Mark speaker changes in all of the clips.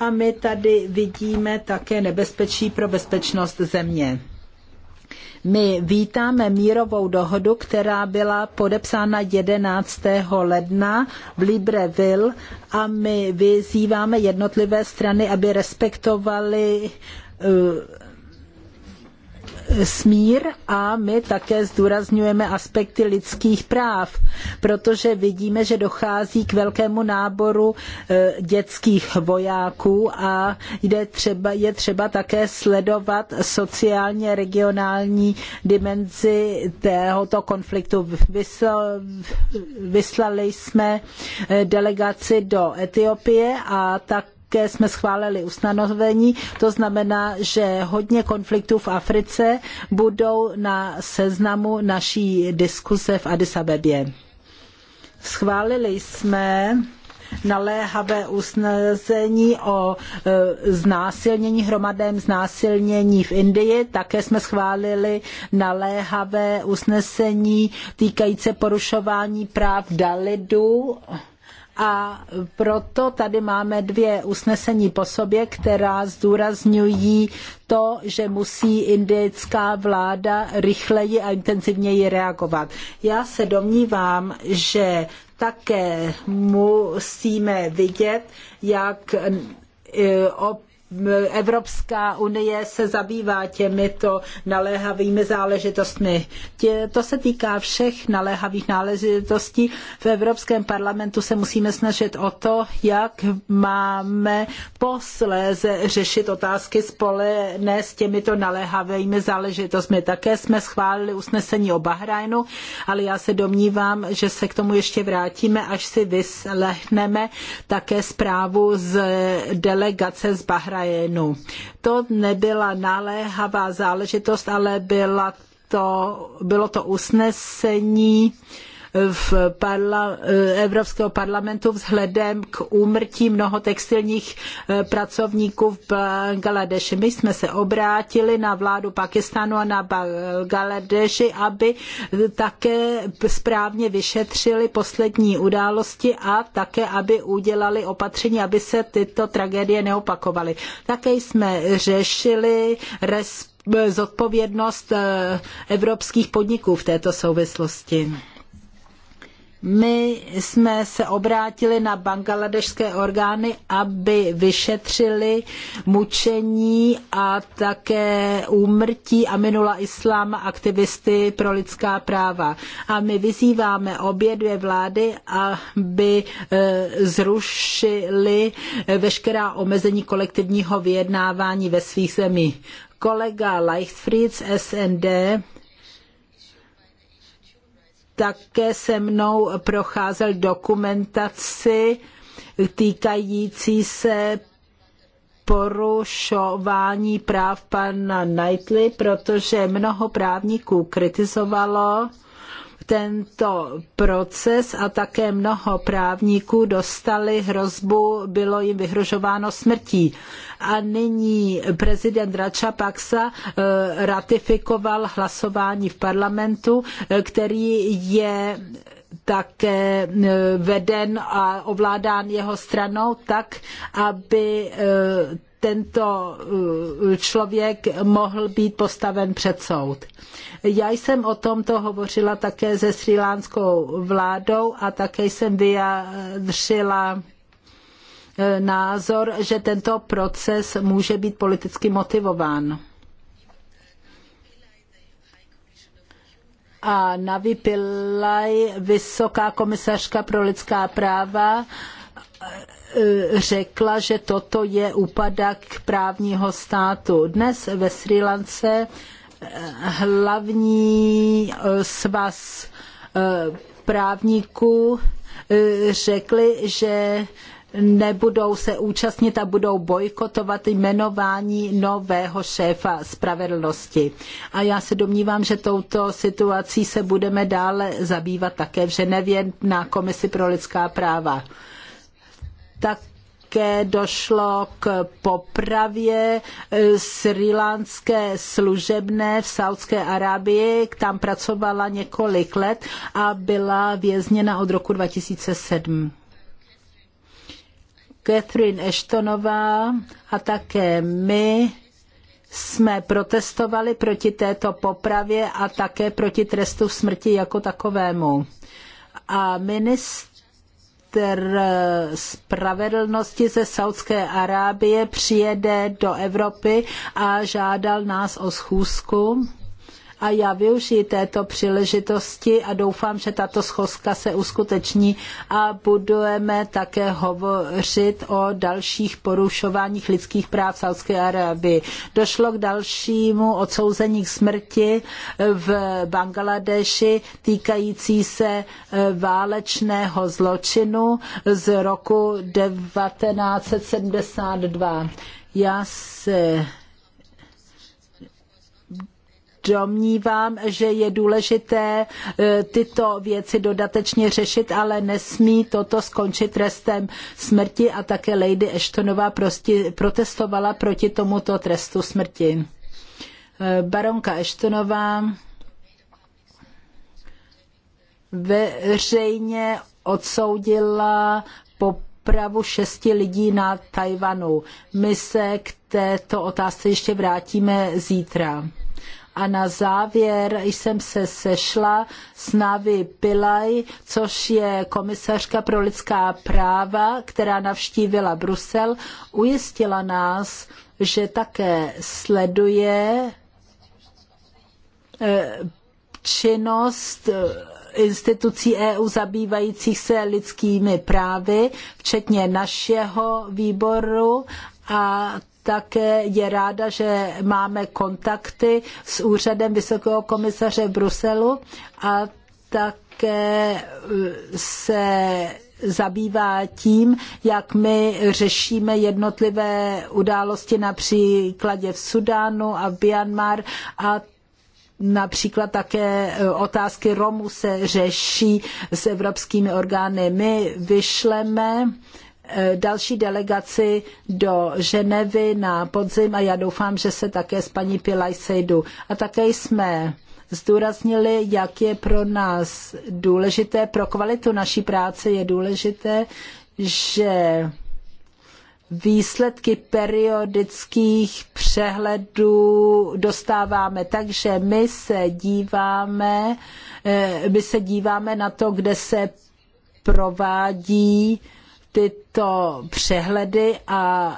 Speaker 1: a my tady vidíme také nebezpečí pro bezpečnost země. My vítáme mírovou dohodu, která byla podepsána 11. ledna v Libreville a my vyzýváme jednotlivé strany, aby respektovaly uh, eh, smír a my také zdůrazňujeme aspekty lidských práv, protože vidíme, že dochází k velkému náboru e, dětských vojáků a jde třeba, je třeba také sledovat sociálně regionální dimenzi tohoto konfliktu. Vyslali jsme e, delegaci do Etiopie a tak také jsme schválili ustanovení, to znamená, že hodně konfliktů v Africe budou na seznamu naší diskuse v Addis Abebě. Schválili jsme naléhavé usnesení o e, znásilnění, hromadném znásilnění v Indii. Také jsme schválili naléhavé usnesení týkající porušování práv Dalidů. A proto tady máme dvě usnesení po sobě, která zdůrazňují to, že musí indická vláda rychleji a intenzivněji reagovat. Já se domnívám, že také musíme vidět, jak e, op Evropská unie se zabývá těmito naléhavými záležitostmi. Tě, to se týká všech naléhavých náležitostí. V Evropském parlamentu se musíme snažit o to, jak máme posléze řešit otázky spolené s těmito naléhavými záležitostmi. Také jsme schválili usnesení o Bahrajnu, ale já se domnívám, že se k tomu ještě vrátíme, až si vyslechneme také zprávu z delegace z Bahrajnu Ukrajinu. To nebyla naléhavá záležitost, ale byla to, bylo to usnesení, v parla, eh, Evropského parlamentu vzhledem k úmrtí mnoho textilních eh, pracovníků v Bangladeši. My jsme se obrátili na vládu Pakistánu a na Bangladeši, aby také správně vyšetřili poslední události a také, aby udělali opatření, aby se tyto tragédie neopakovaly. Také jsme řešili zodpovědnost eh, evropských podniků v této souvislosti. My jsme se obrátili na bangladešské orgány, aby vyšetřili mučení a také úmrtí minula Islama, aktivisty pro lidská práva. A my vyzýváme obě dvě vlády, aby e, zrušili veškerá omezení kolektivního vyjednávání ve svých zemích. Kolega Leichtfried z SND také se mnou procházel dokumentaci týkající se porušování práv pana Knightley, protože mnoho právníků kritizovalo tento proces a také mnoho právníků dostali hrozbu, bylo jim vyhrožováno smrtí. A nyní prezident Račapaksa eh, ratifikoval hlasování v parlamentu, eh, který je také eh, veden a ovládán jeho stranou tak, aby tento eh, člověk mohl být postaven před soud. Já jsem o tomto hovořila také se srílánskou vládou a také jsem vyjádřila eh, názor, že tento proces může být politicky motivován. A Navi vysoká komisařka pro lidská práva, Eh, řekla, že toto je úpadek právního státu. Dnes ve Sri Lance eh, hlavní eh, svaz právníků řekli, že nebudou se účastnit a budou bojkotovat jmenování nového šéfa spravedlnosti. A já se domnívám, že touto situací se budeme dále zabývat také v Ženevě na Komisi pro lidská práva také došlo k popravě eh, srilánské služebné v Saudské Arábii. Tam pracovala několik let a byla vězněna od roku 2007. Catherine Ashtonová a také my jsme protestovali proti této popravě a také proti trestu smrti jako takovému. A ministr ministr spravedlnosti ze Saudské Arábie přijede do Evropy a žádal nás o schůzku a já využiji této příležitosti a doufám, že tato schozka se uskuteční a budeme také hovořit o dalších porušováních lidských práv v Saudské Arabii. Došlo k dalšímu odsouzení k smrti v Bangladeši týkající se eh, válečného zločinu z roku 1972. Já se domnívám, že je důležité eh, tyto věci dodatečně řešit, ale nesmí toto skončit trestem smrti a také Lady Ashtonová prosti, protestovala proti tomuto trestu smrti. Eh, baronka Ashtonová veřejně odsoudila popravu šesti lidí na Tajvanu. My se k této otázce ještě vrátíme zítra a na závěr jsem se sešla s Navi Pillay, což je komisařka pro lidská práva, která navštívila Brusel. Ujistila nás, že také sleduje eh, činnost eh, institucí EU zabývajících se lidskými právy, včetně našeho výboru a také je ráda, že máme kontakty s úřadem Vysokého komisaře v Bruselu a také eh, se zabývá tím, jak my řešíme jednotlivé události například v Sudánu a v Myanmar a například také eh, otázky Romů se řeší s evropskými orgány. My vyšleme Eh, další delegaci do Ženevy na podzim a já doufám, že se také s paní Pilaj sejdu. A také jsme zdůraznili, jak je pro nás důležité, pro kvalitu naší práce je důležité, že výsledky periodických přehledů dostáváme Takže my se díváme, eh, my se díváme na to, kde se provádí tyto přehledy a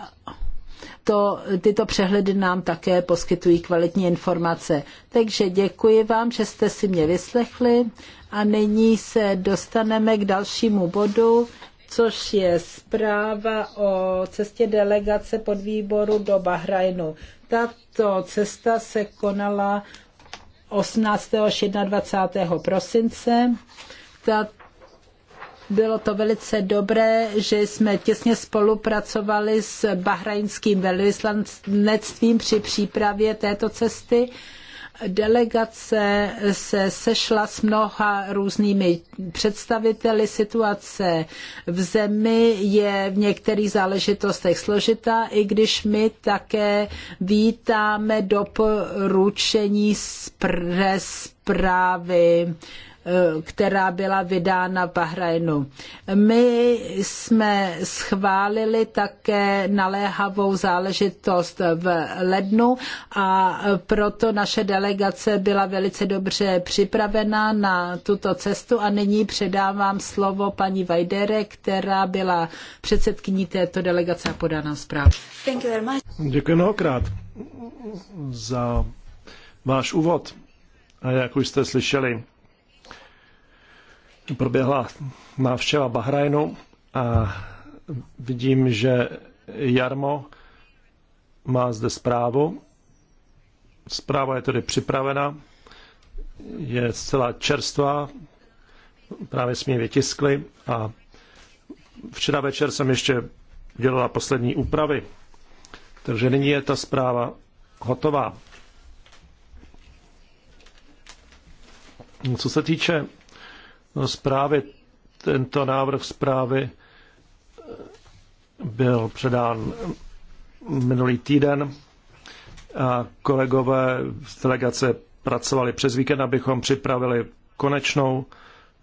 Speaker 1: to, tyto přehledy nám také poskytují kvalitní informace. Takže děkuji vám, že jste si mě vyslechli a nyní se dostaneme k dalšímu bodu, což je zpráva o cestě delegace podvýboru do Bahrajnu. Tato cesta se konala 18. až 21. prosince. Tato bylo to velice dobré, že jsme těsně spolupracovali s bahrajnským velvyslanectvím při přípravě této cesty delegace se sešla s mnoha různými představiteli. Situace v zemi je v některých záležitostech složitá, i když my také vítáme doporučení z zprávy Eh, která byla vydána v Bahrajnu. My jsme schválili také naléhavou záležitost v lednu a proto naše delegace byla velice dobře připravena na tuto cestu a nyní předávám slovo paní Vajdere, která byla předsedkyní této delegace a podá nám zprávu.
Speaker 2: Děkuji mnohokrát za váš úvod. A jak už jste slyšeli, proběhla návštěva Bahrajnu a vidím, že Jarmo má zde zprávu. Zpráva je tedy připravena, je zcela čerstvá, právě jsme ji vytiskli a včera večer jsem ještě dělala poslední úpravy. Takže nyní je ta zpráva hotová. Co se týče No, zprávy. Tento návrh zprávy byl předán minulý týden a kolegové z delegace pracovali přes víkend, abychom připravili konečnou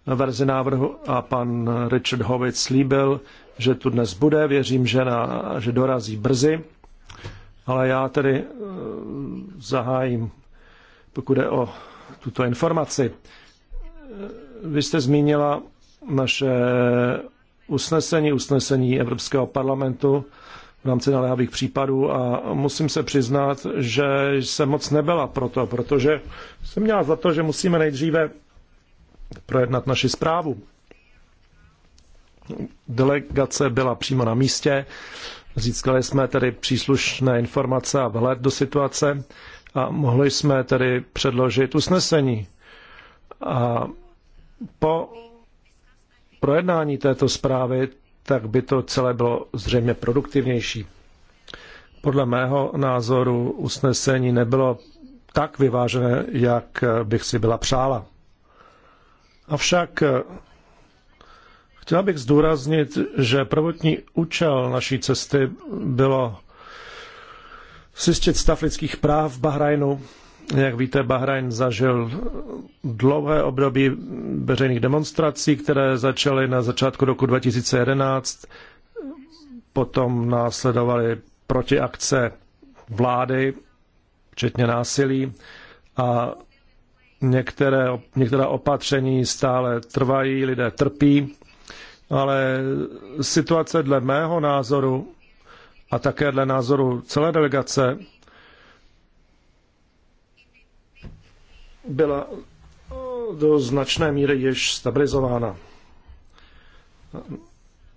Speaker 2: verzi návrhu a pan Richard Hovic slíbil, že tu dnes bude. Věřím, že, na, že dorazí brzy, ale já tedy eh, zahájím, pokud je o tuto informaci vy jste zmínila naše usnesení, usnesení Evropského parlamentu v rámci naléhavých případů a musím se přiznat, že jsem moc nebyla proto, protože jsem měla za to, že musíme nejdříve projednat naši zprávu. Delegace byla přímo na místě, získali jsme tedy příslušné informace a vhled do situace a mohli jsme tedy předložit usnesení. A po projednání této zprávy, tak by to celé bylo zřejmě produktivnější. Podle mého názoru usnesení nebylo tak vyvážené, jak bych si byla přála. Avšak chtěla bych zdůraznit, že prvotní účel naší cesty bylo zjistit stav lidských práv v Bahrajnu jak víte, Bahrajn zažil dlouhé období veřejných demonstrací, které začaly na začátku roku 2011. Potom následovaly protiakce vlády, včetně násilí. A některé, některá opatření stále trvají, lidé trpí, ale situace dle mého názoru a také dle názoru celé delegace byla eh, do značné míry již stabilizována.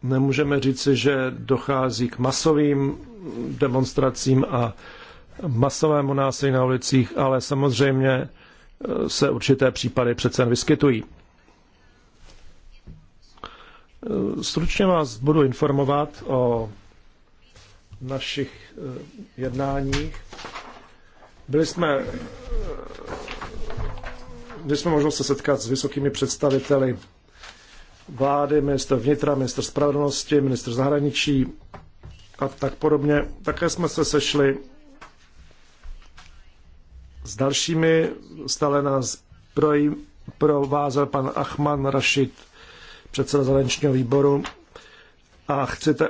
Speaker 2: Nemůžeme říci, že dochází k masovým demonstracím a masovému násilí na ulicích, ale samozřejmě eh, se určité případy přece vyskytují. Eh, stručně vás budu informovat o našich jednáních. Byli jsme my jsme možnost se setkat s vysokými představiteli vlády, minister vnitra, minister spravedlnosti, minister zahraničí a tak podobně. Také jsme se sešli s dalšími, stále nás provázel pan Achman Rashid, předseda zahraničního výboru. A chcete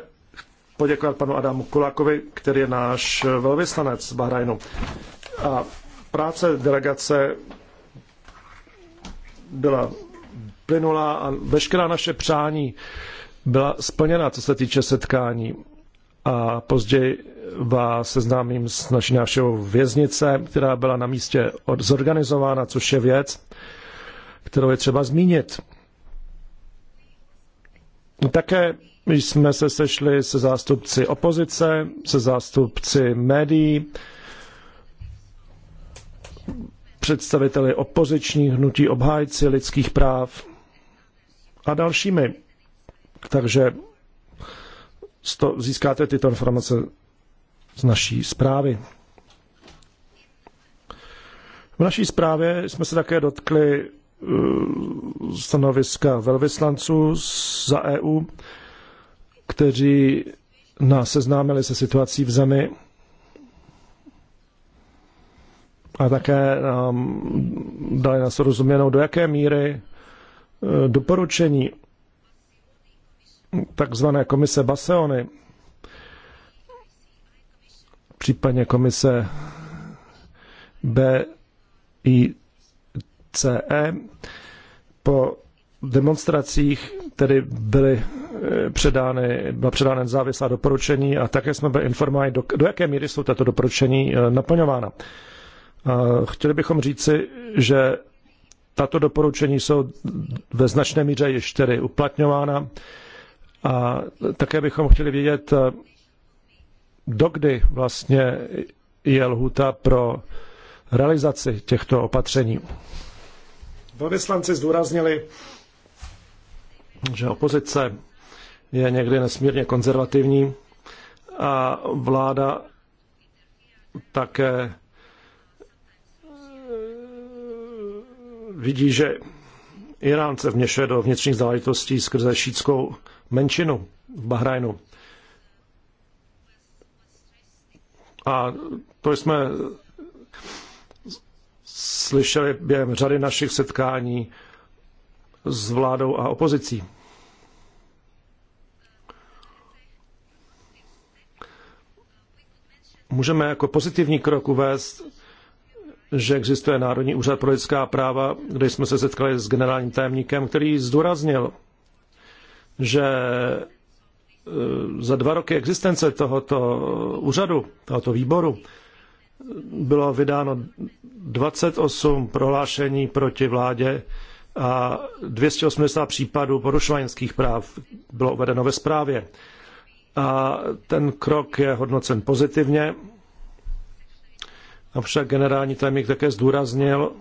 Speaker 2: poděkovat panu Adamu Kulakovi, který je náš velvyslanec z Bahrajnu. A práce delegace byla plynulá a veškerá naše přání byla splněna, co se týče setkání. A později vás seznámím s naší návštěvou věznice, která byla na místě zorganizována, což je věc, kterou je třeba zmínit. No, také jsme se sešli se zástupci opozice, se zástupci médií, představiteli opozičních hnutí, obhájci lidských práv a dalšími. Takže to, získáte tyto informace z naší zprávy. V naší zprávě jsme se také dotkli uh, stanoviska velvyslanců za EU, kteří nás seznámili se situací v zemi a také nám um, dali na srozuměnou, do jaké míry uh, doporučení takzvané komise Baseony, případně komise BICE, po demonstracích tedy byly eh, předány, byla předána nezávislá doporučení a také jsme byli informováni, do, do jaké míry jsou tato doporučení eh, naplňována. Chtěli bychom říci, že tato doporučení jsou ve značné míře již tedy uplatňována a také bychom chtěli vědět, dokdy vlastně je lhuta pro realizaci těchto opatření. Velvyslanci zdůraznili, že opozice je někdy nesmírně konzervativní a vláda také vidí, že Irán se vněšuje do vnitřních záležitostí skrze šítskou menšinu v Bahrajnu. A to jsme slyšeli během řady našich setkání s vládou a opozicí. Můžeme jako pozitivní krok uvést že existuje Národní úřad pro lidská práva, kde jsme se setkali s generálním tajemníkem, který zdůraznil, že e, za dva roky existence tohoto úřadu, tohoto výboru, bylo vydáno 28 prohlášení proti vládě a 280 případů porušování práv bylo uvedeno ve zprávě. A ten krok je hodnocen pozitivně Avšak generální tajemník také zdůraznil,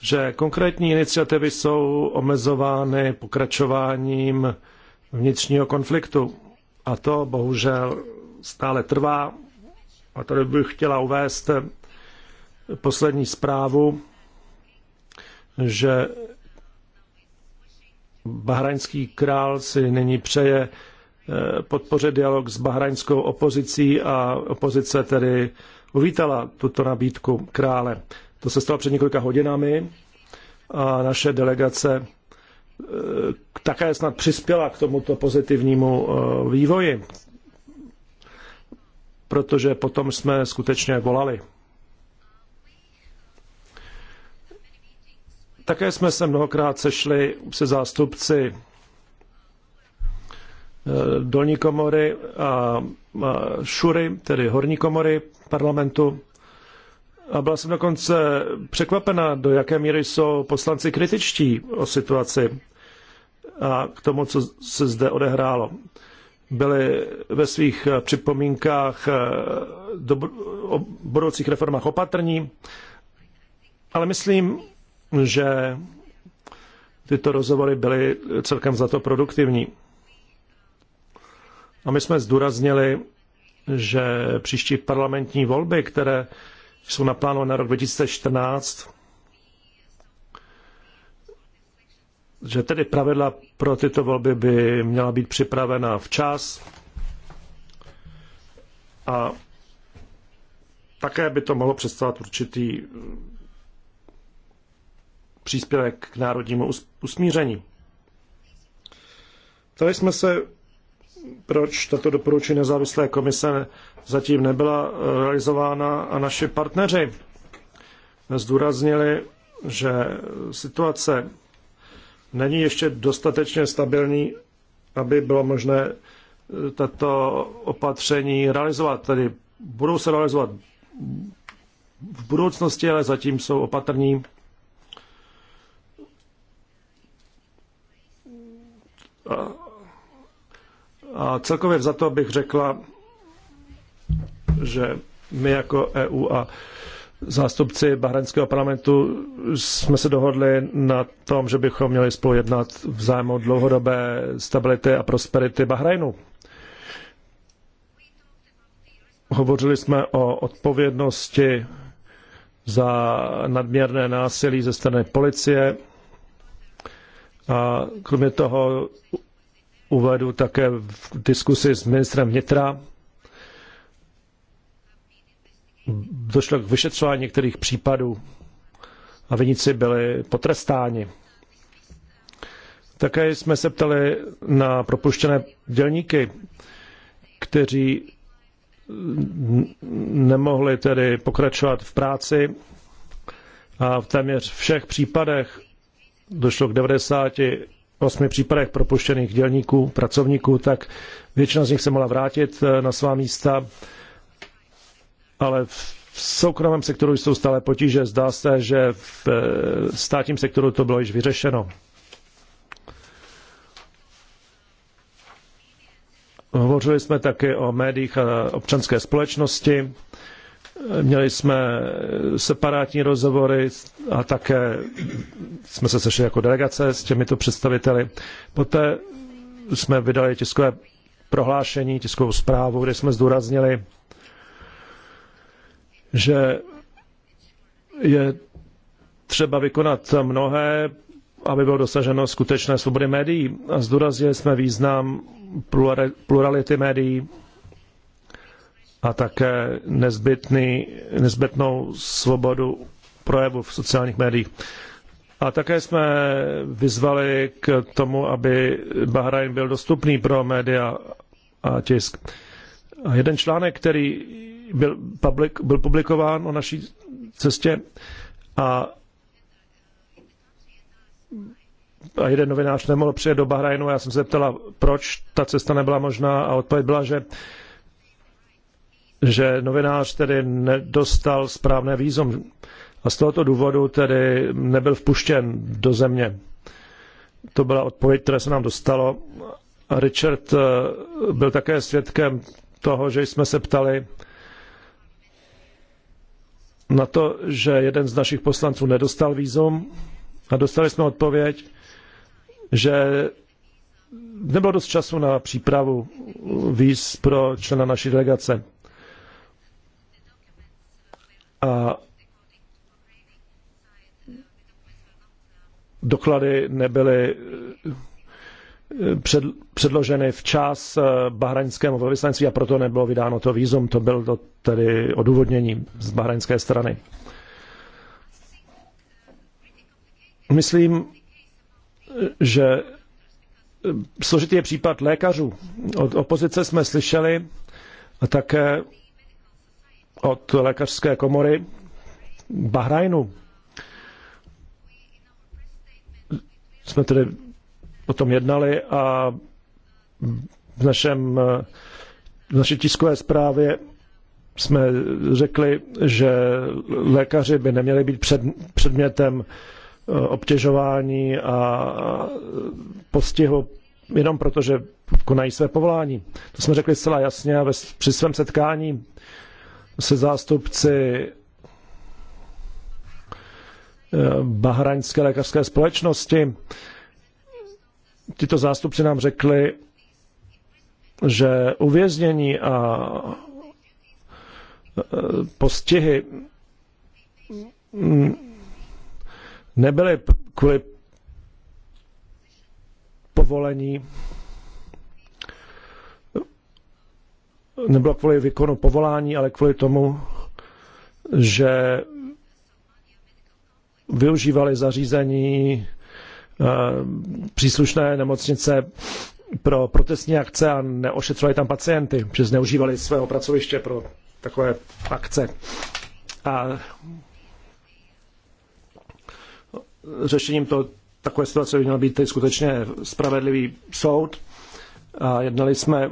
Speaker 2: že konkrétní iniciativy jsou omezovány pokračováním vnitřního konfliktu. A to bohužel stále trvá. A tady bych chtěla uvést poslední zprávu, že bahrajnský král si nyní přeje eh, podpořit dialog s bahrajnskou opozicí a opozice tedy uvítala tuto nabídku krále. To se stalo před několika hodinami a naše delegace e, také snad přispěla k tomuto pozitivnímu e, vývoji, protože potom jsme skutečně volali. Také jsme se mnohokrát sešli se zástupci e, dolní komory a šury, tedy horní komory parlamentu. A byla jsem dokonce překvapena, do jaké míry jsou poslanci kritičtí o situaci a k tomu, co se zde odehrálo. Byli ve svých připomínkách eh, do, o budoucích reformách opatrní, ale myslím, že tyto rozhovory byly celkem za to produktivní. A my jsme zdůraznili že příští parlamentní volby, které jsou naplánované na rok 2014, že tedy pravidla pro tyto volby by měla být připravena včas a také by to mohlo představovat určitý příspěvek k národnímu usmíření. Tady jsme se proč tato doporučení nezávislé komise zatím nebyla eh, realizována a naši partneři zdůraznili, že situace není ještě dostatečně stabilní, aby bylo možné eh, tato opatření realizovat. Tedy budou se realizovat v budoucnosti, ale zatím jsou opatrní. A a celkově za to bych řekla, že my jako EU a zástupci Bahrajnského parlamentu jsme se dohodli na tom, že bychom měli spolu jednat v zájmu dlouhodobé stability a prosperity Bahrajnu. Hovořili jsme o odpovědnosti za nadměrné násilí ze strany policie a kromě toho uvedu také v diskusi s ministrem vnitra. Došlo k vyšetřování některých případů a vinici byli potrestáni. Také jsme se ptali na propuštěné dělníky, kteří nemohli tedy pokračovat v práci a v téměř všech případech došlo k 90 osmi případech propuštěných dělníků, pracovníků, tak většina z nich se mohla vrátit eh, na svá místa, ale v soukromém sektoru jsou stále potíže. Zdá se, že v eh, státním sektoru to bylo již vyřešeno. Hovořili jsme také o médiích a občanské společnosti. Měli jsme separátní rozhovory a také jsme se sešli jako delegace s těmito představiteli. Poté jsme vydali tiskové prohlášení, tiskovou zprávu, kde jsme zdůraznili, že je třeba vykonat mnohé, aby bylo dosaženo skutečné svobody médií. A zdůraznili jsme význam plurality médií a také nezbytný, nezbytnou svobodu projevu v sociálních médiích. A také jsme vyzvali k tomu, aby Bahrajn byl dostupný pro média a tisk. A jeden článek, který byl, public, byl publikován o naší cestě a, a jeden novinář nemohl přijet do Bahrajnu. Já jsem se ptala, proč ta cesta nebyla možná a odpověď byla, že že novinář tedy nedostal správné výzum a z tohoto důvodu tedy nebyl vpuštěn do země. To byla odpověď, která se nám dostalo. Richard eh, byl také svědkem toho, že jsme se ptali na to, že jeden z našich poslanců nedostal výzum a dostali jsme odpověď, že nebylo dost času na přípravu víz pro člena naší delegace doklady nebyly eh, před, předloženy včas eh, bahraňskému velvyslanectví a proto nebylo vydáno to výzum. To bylo to tedy odůvodnění z bahraňské strany. Myslím, že eh, složitý je případ lékařů. Od opozice jsme slyšeli a také od lékařské komory Bahrajnu. Jsme tedy o tom jednali a v, našem, v naší tiskové zprávě jsme řekli, že lékaři by neměli být před, předmětem eh, obtěžování a postihu jenom proto, že konají své povolání. To jsme řekli zcela jasně a ve, při svém setkání se zástupci eh, Bahraňské lékařské společnosti. Tito zástupci nám řekli, že uvěznění a eh, postihy mm, nebyly kvůli povolení nebylo kvůli výkonu povolání, ale kvůli tomu, že využívali zařízení eh, příslušné nemocnice pro protestní akce a neošetřovali tam pacienty, že zneužívali svého pracoviště pro takové akce. A řešením to, takové situace by měl být skutečně spravedlivý soud. A jednali jsme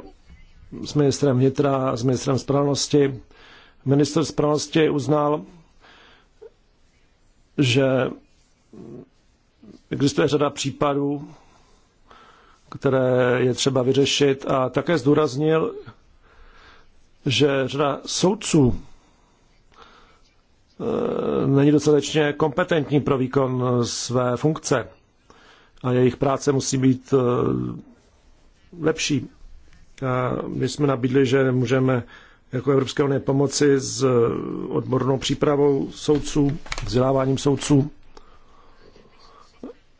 Speaker 2: s ministrem vnitra, s ministrem spravedlnosti. Minister spravedlnosti uznal, že existuje řada případů, které je třeba vyřešit a také zdůraznil, že řada soudců eh, není dostatečně kompetentní pro výkon své funkce a jejich práce musí být eh, lepší. A my jsme nabídli, že můžeme jako Evropské unie pomoci s odbornou přípravou soudců, vzděláváním soudců.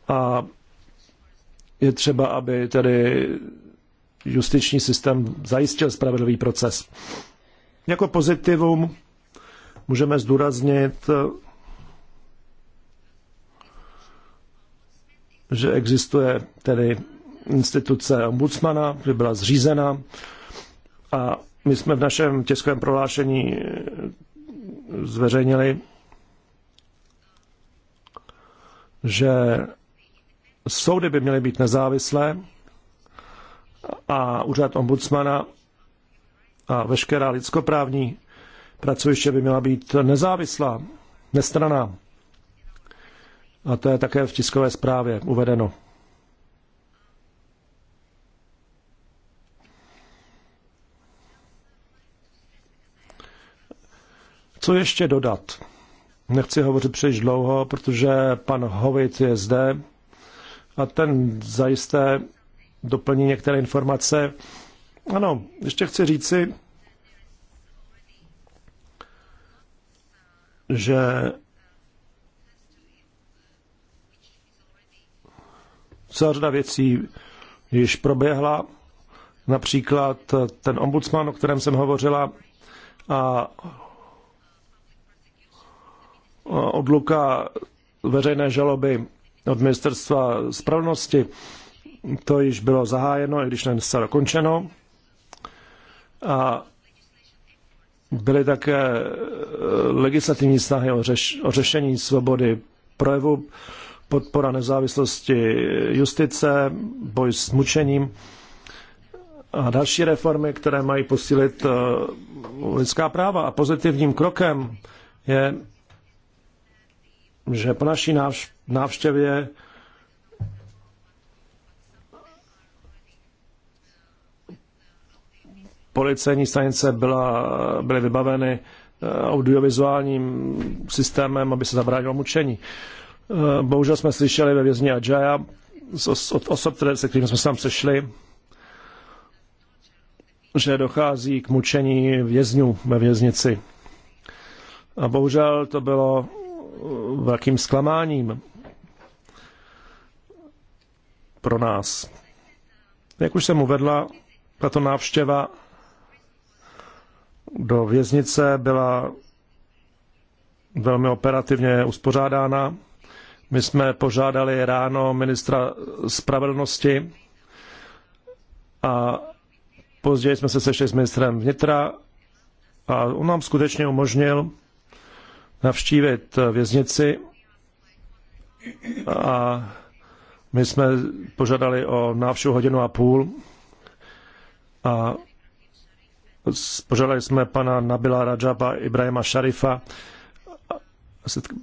Speaker 2: A je třeba, aby tedy justiční systém zajistil spravedlivý proces. Jako pozitivum můžeme zdůraznit, že existuje tedy instituce ombudsmana, by byla zřízena a my jsme v našem tiskovém prohlášení eh, zveřejnili, že soudy by měly být nezávislé a úřad ombudsmana a veškerá lidskoprávní pracoviště by měla být nezávislá, nestraná. A to je také v tiskové zprávě uvedeno. Co ještě dodat? Nechci hovořit příliš dlouho, protože pan Hovit je zde a ten zajisté doplní některé informace. Ano, ještě chci říci, že celá řada věcí již proběhla, například ten ombudsman, o kterém jsem hovořila, a odluka veřejné žaloby od ministerstva spravedlnosti. To již bylo zahájeno, i když není zcela dokončeno. A byly také e, legislativní snahy o, řeš, o řešení svobody projevu, podpora nezávislosti justice, boj s mučením a další reformy, které mají posílit e, lidská práva. A pozitivním krokem je že po naší návštěvě policejní stanice byla, byly vybaveny eh, audiovizuálním systémem, aby se zabránilo mučení. Eh, bohužel jsme slyšeli ve vězni Ajaya, od osob, které, se kterými jsme se tam sešli, že dochází k mučení vězňů ve věznici. A bohužel to bylo velkým zklamáním pro nás. Jak už jsem uvedla, tato návštěva do věznice byla velmi operativně uspořádána. My jsme požádali ráno ministra spravedlnosti a později jsme se sešli s ministrem vnitra a on nám skutečně umožnil navštívit věznici a my jsme požadali o návštěvu hodinu a půl a požádali jsme pana Nabila Rajaba Ibrahima Šarifa,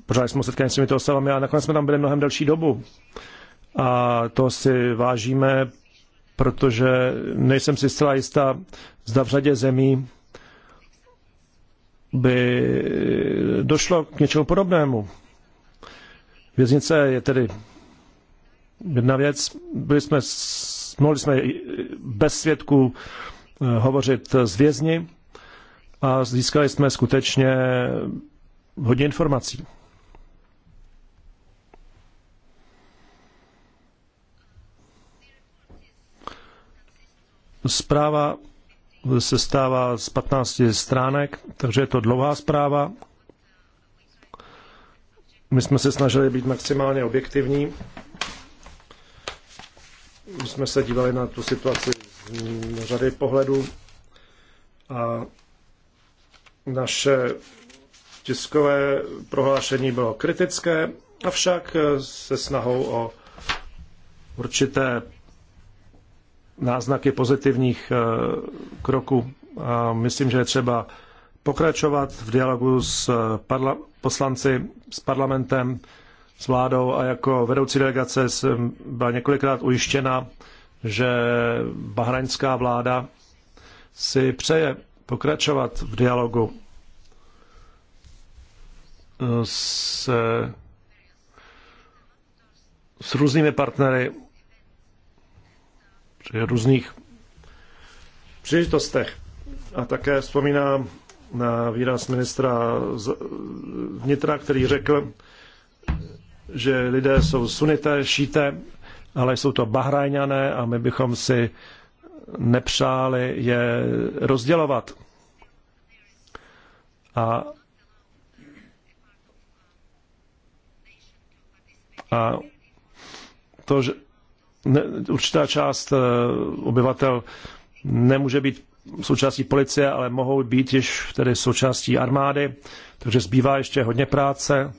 Speaker 2: požádali jsme o setkání s těmito osobami a nakonec jsme tam byli mnohem delší dobu. A to si vážíme, protože nejsem si zcela jistá, zda v řadě zemí by došlo k něčemu podobnému. Věznice je tedy jedna věc. Byli jsme, mohli jsme bez svědků eh, hovořit s vězni a získali jsme skutečně hodně informací. Zpráva sestává z 15 stránek, takže je to dlouhá zpráva. My jsme se snažili být maximálně objektivní. My jsme se dívali na tu situaci z řady pohledů a naše tiskové prohlášení bylo kritické, avšak se snahou o určité náznaky pozitivních eh, kroků. A myslím, že je třeba pokračovat v dialogu s eh, parla- poslanci, s parlamentem, s vládou a jako vedoucí delegace jsem byla několikrát ujištěna, že bahraňská vláda si přeje pokračovat v dialogu eh, s, s různými partnery při různých příležitostech. A také vzpomínám na výraz ministra vnitra, který řekl, že lidé jsou sunité, šíté, ale jsou to bahrajňané a my bychom si nepřáli je rozdělovat. A, a to, že určitá část eh, obyvatel nemůže být součástí policie, ale mohou být již tedy součástí armády, takže zbývá ještě hodně práce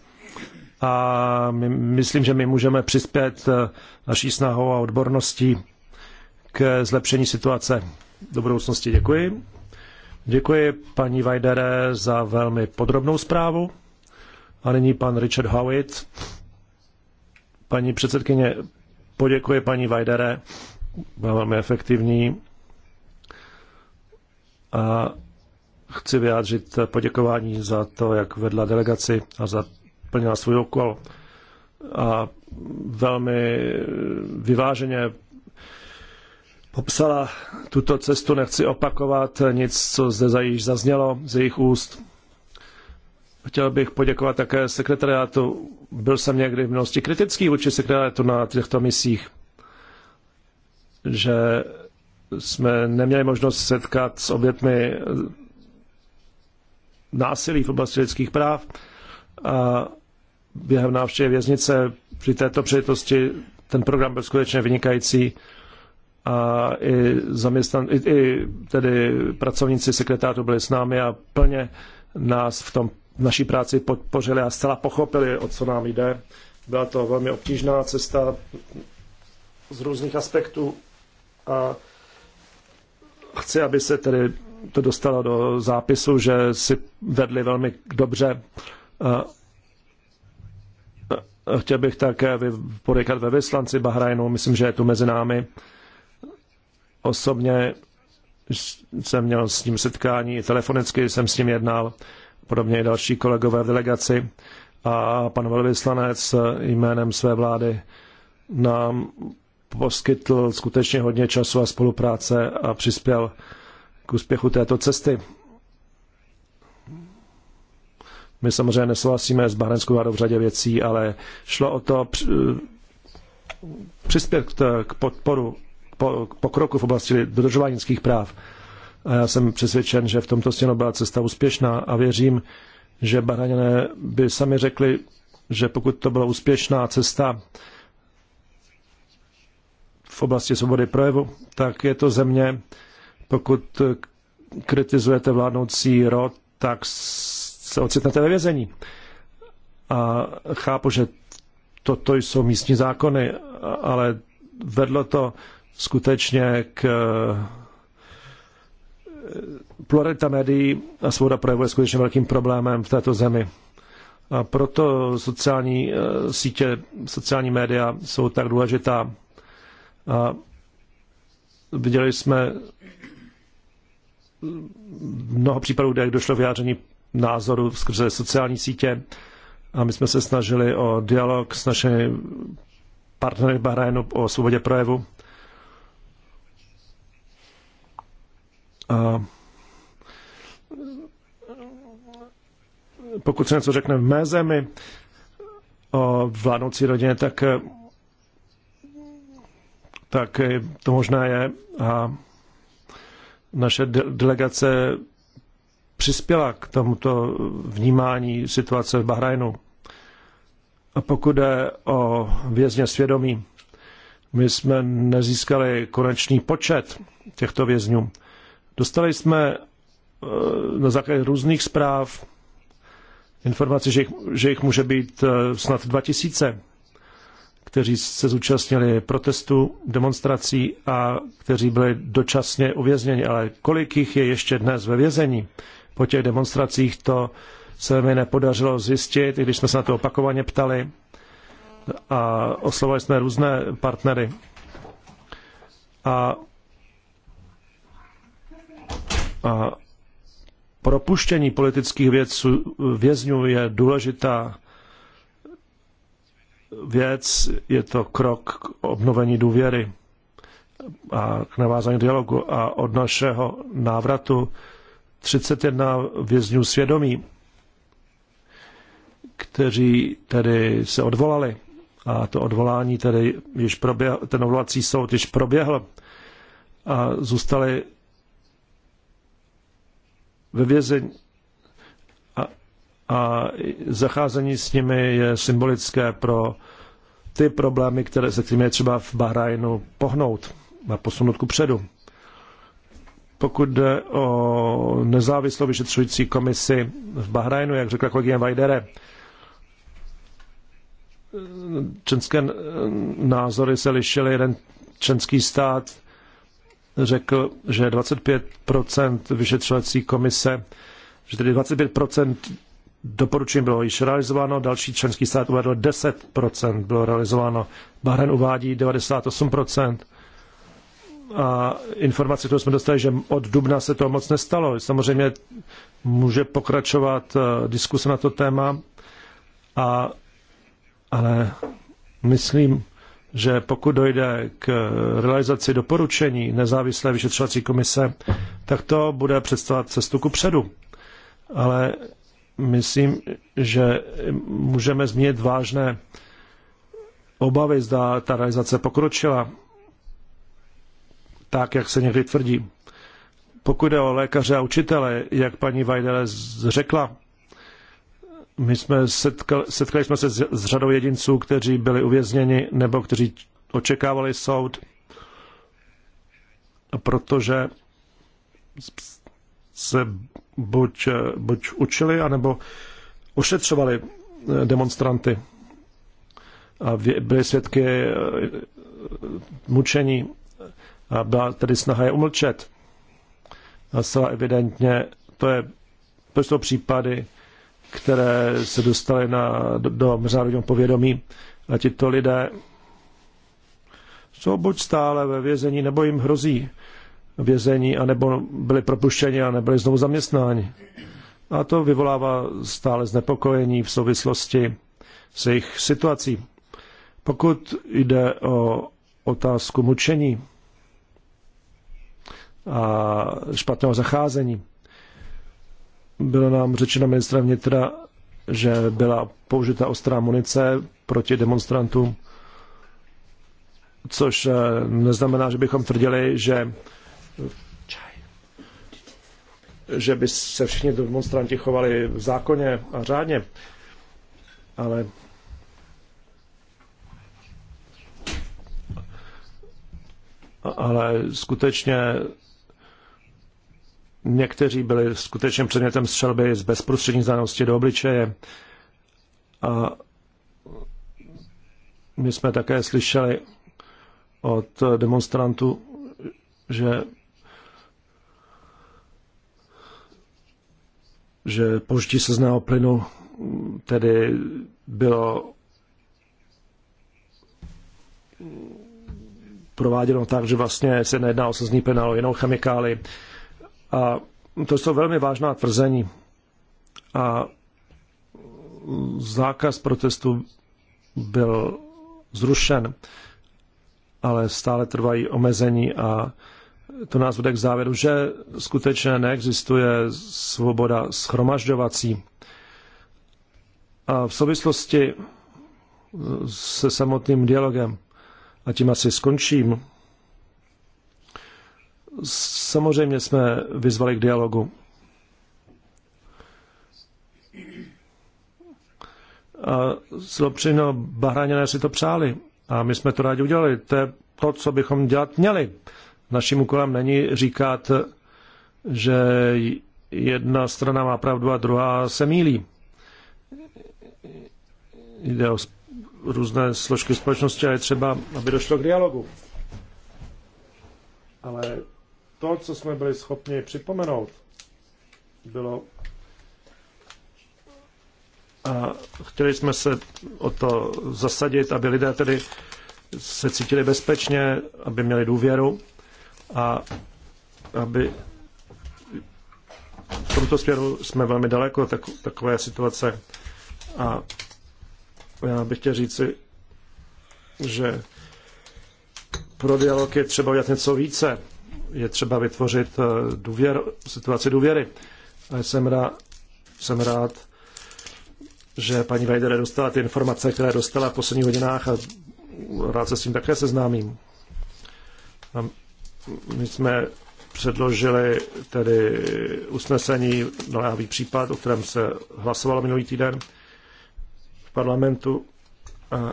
Speaker 2: a my, myslím, že my můžeme přispět eh, naší snahou a odborností k zlepšení situace do budoucnosti. Děkuji. Děkuji paní Vajdere za velmi podrobnou zprávu. A nyní pan Richard Howitt. Paní předsedkyně, poděkuji paní Vajdere, byla velmi efektivní a chci vyjádřit poděkování za to, jak vedla delegaci a za plnila svůj úkol a velmi vyváženě popsala tuto cestu. Nechci opakovat nic, co zde již zaznělo z jejich úst. Chtěl bych poděkovat také sekretariátu. Byl jsem někdy v minulosti kritický vůči sekretariátu na těchto misích, že jsme neměli možnost setkat s obětmi násilí v oblasti lidských práv. A během návštěvy věznice při této příležitosti ten program byl skutečně vynikající a i, zaměstnan, i, i tedy pracovníci sekretátu byli s námi a plně nás v tom v naší práci podpořili a zcela pochopili, o co nám jde. Byla to velmi obtížná cesta z různých aspektů a chci, aby se tedy to dostalo do zápisu, že si vedli velmi dobře. A eh, eh, chtěl bych také podejkat ve vyslanci Bahrajnu, myslím, že je tu mezi námi. Osobně jsem měl s ním setkání, telefonicky jsem s ním jednal podobně i další kolegové v delegaci a pan velvyslanec jménem své vlády nám poskytl skutečně hodně času a spolupráce a přispěl k úspěchu této cesty. My samozřejmě nesouhlasíme s bahrenskou vládou v řadě věcí, ale šlo o to přispět k podporu k pokroku v oblasti dodržování lidských práv a já jsem přesvědčen, že v tomto stěno byla cesta úspěšná a věřím, že Bahraňané by sami řekli, že pokud to byla úspěšná cesta v oblasti svobody projevu, tak je to země, pokud kritizujete vládnoucí rod, tak se ocitnete ve vězení. A chápu, že toto jsou místní zákony, ale vedlo to skutečně k pluralita médií a svoboda projevu je skutečně velkým problémem v této zemi. A proto sociální eh, sítě, sociální média jsou tak důležitá. A viděli jsme mnoho případů, kde došlo vyjádření názoru skrze sociální sítě a my jsme se snažili o dialog s našimi partnery Bahrajnu o svobodě projevu A pokud se něco řekne v mé zemi o vládnoucí rodině, tak, tak to možná je. A naše delegace přispěla k tomuto vnímání situace v Bahrajnu. A pokud je o vězně svědomí, my jsme nezískali konečný počet těchto vězňů. Dostali jsme eh, na základě různých zpráv informace, že jich, že jich může být eh, snad 2000, kteří se zúčastnili protestu, demonstrací a kteří byli dočasně uvězněni. Ale kolik jich je ještě dnes ve vězení? Po těch demonstracích to se mi nepodařilo zjistit, i když jsme se na to opakovaně ptali a oslovali jsme různé partnery. A a propuštění politických vězňů je důležitá věc, je to krok k obnovení důvěry a k navázání dialogu. A od našeho návratu 31 vězňů svědomí, kteří tedy se odvolali. A to odvolání tedy již proběhl, ten odvolací soud již proběhl a zůstali ve vězení a, a zacházení s nimi je symbolické pro ty problémy, které, se kterými je třeba v Bahrajnu pohnout a posunout ku předu. Pokud jde o nezávislou vyšetřující komisi v Bahrajnu, jak řekla kolegyně Vajdere, členské názory se lišily. Jeden členský stát řekl, že 25% vyšetřovací komise, že tedy 25% doporučení bylo již realizováno, další členský stát uvedl 10% bylo realizováno, Bahrain uvádí 98%, a informace, kterou jsme dostali, že od dubna se to moc nestalo. Samozřejmě může pokračovat eh, diskuse na to téma, a, ale myslím, že pokud dojde k realizaci doporučení nezávislé vyšetřovací komise, tak to bude představovat cestu ku předu. Ale myslím, že můžeme změnit vážné obavy, zda ta realizace pokročila tak, jak se někdy tvrdí. Pokud jde o lékaře a učitele, jak paní Vajdele řekla, my jsme setkali, setkali jsme se s, s řadou jedinců, kteří byli uvězněni nebo kteří očekávali soud, protože se buď, buď učili, anebo ošetřovali eh, demonstranty a byli svědky eh, mučení a byla tedy snaha je umlčet. A zcela evidentně to, je, to jsou případy, které se dostaly na, do, do mezinárodního povědomí a tito lidé jsou buď stále ve vězení, nebo jim hrozí vězení, anebo byli propuštěni a nebyli znovu zaměstnáni. A to vyvolává stále znepokojení v souvislosti s jejich situací. Pokud jde o otázku mučení a špatného zacházení, bylo nám řečeno ministra vnitra, že byla použita ostrá munice proti demonstrantům, což eh, neznamená, že bychom tvrdili, že že by se všichni demonstranti chovali v zákoně a řádně, ale ale skutečně Někteří byli skutečně předmětem střelby z bezprostřední znalosti do obličeje. A my jsme také slyšeli od demonstrantů, že že požití slzného plynu tedy bylo prováděno tak, že vlastně se nejedná o slzný plyn, ale o jinou chemikáli. A to jsou velmi vážná tvrzení. A zákaz protestu byl zrušen, ale stále trvají omezení a to nás vede k závěru, že skutečně neexistuje svoboda schromažďovací. A v souvislosti se samotným dialogem, a tím asi skončím, samozřejmě jsme vyzvali k dialogu. A Slopřino bahráněné si to přáli a my jsme to rádi udělali. To je to, co bychom dělat měli. Naším úkolem není říkat, že jedna strana má pravdu a druhá se mílí. Jde o různé složky společnosti a je třeba, aby došlo k dialogu. Ale to, co jsme byli schopni připomenout, bylo. A chtěli jsme se o to zasadit, aby lidé tedy se cítili bezpečně, aby měli důvěru a aby v tomto směru jsme velmi daleko tak, takové situace. A já bych chtěl říci, že pro dialog je třeba udělat něco více je třeba vytvořit eh, důvěr, situaci důvěry. A jsem, rá, jsem rád, že paní Vajdere dostala ty informace, které dostala v posledních hodinách a rád se s tím také seznámím. A my jsme předložili tedy usnesení naléhavý no případ, o kterém se hlasovalo minulý týden v parlamentu. A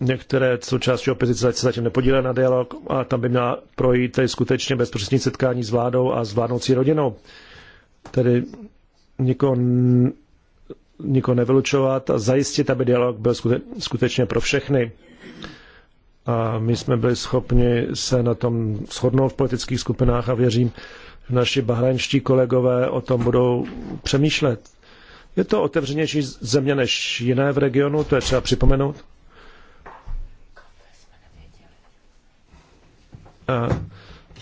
Speaker 2: Některé součástí opozice se zatím nepodílely na dialog a tam by měla projít tedy skutečně bezprostřední setkání s vládou a s vládnoucí rodinou. Tedy nikoho, nikoho nevylučovat a zajistit, aby dialog byl skutečně pro všechny. A my jsme byli schopni se na tom shodnout v politických skupinách a věřím, že naši bahrajnští kolegové o tom budou přemýšlet. Je to otevřenější země než jiné v regionu, to je třeba připomenout. A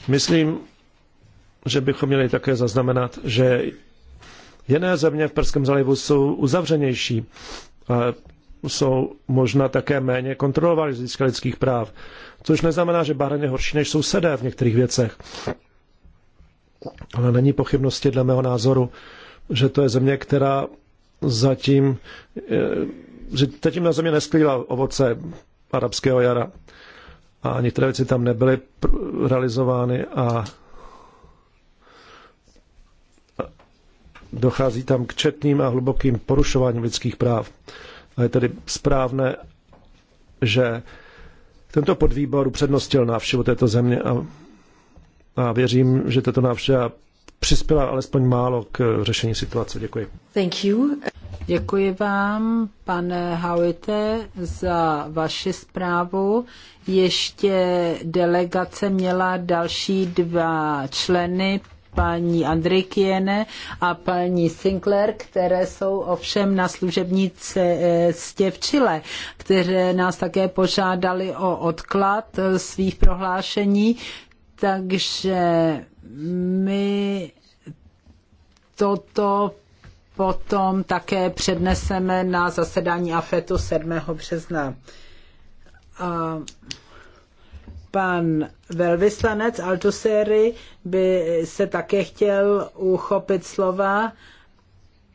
Speaker 2: myslím, že bychom měli také zaznamenat, že jiné země v Perském zalivu jsou uzavřenější, a jsou možná také méně kontrolovány z hlediska lidských práv, což neznamená, že Bahrajn je horší než sousedé v některých věcech. Ale není pochybnosti dle mého názoru, že to je země, která zatím, eh, že zatím na země nesklíla ovoce arabského jara a některé věci tam nebyly realizovány a dochází tam k četným a hlubokým porušováním lidských práv. A je tedy správné, že tento podvýbor upřednostil návštěvu této země a, a věřím, že tato návštěva přispěla alespoň málo k řešení situace. Děkuji.
Speaker 3: Thank you.
Speaker 1: Děkuji vám, pane Hawite, za vaši zprávu. Ještě delegace měla další dva členy, paní Andrikiene a paní Sinclair, které jsou ovšem na služební cestě v Chile, které nás také požádali o odklad svých prohlášení, takže my toto potom také předneseme na zasedání AFETu 7. března. A pan velvyslanec Altuseri by se také chtěl uchopit slova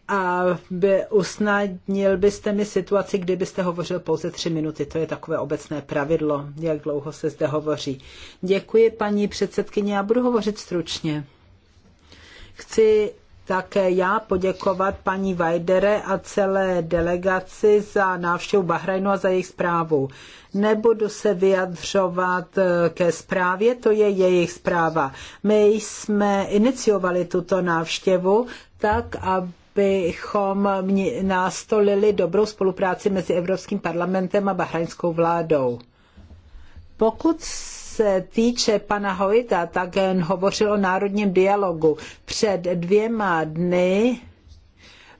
Speaker 1: a by usnadnil byste mi situaci, kdybyste hovořil pouze tři minuty. To je takové obecné pravidlo, jak dlouho se zde hovoří. Děkuji, paní předsedkyně, já budu hovořit stručně. Chci také já poděkovat paní Vajdere a celé delegaci za návštěvu Bahrajnu a za jejich zprávu. Nebudu se vyjadřovat eh, ke zprávě, to je jejich zpráva. My jsme iniciovali tuto návštěvu tak, aby abychom nastolili dobrou spolupráci mezi Evropským parlamentem a bahrajnskou vládou. Pokud se týče pana Hojta, tak hovořil o národním dialogu. Před dvěma dny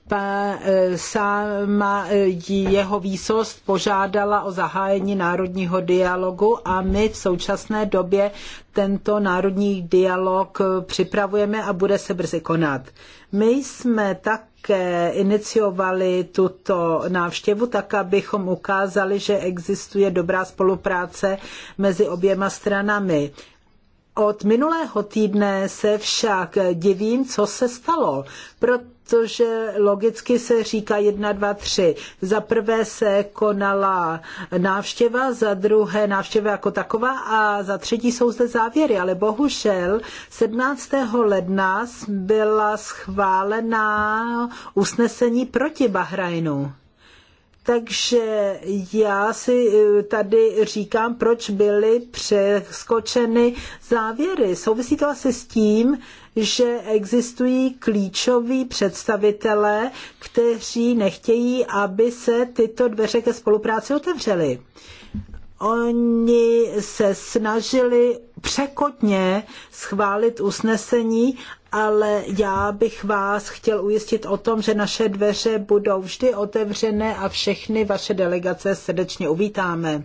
Speaker 1: pa, e, sama e, jeho výsost požádala o zahájení národního dialogu a my v současné době tento národní dialog připravujeme a bude se brzy konat. My jsme tak iniciovali tuto návštěvu, tak abychom ukázali, že existuje dobrá spolupráce mezi oběma stranami. Od minulého týdne se však divím, co se stalo, protože protože logicky se říká jedna, dva, tři. Za prvé se konala návštěva, za druhé návštěva jako taková a za třetí jsou zde závěry, ale bohužel 17. ledna byla schválena usnesení proti Bahrajnu. Takže já si e, tady říkám, proč byly přeskočeny závěry. Souvisí to asi s tím, že existují klíčoví představitelé, kteří nechtějí, aby se tyto dveře ke spolupráci otevřely. Oni se snažili překotně schválit usnesení, ale já bych vás chtěl ujistit o tom, že naše dveře budou vždy otevřené a všechny vaše delegace srdečně uvítáme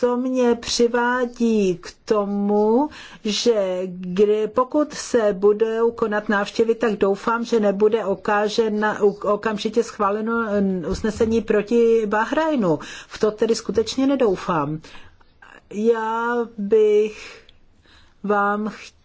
Speaker 1: to mě přivádí k tomu, že kdy, pokud se budou konat návštěvy, tak doufám, že nebude okážena, okamžitě schváleno usnesení proti Bahrajnu. V to tedy skutečně nedoufám. Já bych vám chtěla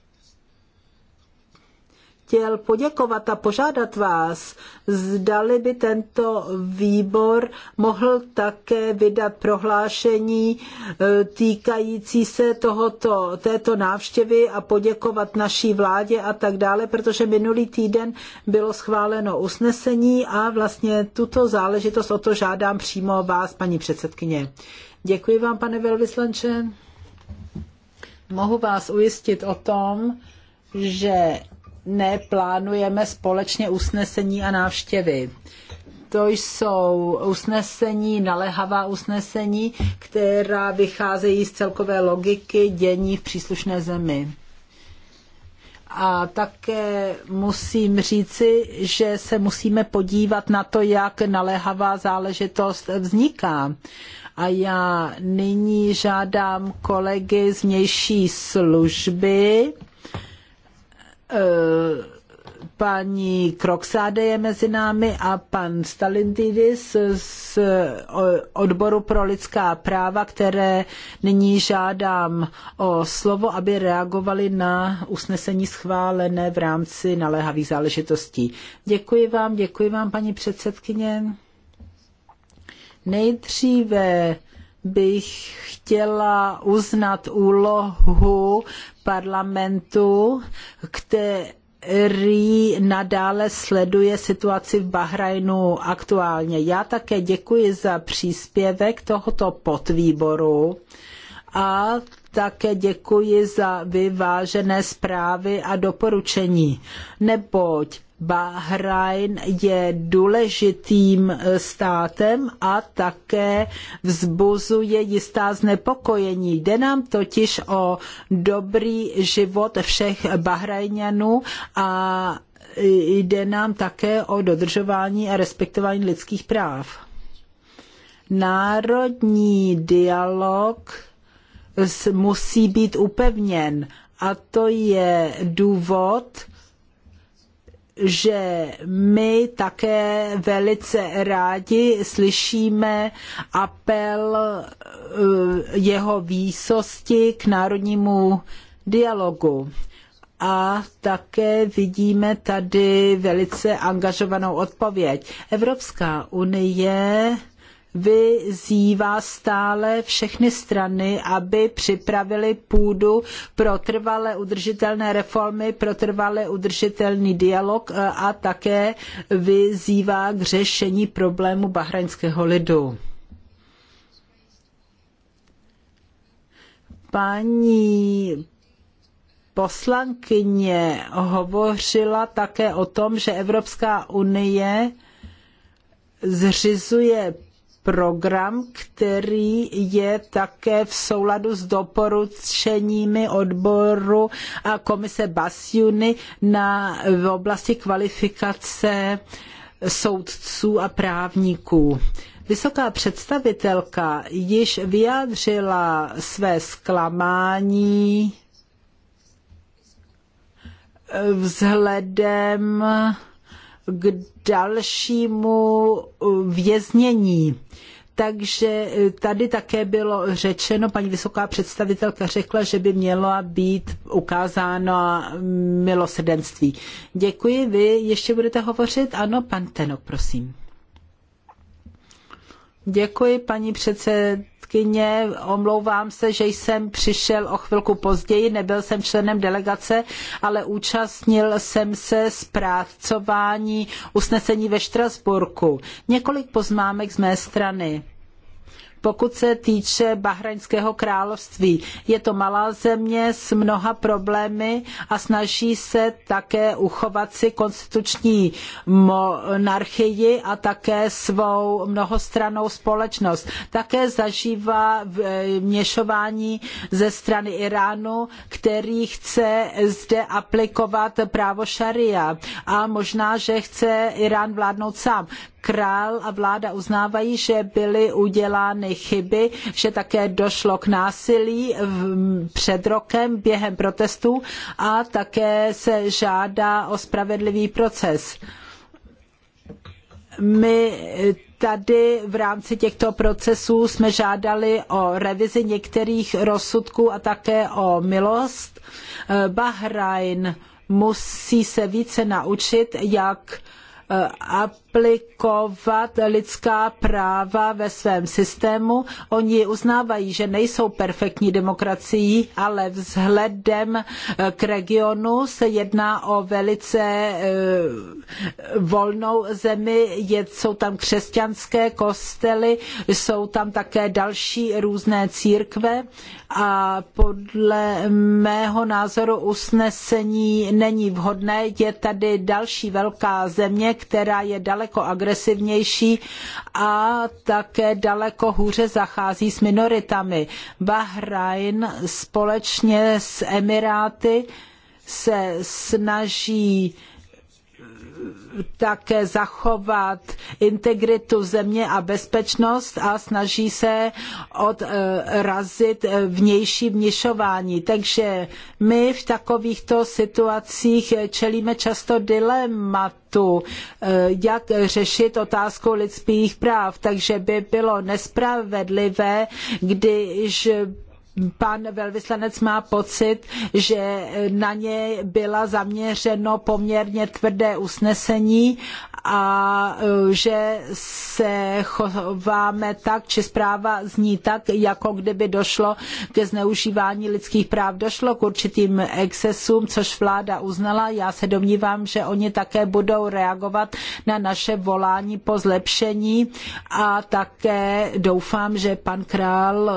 Speaker 1: chtěl poděkovat a požádat vás, zdali by tento výbor mohl také vydat prohlášení e, týkající se tohoto, této návštěvy a poděkovat naší vládě a tak dále, protože minulý týden bylo schváleno usnesení a vlastně tuto záležitost o to žádám přímo vás, paní předsedkyně. Děkuji vám, pane velvyslanče. Mohu vás ujistit o tom, že neplánujeme společně usnesení a návštěvy. To jsou usnesení, naléhavá usnesení, která vycházejí z celkové logiky dění v příslušné zemi. A také musím říci, že se musíme podívat na to, jak naléhavá záležitost vzniká. A já nyní žádám kolegy z vnější služby, paní Kroksáde je mezi námi a pan Stalintidis z odboru pro lidská práva, které nyní žádám o slovo, aby reagovali na usnesení schválené v rámci naléhavých záležitostí. Děkuji vám, děkuji vám, paní předsedkyně. Nejdříve bych chtěla uznat úlohu parlamentu, který nadále sleduje situaci v Bahrajnu aktuálně. Já také děkuji za příspěvek tohoto podvýboru a také děkuji za vyvážené zprávy a doporučení, neboť Bahrajn je důležitým e, státem a také vzbuzuje jistá znepokojení. Jde nám totiž o dobrý život všech Bahrajňanů a e, jde nám také o dodržování a respektování lidských práv. Národní dialog musí být upevněn a to je důvod, že my také velice rádi slyšíme apel eh, jeho výsosti k národnímu dialogu. A také vidíme tady velice angažovanou odpověď. Evropská unie vyzývá stále všechny strany, aby připravili půdu pro trvale udržitelné reformy, pro trvale udržitelný dialog eh, a také vyzývá k řešení problému bahrajnského lidu. Paní poslankyně hovořila také o tom, že Evropská unie zřizuje program, který je také v souladu s doporučeními odboru a komise Basiuny na, v oblasti kvalifikace soudců a právníků. Vysoká představitelka již vyjádřila své zklamání vzhledem k dalšímu uh, věznění. Takže uh, tady také bylo řečeno, paní vysoká představitelka řekla, že by mělo být ukázáno milosrdenství. Děkuji, vy ještě budete hovořit? Ano, pan Tenok, prosím. Děkuji, paní předsedkyně předsedkyně, omlouvám se, že jsem přišel o chvilku později, nebyl jsem členem delegace, ale účastnil jsem se zpracování usnesení ve Štrasburku. Několik poznámek z mé strany. Pokud se týče Bahrajnského království, je to malá země s mnoha problémy a snaží se také uchovat si konstituční monarchii a také svou mnohostranou společnost. Také zažívá eh, měšování ze strany Iránu, který chce zde aplikovat právo šaria a možná, že chce Irán vládnout sám král a vláda uznávají, že byly udělány chyby, že také došlo k násilí před rokem během protestů a také se žádá o spravedlivý proces. My tady v rámci těchto procesů jsme žádali o revizi některých rozsudků a také o milost. Bahrajn musí se více naučit, jak eh, aplikovat lidská práva ve svém systému. Oni uznávají, že nejsou perfektní demokracií, ale vzhledem eh, k regionu se jedná o velice eh, volnou zemi, jsou tam křesťanské kostely, jsou tam také další různé církve a podle mého názoru usnesení není vhodné. Je tady další velká země, která je daleko daleko agresivnější a také daleko hůře zachází s minoritami. Bahrajn společně s Emiráty se snaží také zachovat integritu země a bezpečnost a snaží se odrazit eh, eh, vnější vněšování. Takže my v takovýchto situacích eh, čelíme často dilematu, jak řešit otázku lidských práv. Takže by bylo nespravedlivé, když pan velvyslanec má pocit, že na ně byla zaměřeno poměrně tvrdé usnesení a e, že se chováme tak, či zpráva zní tak, jako kdyby došlo ke zneužívání lidských práv. Došlo k určitým excesům, což vláda uznala. Já se domnívám, že oni také budou reagovat na naše volání po zlepšení a také doufám, že pan král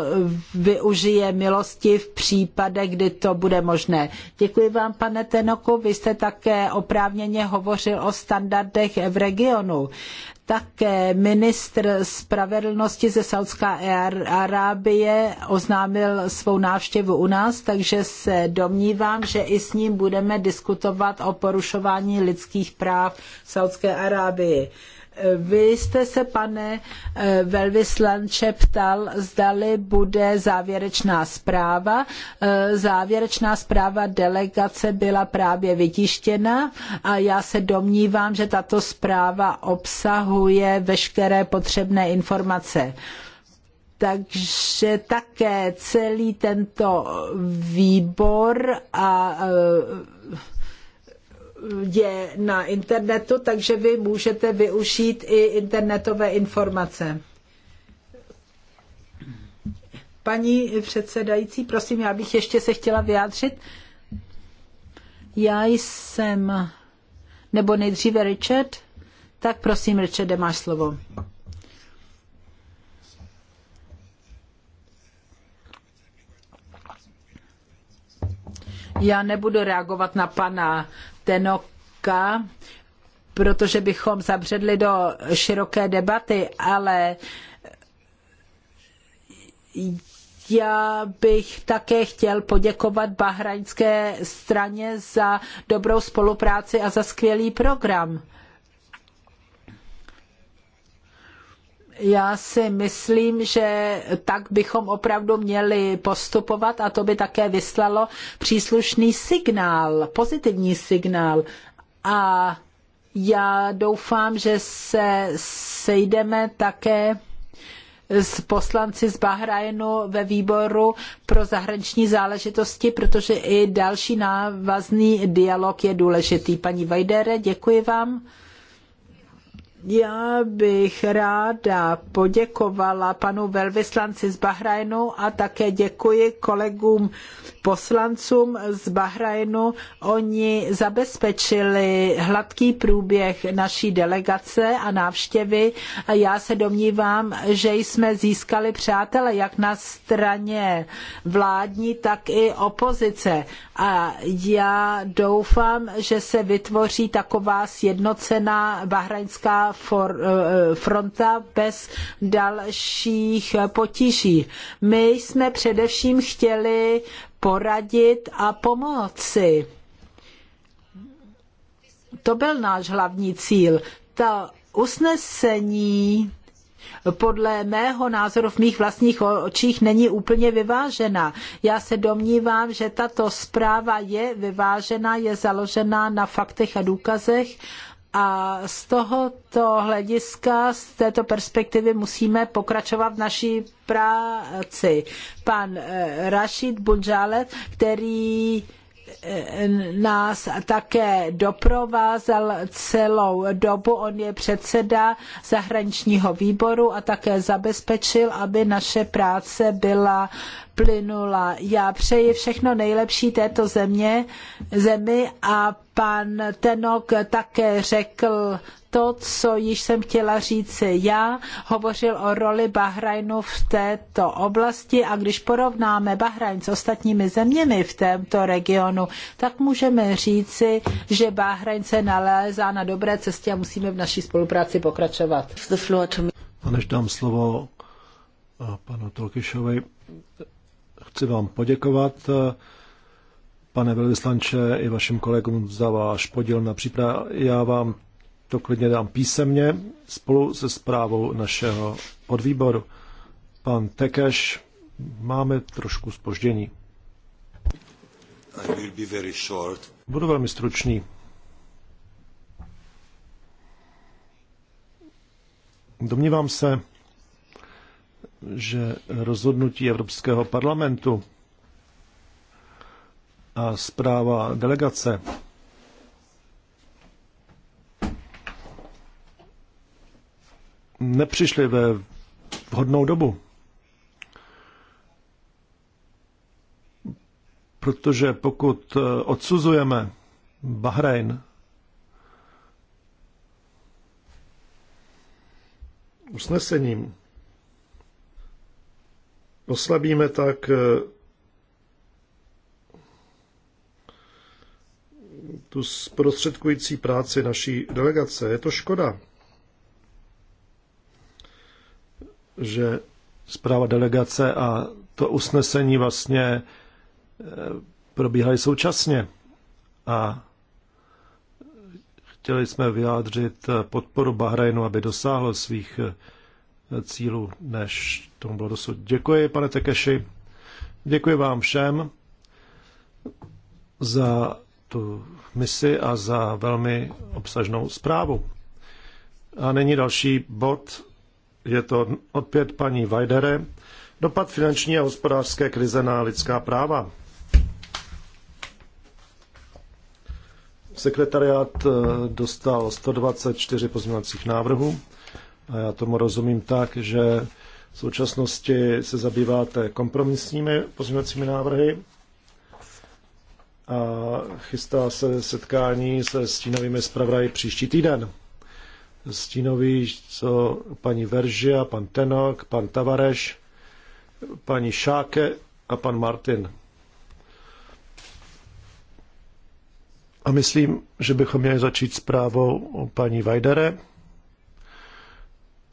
Speaker 1: využije milosti v případech, kdy to bude možné. Děkuji vám, pane Tenoku. Vy jste také oprávněně hovořil o standardech v regionu také ministr spravedlnosti ze Saudské Arábie oznámil svou návštěvu u nás, takže se domnívám, že i s ním budeme diskutovat o porušování lidských práv v Saudské Arábii. Vy jste se, pane eh, velvyslanče, ptal, zdali bude závěrečná zpráva. Eh, závěrečná zpráva delegace byla právě vytištěna a já se domnívám, že tato zpráva obsahuje veškeré potřebné informace. Takže také celý tento výbor a eh, je na internetu, takže vy můžete využít i internetové informace. Paní předsedající, prosím, já bych ještě se chtěla vyjádřit. Já jsem, nebo nejdříve Richard, tak prosím, Richarde, máš slovo. Já nebudu reagovat na pana Tenoka, protože bychom zabředli do široké debaty, ale já bych také chtěl poděkovat bahrajnské straně za dobrou spolupráci a za skvělý program. já si myslím, že tak bychom opravdu měli postupovat a to by také vyslalo příslušný signál, pozitivní signál. A já doufám, že se sejdeme také s poslanci z Bahrajnu ve výboru pro zahraniční záležitosti, protože i další návazný dialog je důležitý. Paní Vajdere, děkuji vám. Já bych ráda poděkovala panu velvyslanci z Bahrajnu a také děkuji kolegům poslancům z Bahrajnu. Oni zabezpečili hladký průběh naší delegace a návštěvy a já se domnívám, že jsme získali přátele jak na straně vládní, tak i opozice. A já doufám, že se vytvoří taková sjednocená bahrajnská for, eh, fronta bez dalších potíží. My jsme především chtěli poradit a pomoci. To byl náš hlavní cíl. Ta usnesení podle mého názoru v mých vlastních očích není úplně vyvážená. Já se domnívám, že tato zpráva je vyvážená, je založená na faktech a důkazech a z tohoto hlediska, z této perspektivy musíme pokračovat v naší práci. Pan eh, Rashid Bunžalet, který eh, nás také doprovázel celou dobu. On je předseda zahraničního výboru a také zabezpečil, aby naše práce byla plynula. Já přeji všechno nejlepší této země, zemi a pan Tenok také řekl to, co již jsem chtěla říci. Já hovořil o roli Bahrajnu v této oblasti a když porovnáme Bahrajn s ostatními zeměmi v tomto regionu, tak můžeme říci, že Bahrajn se nalézá na dobré cestě a musíme v naší spolupráci pokračovat.
Speaker 2: A než dám slovo eh, panu Tolkišovi, chci vám poděkovat, pane velvyslanče, i vašim kolegům za váš podíl na přípravě. Já vám to klidně dám písemně spolu se zprávou našeho podvýboru. Pan Tekeš, máme trošku spoždění. Budu velmi stručný. Domnívám se, že rozhodnutí Evropského parlamentu a zpráva delegace nepřišly ve vhodnou dobu. Protože pokud odsuzujeme Bahrajn, usnesením Oslabíme tak eh, tu zprostředkující práci naší delegace. Je to škoda, že zpráva delegace a to usnesení vlastně eh, probíhaly současně. A chtěli jsme vyjádřit eh, podporu Bahrajnu, aby dosáhlo svých cílu, než tomu bylo dosud. Děkuji, pane Tekeši. Děkuji vám všem za tu misi a za velmi obsažnou zprávu. A není další bod, je to opět paní Vajdere. Dopad finanční a hospodářské krize na lidská práva. Sekretariát eh, dostal 124 pozměňovacích návrhů. A já tomu rozumím tak, že v současnosti se zabýváte kompromisními pozměňovacími návrhy a chystá se setkání se stínovými zpravodaji příští týden. Stínoví, co paní Veržia, pan Tenok, pan Tavareš, paní Šáke a pan Martin. A myslím, že bychom měli začít zprávou o paní Vajdere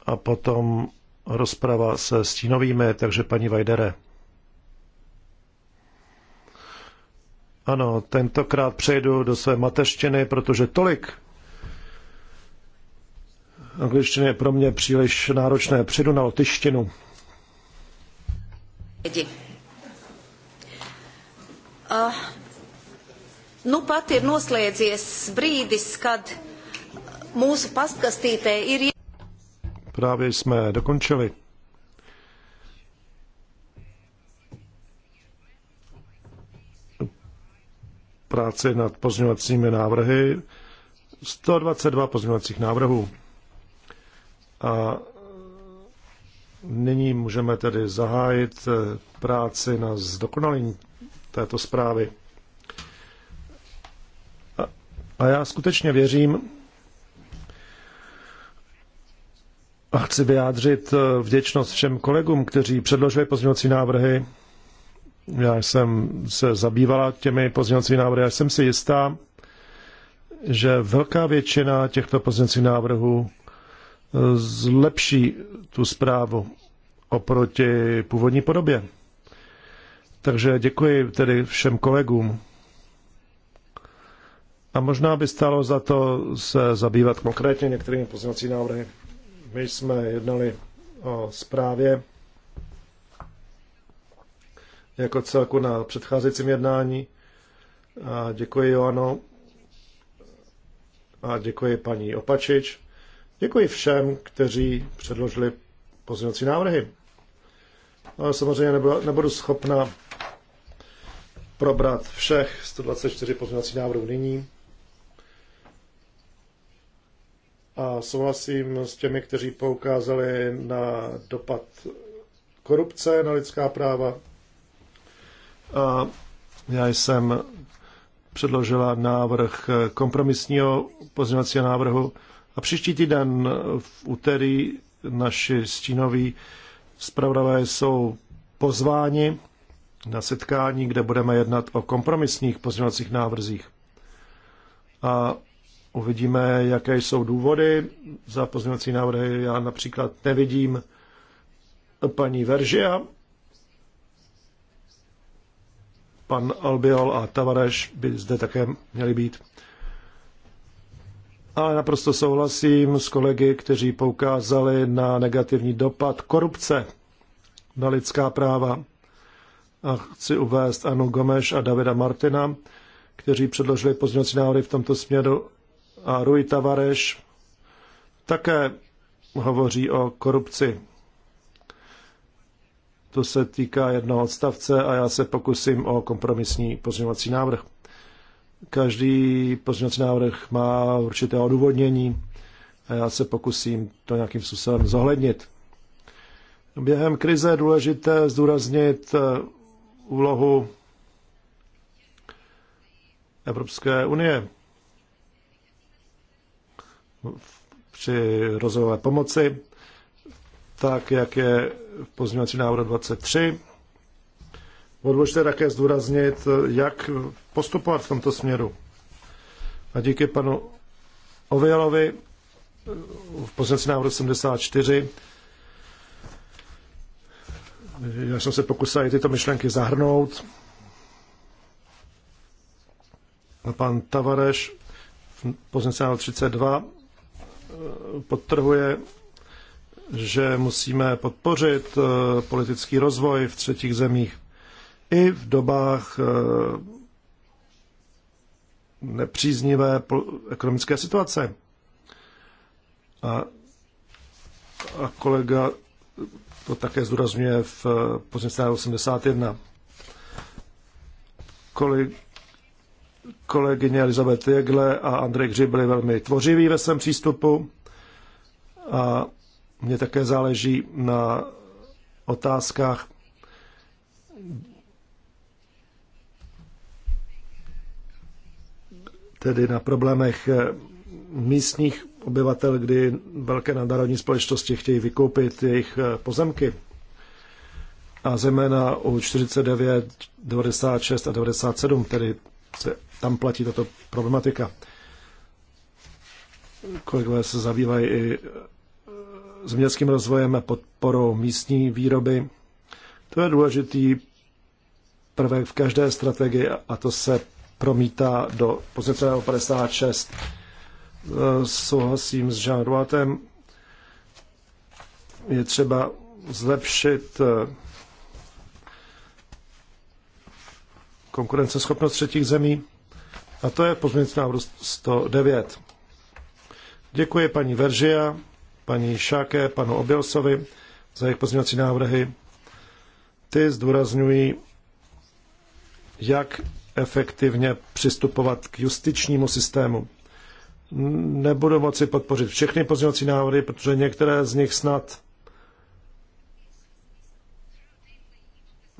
Speaker 2: a potom rozprava se stínovými, takže paní Vajdere. Ano, tentokrát přejdu do své mateštiny, protože tolik angličtiny je pro mě příliš náročné. Přejdu na lotyštinu.
Speaker 4: Uh, nu pat ir noslēdzies brīdis, kad mūsu pastkastītē ir
Speaker 2: Právě jsme dokončili. práci nad pozměňovacími návrhy. 122 pozměňovacích návrhů. A nyní můžeme tedy zahájit eh, práci na zdokonalení této zprávy. A já skutečně věřím, A chci vyjádřit eh, vděčnost všem kolegům, kteří předložili pozměňovací návrhy. Já jsem se zabývala těmi pozměňovací návrhy Já jsem si jistá, že velká většina těchto pozměňovacích návrhů eh, zlepší tu zprávu oproti původní podobě. Takže děkuji tedy všem kolegům. A možná by stalo za to se zabývat konkrétně některými pozměňovací návrhy. My jsme jednali o zprávě jako celku na předcházejícím jednání. A děkuji Joano a děkuji paní Opačič. Děkuji všem, kteří předložili pozměňovací návrhy. Ale samozřejmě nebudu, nebudu schopna probrat všech 124 pozměňovacích návrhů nyní. a souhlasím s těmi, kteří poukázali na dopad korupce na lidská práva. A já jsem předložila návrh kompromisního pozměňovacího návrhu a příští týden v úterý naši stínoví zpravodavé jsou pozváni na setkání, kde budeme jednat o kompromisních pozměňovacích návrzích. A Uvidíme, jaké jsou důvody za pozměňovací návrhy. Já například nevidím paní Veržia, pan Albiol a Tavareš by zde také měli být. Ale naprosto souhlasím s kolegy, kteří poukázali na negativní dopad korupce na lidská práva. A chci uvést Anu Gomeš a Davida Martina, kteří předložili pozměňovací návrhy v tomto směru a Rui Tavares také hovoří o korupci. To se týká jednoho odstavce a já se pokusím o kompromisní pozměňovací návrh. Každý pozměňovací návrh má určité odůvodnění a já se pokusím to nějakým způsobem zohlednit. Během krize je důležité zdůraznit eh, úlohu Evropské unie při rozvojové pomoci, tak jak je v pozměňovací návrh 23. Odložte také zdůraznit, jak postupovat v tomto směru. A díky panu Ovialovi eh, v pozměňovací návrhu 74 já jsem se pokusil i tyto myšlenky zahrnout. A pan Tavareš v pozměňovací 32 podtrhuje, že musíme podpořit eh, politický rozvoj v třetích zemích i v dobách eh, nepříznivé ekonomické situace. A, a kolega to také zdůrazňuje v eh, pozici 81. Kolik, kolegyně Elizabeth Jegle a Andrej Hřib byli velmi tvořiví ve svém přístupu a mně také záleží na otázkách tedy na problémech místních obyvatel, kdy velké nadnárodní společnosti chtějí vykoupit jejich pozemky. A zejména u 49, 96 a 97, tedy se tam platí tato problematika. Kolegové se zabývají i eh, zemědělským rozvojem a podporou místní výroby. To je důležitý prvek v každé strategii a to se promítá do pozice 56. Eh, souhlasím s Jean Ruatem. Je třeba zlepšit eh, konkurenceschopnost třetích zemí a to je pozměnit návrh 109. Děkuji paní Veržia, paní Šáke, panu Obělsovi za jejich pozměňovací návrhy. Ty zdůrazňují, jak efektivně přistupovat k justičnímu systému. Nebudu moci podpořit všechny pozměňovací návrhy, protože některé z nich snad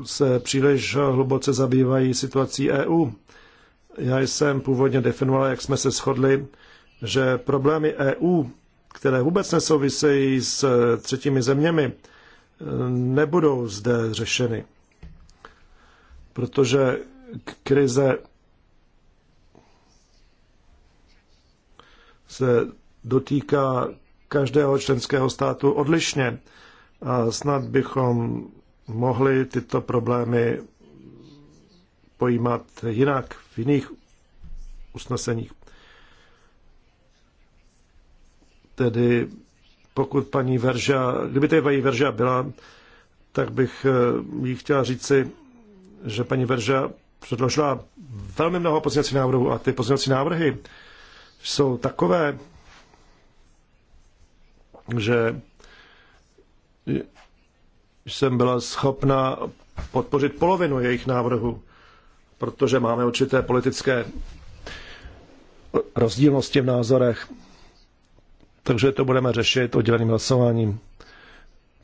Speaker 2: se příliš hluboce zabývají situací EU já jsem původně definovala, jak jsme se shodli, že problémy EU, které vůbec nesouvisejí s třetími zeměmi, nebudou zde řešeny. Protože krize se dotýká každého členského státu odlišně a snad bychom mohli tyto problémy pojímat jinak v jiných usneseních. Tedy pokud paní Verža, kdyby tady paní Verža byla, tak bych eh, jí chtěla říci, že paní Verža předložila velmi mnoho pozměňovacích návrhů a ty pozměňovací návrhy jsou takové, že jsem byla schopna podpořit polovinu jejich návrhu protože máme určité politické rozdílnosti v názorech. Takže to budeme řešit odděleným hlasováním.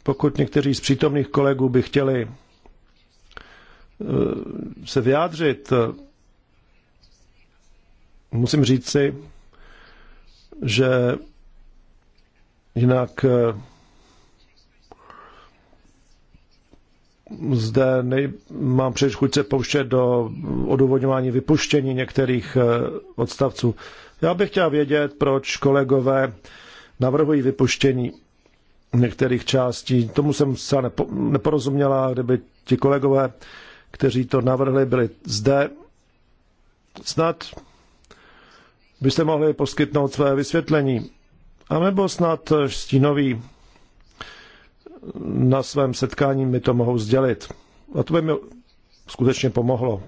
Speaker 2: Pokud někteří z přítomných kolegů by chtěli eh, se vyjádřit, musím říci, že jinak eh, zde nej, mám příliš chuť se pouštět do odůvodňování vypuštění některých eh, odstavců. Já bych chtěl vědět, proč kolegové navrhují vypuštění některých částí. Tomu jsem se neporozuměla, kdyby ti kolegové, kteří to navrhli, byli zde. Snad byste mohli poskytnout své vysvětlení. A nebo snad stínový na svém setkání mi to mohou sdělit. A to by mi skutečně pomohlo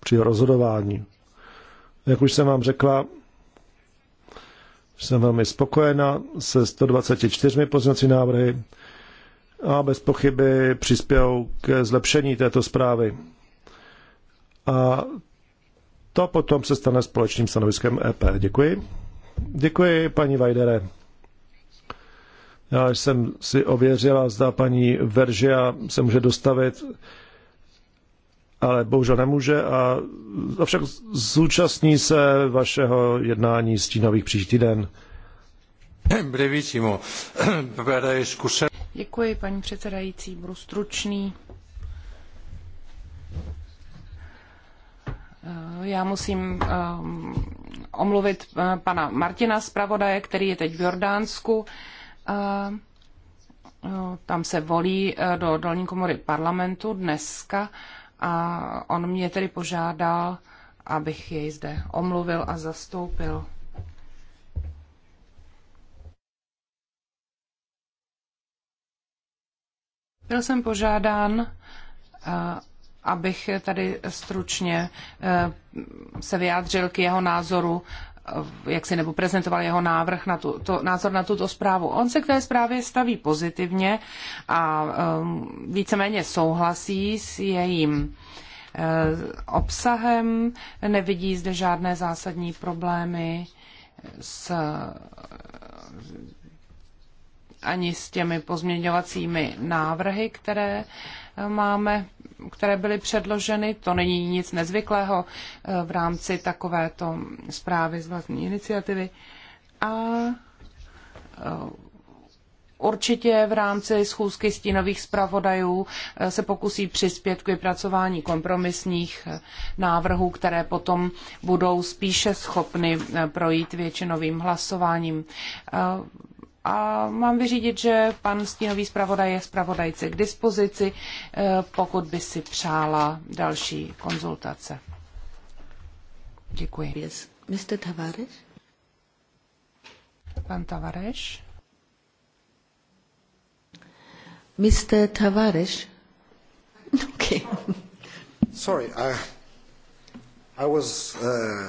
Speaker 2: při rozhodování. Jak už jsem vám řekla, jsem velmi spokojena se 124 pozměňovací návrhy a bez pochyby přispěl k zlepšení této zprávy. A to potom se stane společným stanoviskem EP. Děkuji. Děkuji, paní Vajdere. Já jsem si ověřila, zda paní Veržia se může dostavit, ale bohužel nemůže. A avšak zúčastní se vašeho jednání stínových příští den.
Speaker 5: Děkuji, paní předsedající, budu stručný. Já musím um, omluvit uh, pana Martina zpravodaje, který je teď v Jordánsku. No, tam se volí eh, do dolní komory parlamentu dneska a on mě tedy požádal, abych jej zde omluvil a zastoupil. Byl jsem požádán, eh, abych tady stručně eh, se vyjádřil k jeho názoru jak si nebo prezentoval jeho návrh na tu, to, názor na tuto zprávu. On se k té zprávě staví pozitivně a um, víceméně souhlasí s jejím uh, obsahem, nevidí zde žádné zásadní problémy s, ani s těmi pozměňovacími návrhy, které uh, máme které byly předloženy. To není nic nezvyklého eh, v rámci takovéto zprávy z vlastní iniciativy. A eh, Určitě v rámci schůzky stínových zpravodajů eh, se pokusí přispět k vypracování kompromisních návrhů, které potom budou spíše schopny projít většinovým hlasováním a mám vyřídit, že pan stínový zpravodaj je zpravodajce k dispozici, eh, pokud by si přála další konzultace. Děkuji. Yes.
Speaker 3: Mr. Tavares? Pan Tavares? Mr. Tavares? Okay.
Speaker 2: Sorry, I, I was uh,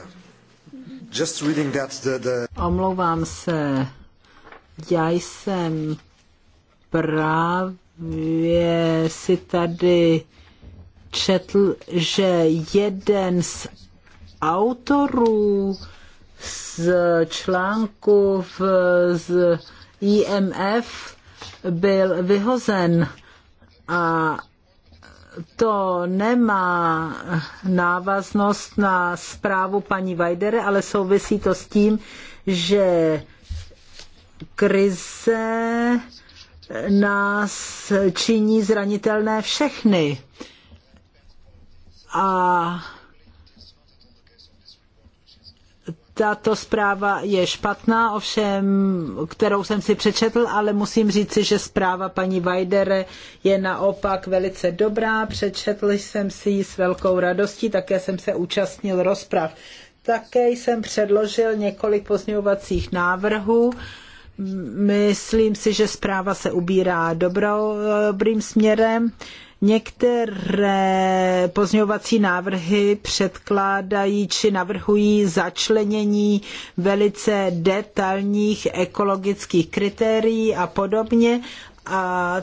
Speaker 2: just reading that the, the...
Speaker 1: Omlouvám se já jsem právě si tady četl, že jeden z autorů z článku v, z IMF byl vyhozen a to nemá návaznost na zprávu paní Vajdere, ale souvisí to s tím, že krize nás činí zranitelné všechny. A tato zpráva je špatná, ovšem, kterou jsem si přečetl, ale musím říci, že zpráva paní Vajdere je naopak velice dobrá. Přečetl jsem si ji s velkou radostí, také jsem se účastnil rozprav. Také jsem předložil několik pozměňovacích návrhů. Uh, myslím si, že zpráva se ubírá dobrým směrem. Některé pozňovací návrhy předkládají či navrhují začlenění velice detailních ekologických kritérií a podobně a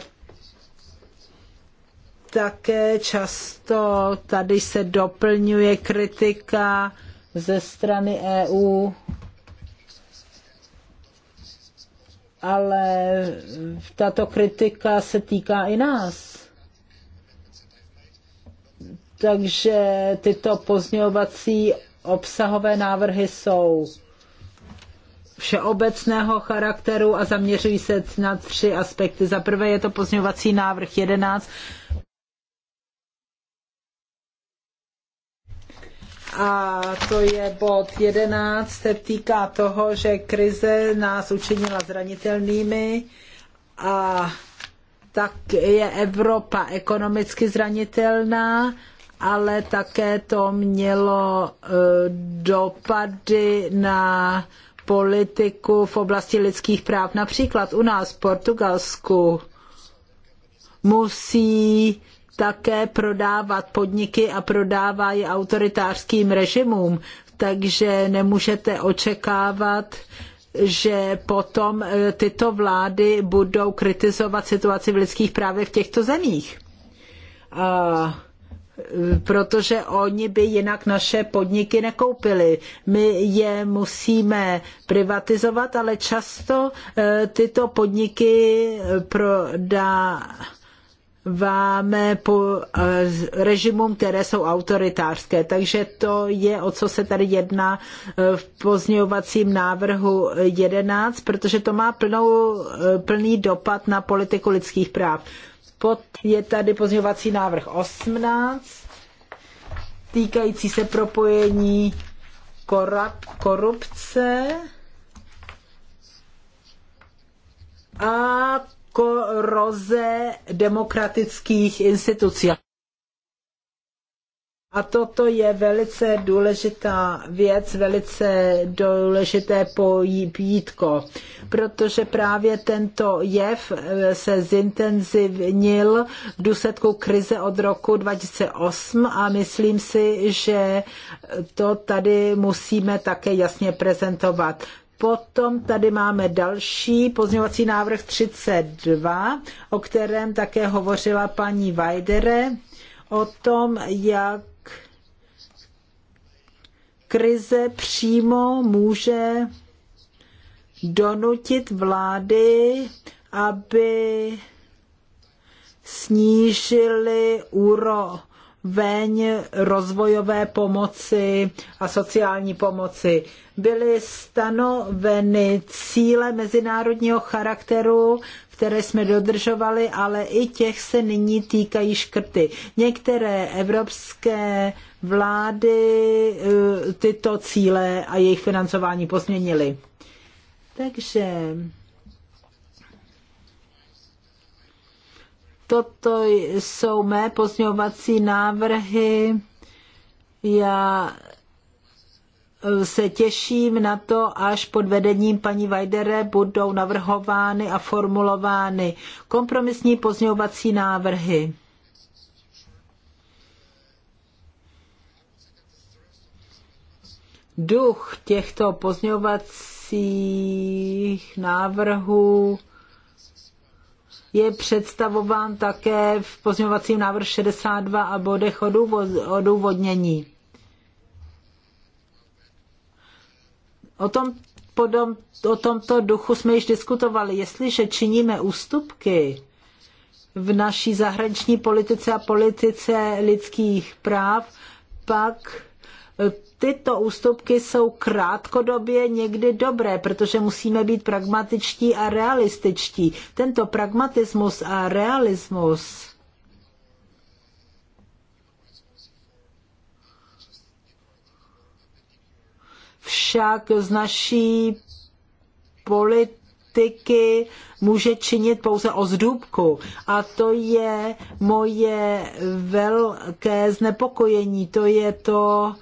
Speaker 1: také často tady se doplňuje kritika ze strany EU ale tato kritika se týká i nás. Takže tyto pozňovací obsahové návrhy jsou všeobecného charakteru a zaměřují se na tři aspekty. Za prvé je to pozňovací návrh 11, a to je bod 11, se týká toho, že krize nás učinila zranitelnými a tak je Evropa ekonomicky zranitelná, ale také to mělo e, dopady na politiku v oblasti lidských práv. Například u nás v Portugalsku musí také prodávat podniky a prodává je autoritářským režimům, takže nemůžete očekávat, že potom eh, tyto vlády budou kritizovat situaci v lidských právech v těchto zemích. A eh, protože oni by jinak naše podniky nekoupili. My je musíme privatizovat, ale často eh, tyto podniky prodá váme po eh, režimům, které jsou autoritářské. Takže to je, o co se tady jedná eh, v pozměňovacím návrhu 11, protože to má plnou, eh, plný dopad na politiku lidských práv. Pot je tady pozměňovací návrh 18, týkající se propojení korupce a koroze demokratických institucí. A toto je velice důležitá věc, velice důležité pojítko, protože právě tento jev eh, se zintenzivnil v důsledku krize od roku 2008 a myslím si, že to tady musíme také jasně prezentovat. Potom tady máme další pozměňovací návrh 32, o kterém také hovořila paní Vajdere, o tom, jak krize přímo může donutit vlády, aby snížili úro, veň rozvojové pomoci a sociální pomoci. Byly stanoveny cíle mezinárodního charakteru, které jsme dodržovali, ale i těch se nyní týkají škrty. Některé evropské vlády eh, tyto cíle a jejich financování pozměnily. Takže Toto jsou mé pozňovací návrhy. Já eh, se těším na to, až pod vedením paní Vajdere budou navrhovány a formulovány kompromisní pozňovací návrhy. Duch těchto pozňovacích návrhů je představován také v pozměňovacím návrhu 62 a bodech odůvodnění. O, tom, potom, o tomto duchu jsme již diskutovali. Jestliže činíme ústupky v naší zahraniční politice a politice lidských práv, pak tyto ústupky jsou krátkodobě někdy dobré, protože musíme být pragmatičtí a realističtí. Tento pragmatismus a realismus však z naší politiky může činit pouze ozdůbku. A to je moje velké znepokojení. To je to,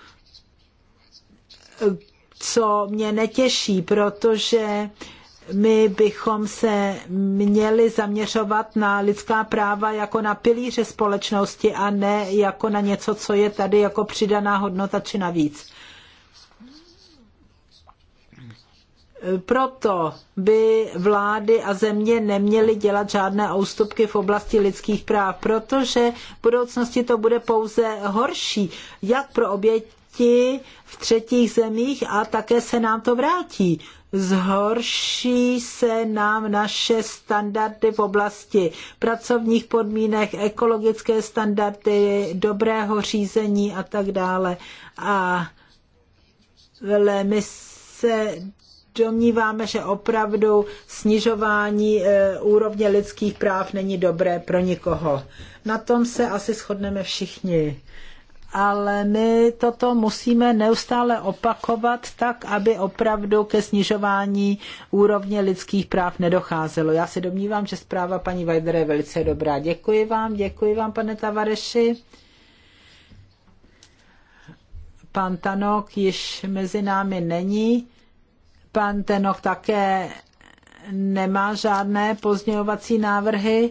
Speaker 1: co mě netěší, protože my bychom se měli zaměřovat na lidská práva jako na pilíře společnosti a ne jako na něco, co je tady jako přidaná hodnota či navíc. Proto by vlády a země neměly dělat žádné ústupky v oblasti lidských práv, protože v budoucnosti to bude pouze horší, jak pro oběť, děti v třetích zemích a také se nám to vrátí. Zhorší se nám naše standardy v oblasti pracovních podmínek, ekologické standardy, dobrého řízení a tak dále. A my se domníváme, že opravdu snižování e, úrovně lidských práv není dobré pro nikoho. Na tom se asi shodneme všichni ale my toto musíme neustále opakovat tak, aby opravdu ke snižování úrovně lidských práv nedocházelo. Já se domnívám, že zpráva paní Vajdere je velice dobrá. Děkuji vám, děkuji vám, pane Tavareši. Pan Tanok již mezi námi není. Pan Tenok také nemá žádné pozměňovací návrhy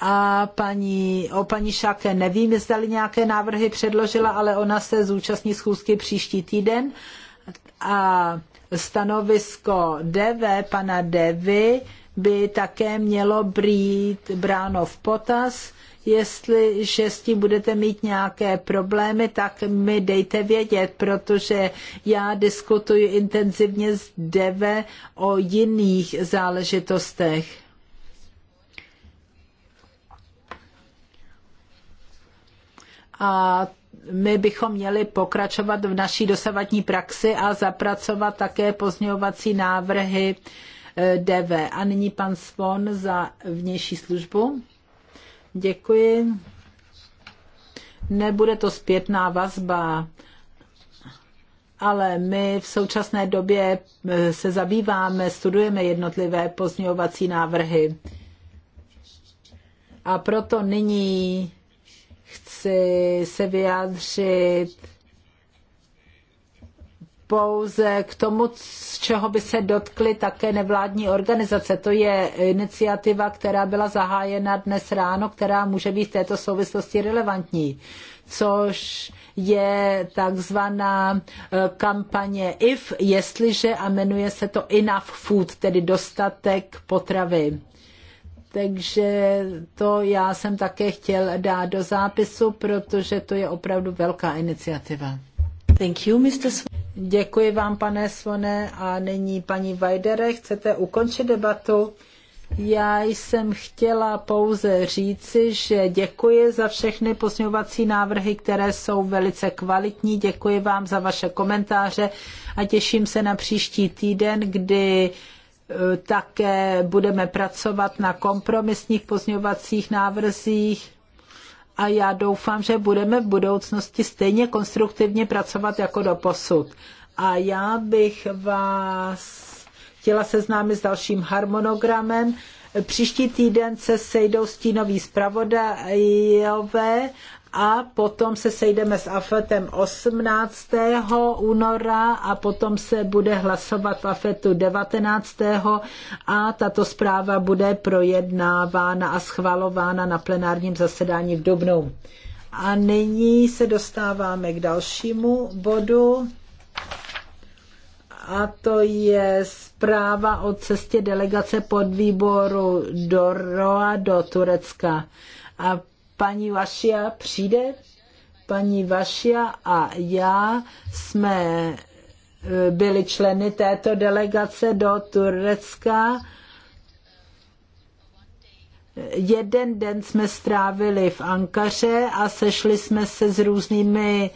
Speaker 1: a paní, o paní Šáke nevím, zda-li nějaké návrhy předložila, ale ona se zúčastní schůzky příští týden a stanovisko DV, pana Devy, by také mělo být bráno v potaz. Jestliže s tím budete mít nějaké problémy, tak mi dejte vědět, protože já diskutuji intenzivně s Deve o jiných záležitostech. a my bychom měli pokračovat v naší dosavadní praxi a zapracovat také pozměňovací návrhy eh, DV. A nyní pan Svon za vnější službu. Děkuji. Nebude to zpětná vazba, ale my v současné době eh, se zabýváme, studujeme jednotlivé pozměňovací návrhy. A proto nyní se, se vyjádřit pouze k tomu, z čeho by se dotkly také nevládní organizace. To je iniciativa, která byla zahájena dnes ráno, která může být v této souvislosti relevantní, což je takzvaná eh, kampaně IF, jestliže a jmenuje se to Enough Food, tedy dostatek potravy. Takže to já jsem také chtěl dát do zápisu, protože to je opravdu velká iniciativa. Thank you, Mr. Swan. Děkuji vám, pane Svone. A nyní paní Vajdere, chcete ukončit debatu? Já jsem chtěla pouze říci, že děkuji za všechny posňovací návrhy, které jsou velice kvalitní. Děkuji vám za vaše komentáře a těším se na příští týden, kdy Eh, také budeme pracovat na kompromisních pozměňovacích návrzích a já doufám, že budeme v budoucnosti stejně konstruktivně pracovat jako do posud. A já bych vás chtěla seznámit s dalším harmonogramem. Příští týden se sejdou stínoví zpravodajové a potom se sejdeme s AFETem 18. února a potom se bude hlasovat v AFETu 19. a tato zpráva bude projednávána a schvalována na plenárním zasedání v Dubnu. A nyní se dostáváme k dalšímu bodu a to je zpráva o cestě delegace podvýboru do Roa do Turecka. A Paní Vašia přijde? Paní Vašia a já jsme eh, byli členy této delegace do Turecka. Jeden den jsme strávili v Ankaře a sešli jsme se s různými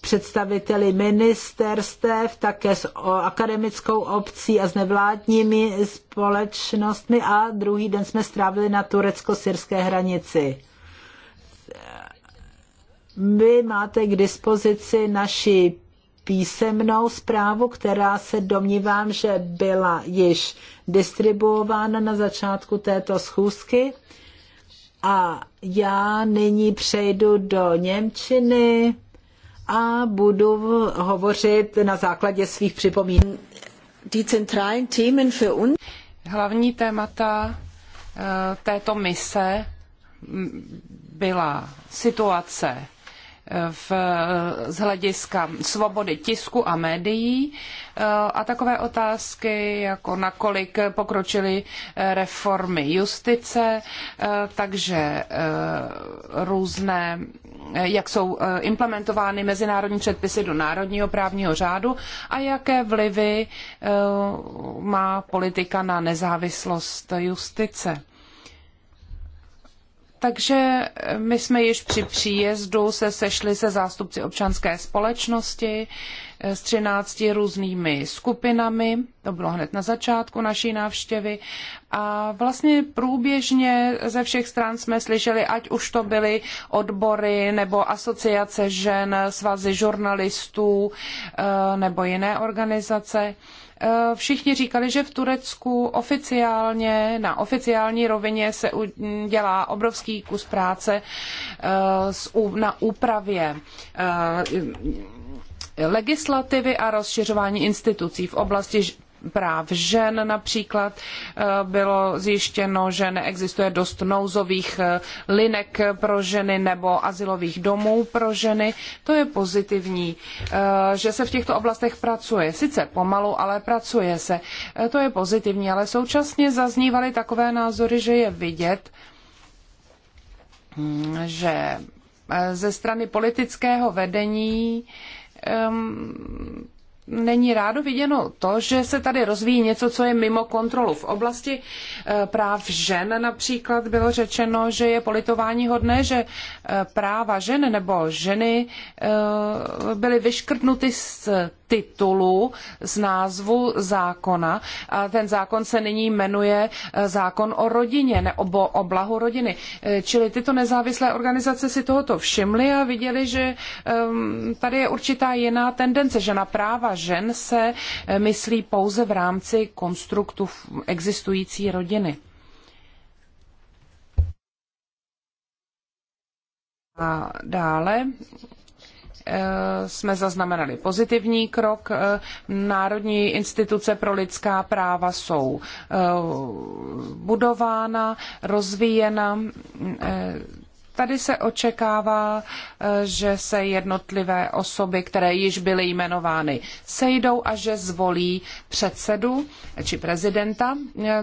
Speaker 1: představiteli ministerstev, také s akademickou obcí a s nevládními společnostmi a druhý den jsme strávili na turecko-syrské hranici. Vy máte k dispozici naši písemnou zprávu, která se domnívám, že byla již distribuována na začátku této schůzky. A já nyní přejdu do Němčiny a budu hovořit na základě svých připomínek. Die zentralen Themen für uns. Hlavní témata eh, této
Speaker 5: mise byla situace v, z hlediska svobody tisku a médií eh, a takové otázky, jako nakolik pokročily eh, reformy justice, eh, takže různé, jak jsou implementovány mezinárodní předpisy do národního právního řádu a jaké vlivy má politika na nezávislost justice. Takže eh, my jsme již při příjezdu se sešli se zástupci občanské společnosti eh, s 13 různými skupinami, to bylo hned na začátku naší návštěvy a vlastně průběžně ze všech stran jsme slyšeli, ať už to byly odbory nebo asociace žen, svazy žurnalistů eh, nebo jiné organizace, Eh, všichni říkali, že v Turecku oficiálně, na oficiální rovině se dělá obrovský kus práce eh, na úpravě eh, legislativy a rozšiřování institucí v oblasti práv žen například eh, bylo zjištěno, že neexistuje dost nouzových eh, linek pro ženy nebo asilových domů pro ženy. To je pozitivní, eh, že se v těchto oblastech pracuje. Sice pomalu, ale pracuje se. To je pozitivní, ale současně zaznívaly takové názory, že je vidět, hm, že ze strany politického vedení ehm, není rádo viděno to, že se tady rozvíjí něco, co je mimo kontrolu. V oblasti e, práv žen například bylo řečeno, že je politování hodné, že e, práva žen nebo ženy e, byly vyškrtnuty z titulu z názvu zákona. A ten zákon se nyní jmenuje e, zákon o rodině nebo o blahu rodiny. E, čili tyto nezávislé organizace si tohoto všimly a viděli, že tady je určitá jiná tendence, že na práva žen se e, myslí pouze v rámci konstruktu existující rodiny. A dále Eh, jsme zaznamenali pozitivní krok. Eh, Národní instituce pro lidská práva jsou eh, budována, rozvíjena. Tady se očekává, že se jednotlivé osoby, které již byly jmenovány, sejdou a že zvolí předsedu či prezidenta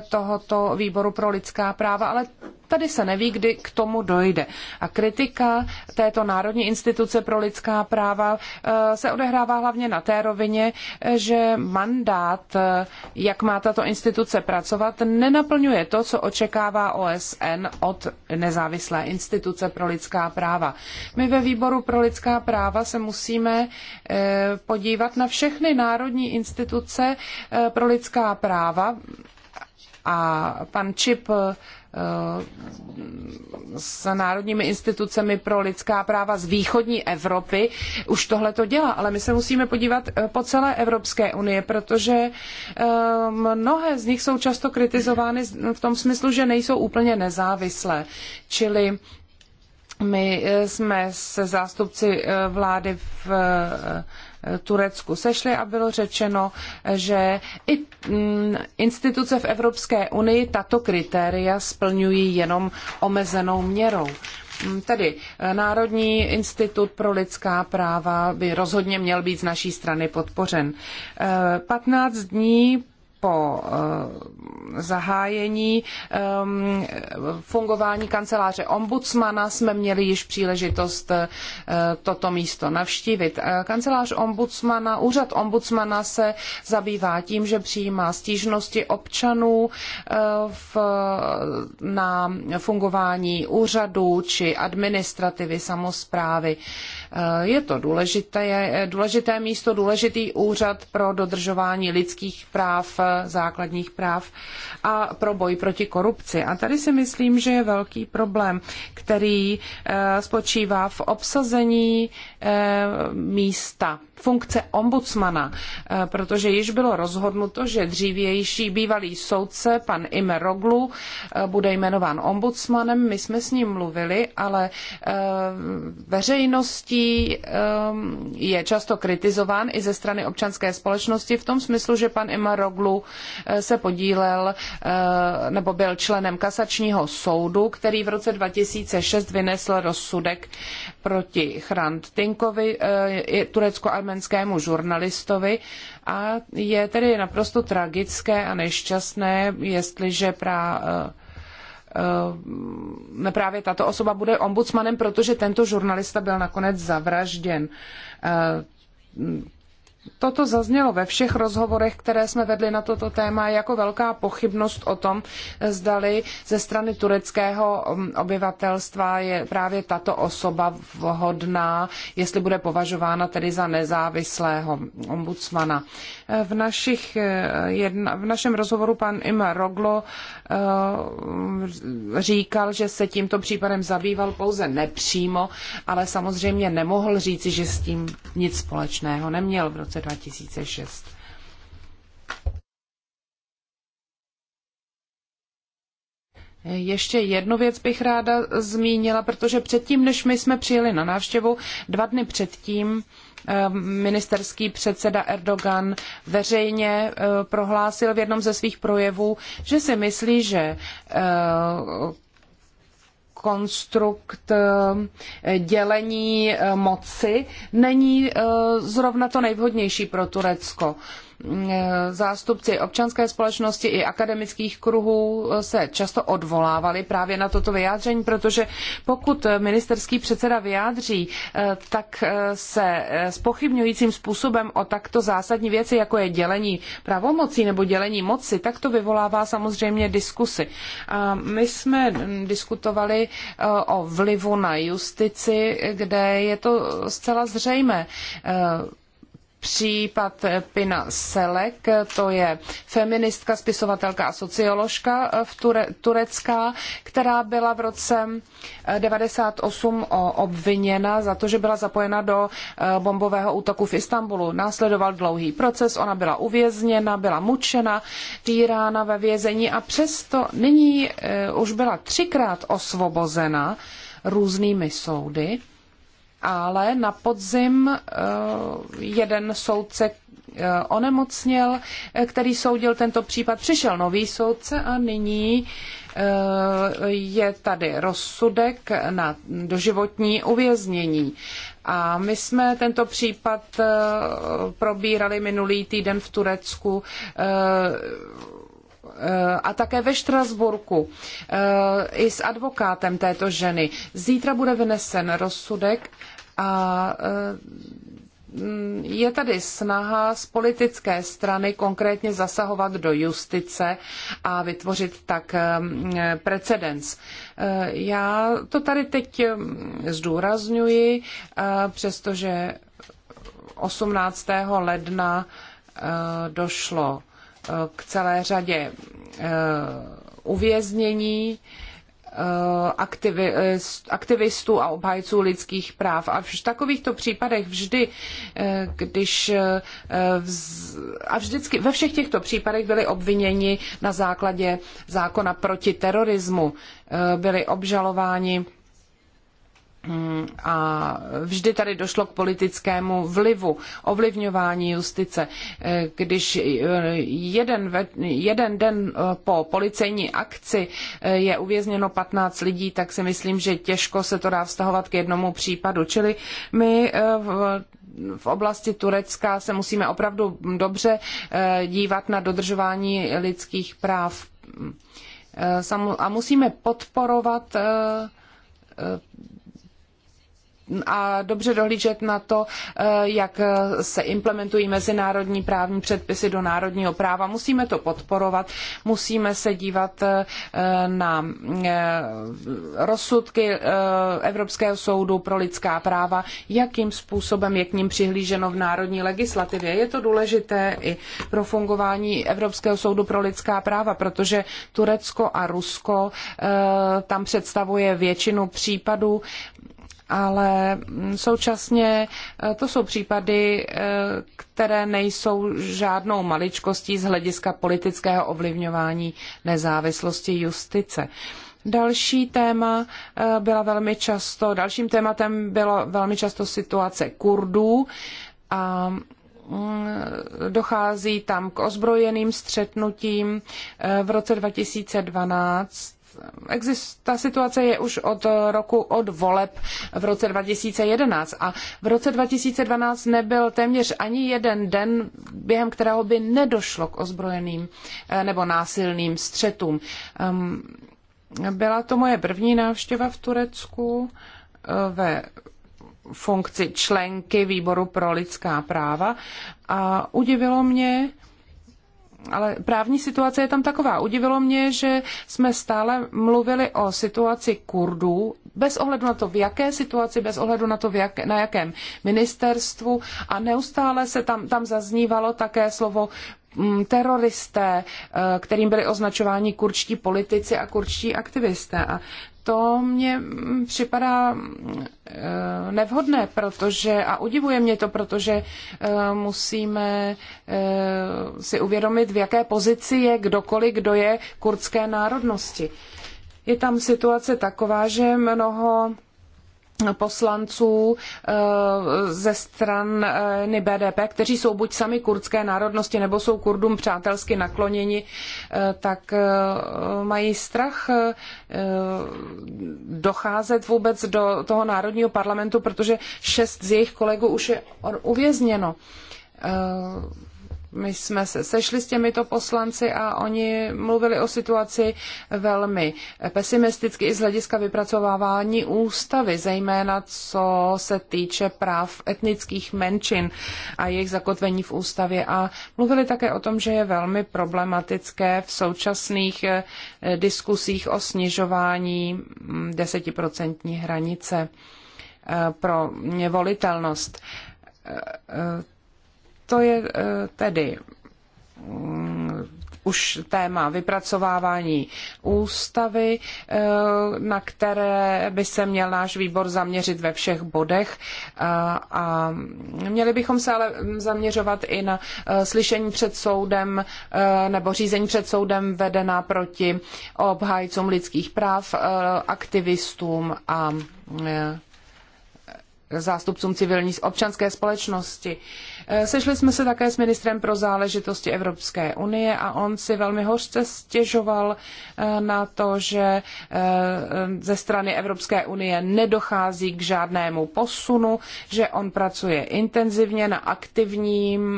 Speaker 5: tohoto výboru pro lidská práva, ale tady se neví, kdy k tomu dojde. A kritika této Národní instituce pro lidská práva eh, se odehrává hlavně na té rovině, eh, že mandát, eh, jak má tato instituce pracovat, nenaplňuje to, co očekává OSN od nezávislé instituce pro lidská práva. My ve výboru pro lidská práva se musíme podívat na všechny národní instituce pro lidská práva, a pan Čip eh, s národními institucemi pro lidská práva z východní Evropy už tohle to dělá, ale my se musíme podívat eh, po celé Evropské unie, protože eh, mnohé z nich jsou často kritizovány v tom smyslu, že nejsou úplně nezávislé. Čili my jsme se zástupci vlády v Turecku sešli a bylo řečeno, že i mm, instituce v Evropské unii tato kritéria splňují jenom omezenou měrou. Mm, tedy eh, Národní institut pro lidská práva by rozhodně měl být z naší strany podpořen. 15 eh, dní po eh, zahájení eh, fungování kanceláře ombudsmana jsme měli již příležitost eh, toto místo navštívit. Kancelář ombudsmana, úřad ombudsmana se zabývá tím, že přijímá stížnosti občanů v, na fungování úřadu či administrativy samozprávy. Je to důležité, důležité místo, důležitý úřad pro dodržování lidských práv základních práv a pro boj proti korupci. A tady si myslím, že je velký problém, který eh, spočívá v obsazení eh, místa funkce ombudsmana, eh, protože již bylo rozhodnuto, že dřívější bývalý soudce, pan Ime Roglu, eh, bude jmenován ombudsmanem. My jsme s ním mluvili, ale eh, veřejností je často kritizován i ze strany občanské společnosti v tom smyslu, že pan Ime Roglu se podílel nebo byl členem kasačního soudu, který v roce 2006 vynesl rozsudek proti Chrant Tinkovi, Turecko a arménskému žurnalistovi a je tedy naprosto tragické a nešťastné, jestliže pra, eh, eh, právě tato osoba bude ombudsmanem, protože tento žurnalista byl nakonec zavražděn eh, toto zaznělo ve všech rozhovorech, které jsme vedli na toto téma, jako velká pochybnost o tom, zdali ze strany tureckého um, obyvatelstva je právě tato osoba vhodná, jestli bude považována tedy za nezávislého ombudsmana. V, našich, eh, jedna, v našem rozhovoru pan Imar Roglo eh, říkal, že se tímto případem zabýval pouze nepřímo, ale samozřejmě nemohl říci, že s tím nic společného neměl v roce roce 2006. Ještě jednu věc bych ráda zmínila, protože předtím, než my jsme přijeli na návštěvu, dva dny předtím eh, ministerský předseda Erdogan veřejně eh, prohlásil v jednom ze svých projevů, že si myslí, že eh, konstrukt eh, dělení eh, moci není eh, zrovna to nejvhodnější pro Turecko. Mm, eh, zástupci občanské společnosti i akademických kruhů eh, se často odvolávali právě na toto vyjádření, protože pokud eh, ministerský předseda vyjádří, tak se spochybňujícím způsobem o takto zásadní věci, jako je dělení pravomocí nebo dělení moci, tak to vyvolává samozřejmě diskusy. A my jsme mm, diskutovali o vlivu na justici, kde je to zcela zřejmé případ Pina Selek, to je feministka, spisovatelka a socioložka v Ture- turecká, která byla v roce 98 eh, obviněna za to, že byla zapojena do eh, bombového útoku v Istanbulu. Následoval dlouhý proces, ona byla uvězněna, byla mučena, týrána ve vězení a přesto nyní eh, už byla třikrát osvobozena různými soudy ale na podzim eh, jeden soudce eh, onemocněl, eh, který soudil tento případ. Přišel nový soudce a nyní je tady rozsudek na doživotní uvěznění. A my jsme tento případ probírali minulý týden v Turecku Eh, a také ve Štrasburku eh, i s advokátem této ženy. Zítra bude vynesen rozsudek a eh, je tady snaha z politické strany konkrétně zasahovat do justice a vytvořit tak precedens. Já to tady teď zdůrazňuji, přestože 18. ledna došlo k celé řadě eh, uvěznění eh, eh, aktivistů a obhajců lidských práv. A v takovýchto případech vždy, když a vždycky ve všech těchto případech byli obviněni na základě zákona proti terorismu, byli obžalováni Mm, a vždy tady došlo k politickému vlivu, ovlivňování justice. Eh, když eh, jeden, ve, jeden den eh, po policejní akci je uvězněno 15 lidí, tak si myslím, že těžko se to dá vztahovat k jednomu případu. Čili my v v oblasti Turecka se musíme opravdu dobře dívat na dodržování lidských práv. A musíme podporovat a dobře dohlížet na to, eh, jak eh, se implementují mezinárodní právní předpisy do národního práva. Musíme to podporovat, musíme se dívat eh, na rozsudky Evropského soudu pro lidská práva, jakým způsobem je k ním přihlíženo v národní legislativě. Je to důležité i pro fungování Evropského soudu pro lidská práva, protože Turecko a Rusko tam představuje většinu případů ale mm, současně e, to jsou případy, e, které nejsou žádnou maličkostí z hlediska politického ovlivňování nezávislosti justice. Další téma e, byla velmi často, dalším tématem byla velmi často situace Kurdů a mm, dochází tam k ozbrojeným střetnutím. V roce 2012 ta situace je už od roku od voleb v roce 2011 a v roce 2012 nebyl téměř ani jeden den, během kterého by nedošlo k ozbrojeným eh, nebo násilným střetům. Ehm, byla to moje první návštěva v Turecku eh, ve funkci členky výboru pro lidská práva a udivilo mě, ale právní situace je tam taková. Udivilo mě, že jsme stále mluvili o situaci Kurdů, bez ohledu na to, v jaké situaci, bez ohledu na to, v jak, na jakém ministerstvu a neustále se tam, tam zaznívalo také slovo mm, teroristé, eh, kterým byli označováni kurčtí politici a kurčtí aktivisté. A to mně připadá eh, nevhodné, protože, a udivuje mě to, protože eh, musíme eh, si uvědomit, v jaké pozici je kdokoliv, kdo je kurdské národnosti. Je tam situace taková, že mnoho poslanců eh, ze stran eh, BDP, kteří jsou buď sami kurdské národnosti nebo jsou Kurdům přátelsky nakloněni, eh, tak mají strach docházet vůbec do toho národního parlamentu, protože šest z jejich kolegů už je uvězněno my jsme se sešli s těmito poslanci a oni mluvili o situaci velmi pesimisticky i z hlediska vypracovávání ústavy, zejména co se týče práv etnických menšin a jejich zakotvení v ústavě. A mluvili také o tom, že je velmi problematické v současných eh, diskusích o snižování mm, desetiprocentní hranice eh, pro volitelnost eh, to je eh, tedy mm, už téma vypracovávání ústavy, eh, na které by se měl náš výbor zaměřit ve všech bodech. Eh, a měli bychom se ale zaměřovat i na slyšení před soudem nebo řízení před soudem vedená proti obhájcům lidských práv, aktivistům a zástupcům civilní občanské společnosti. Eh, sešli jsme se také s ministrem pro záležitosti Evropské unie a on si velmi hořce stěžoval eh, na to, že eh, ze strany Evropské unie nedochází k žádnému posunu, že on pracuje intenzivně na aktivním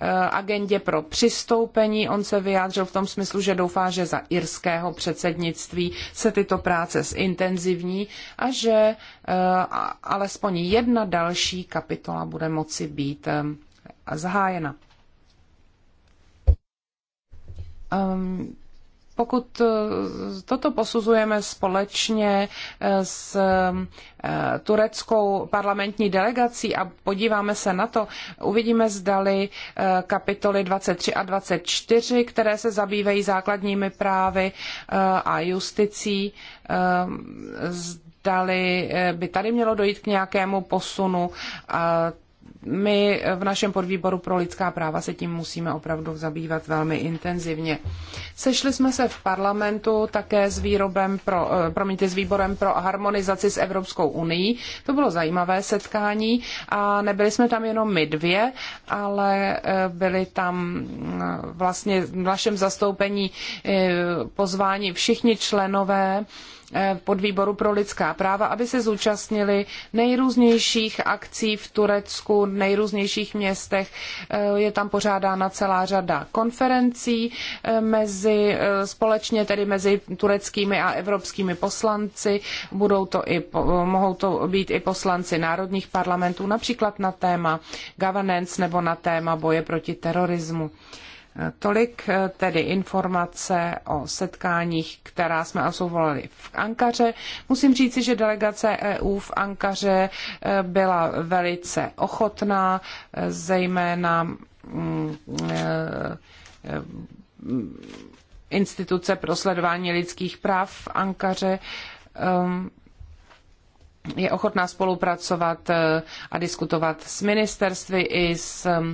Speaker 5: Eh, agendě pro přistoupení. On se vyjádřil v tom smyslu, že doufá, že za irského předsednictví se tyto práce zintenzivní a že eh, alespoň jedna další kapitola bude moci být eh, zahájena. Um, pokud eh, toto posuzujeme společně eh, s eh, tureckou parlamentní delegací a podíváme se na to, uvidíme zdali kapitoly 23 a 24, které se zabývají základními právy a justicí, zdali by tady mělo dojít k nějakému posunu my v našem podvýboru pro lidská práva se tím musíme opravdu zabývat velmi intenzivně. Sešli jsme se v parlamentu také s, výrobem pro, eh, promiňte, s výborem pro harmonizaci s Evropskou unii. To bylo zajímavé setkání a nebyli jsme tam jenom my dvě, ale eh, byli tam mm, vlastně v našem zastoupení eh, pozváni všichni členové Eh, podvýboru pro lidská práva, aby se zúčastnili nejrůznějších akcí v Turecku, nejrůznějších městech. Eh, je tam pořádána celá řada konferencí eh, mezi, společně tedy mezi tureckými a evropskými poslanci. Budou to i, mohou to být i poslanci národních parlamentů, například na téma governance nebo na téma boje proti terorismu. Tolik eh, tedy informace o setkáních, která jsme absolvovali v Ankaře. Musím říci, že delegace EU v Ankaře eh, byla velice ochotná, eh, zejména mm, mm, instituce pro sledování lidských práv v Ankaře ehm, je ochotná spolupracovat eh, a diskutovat s ministerstvy i s eh,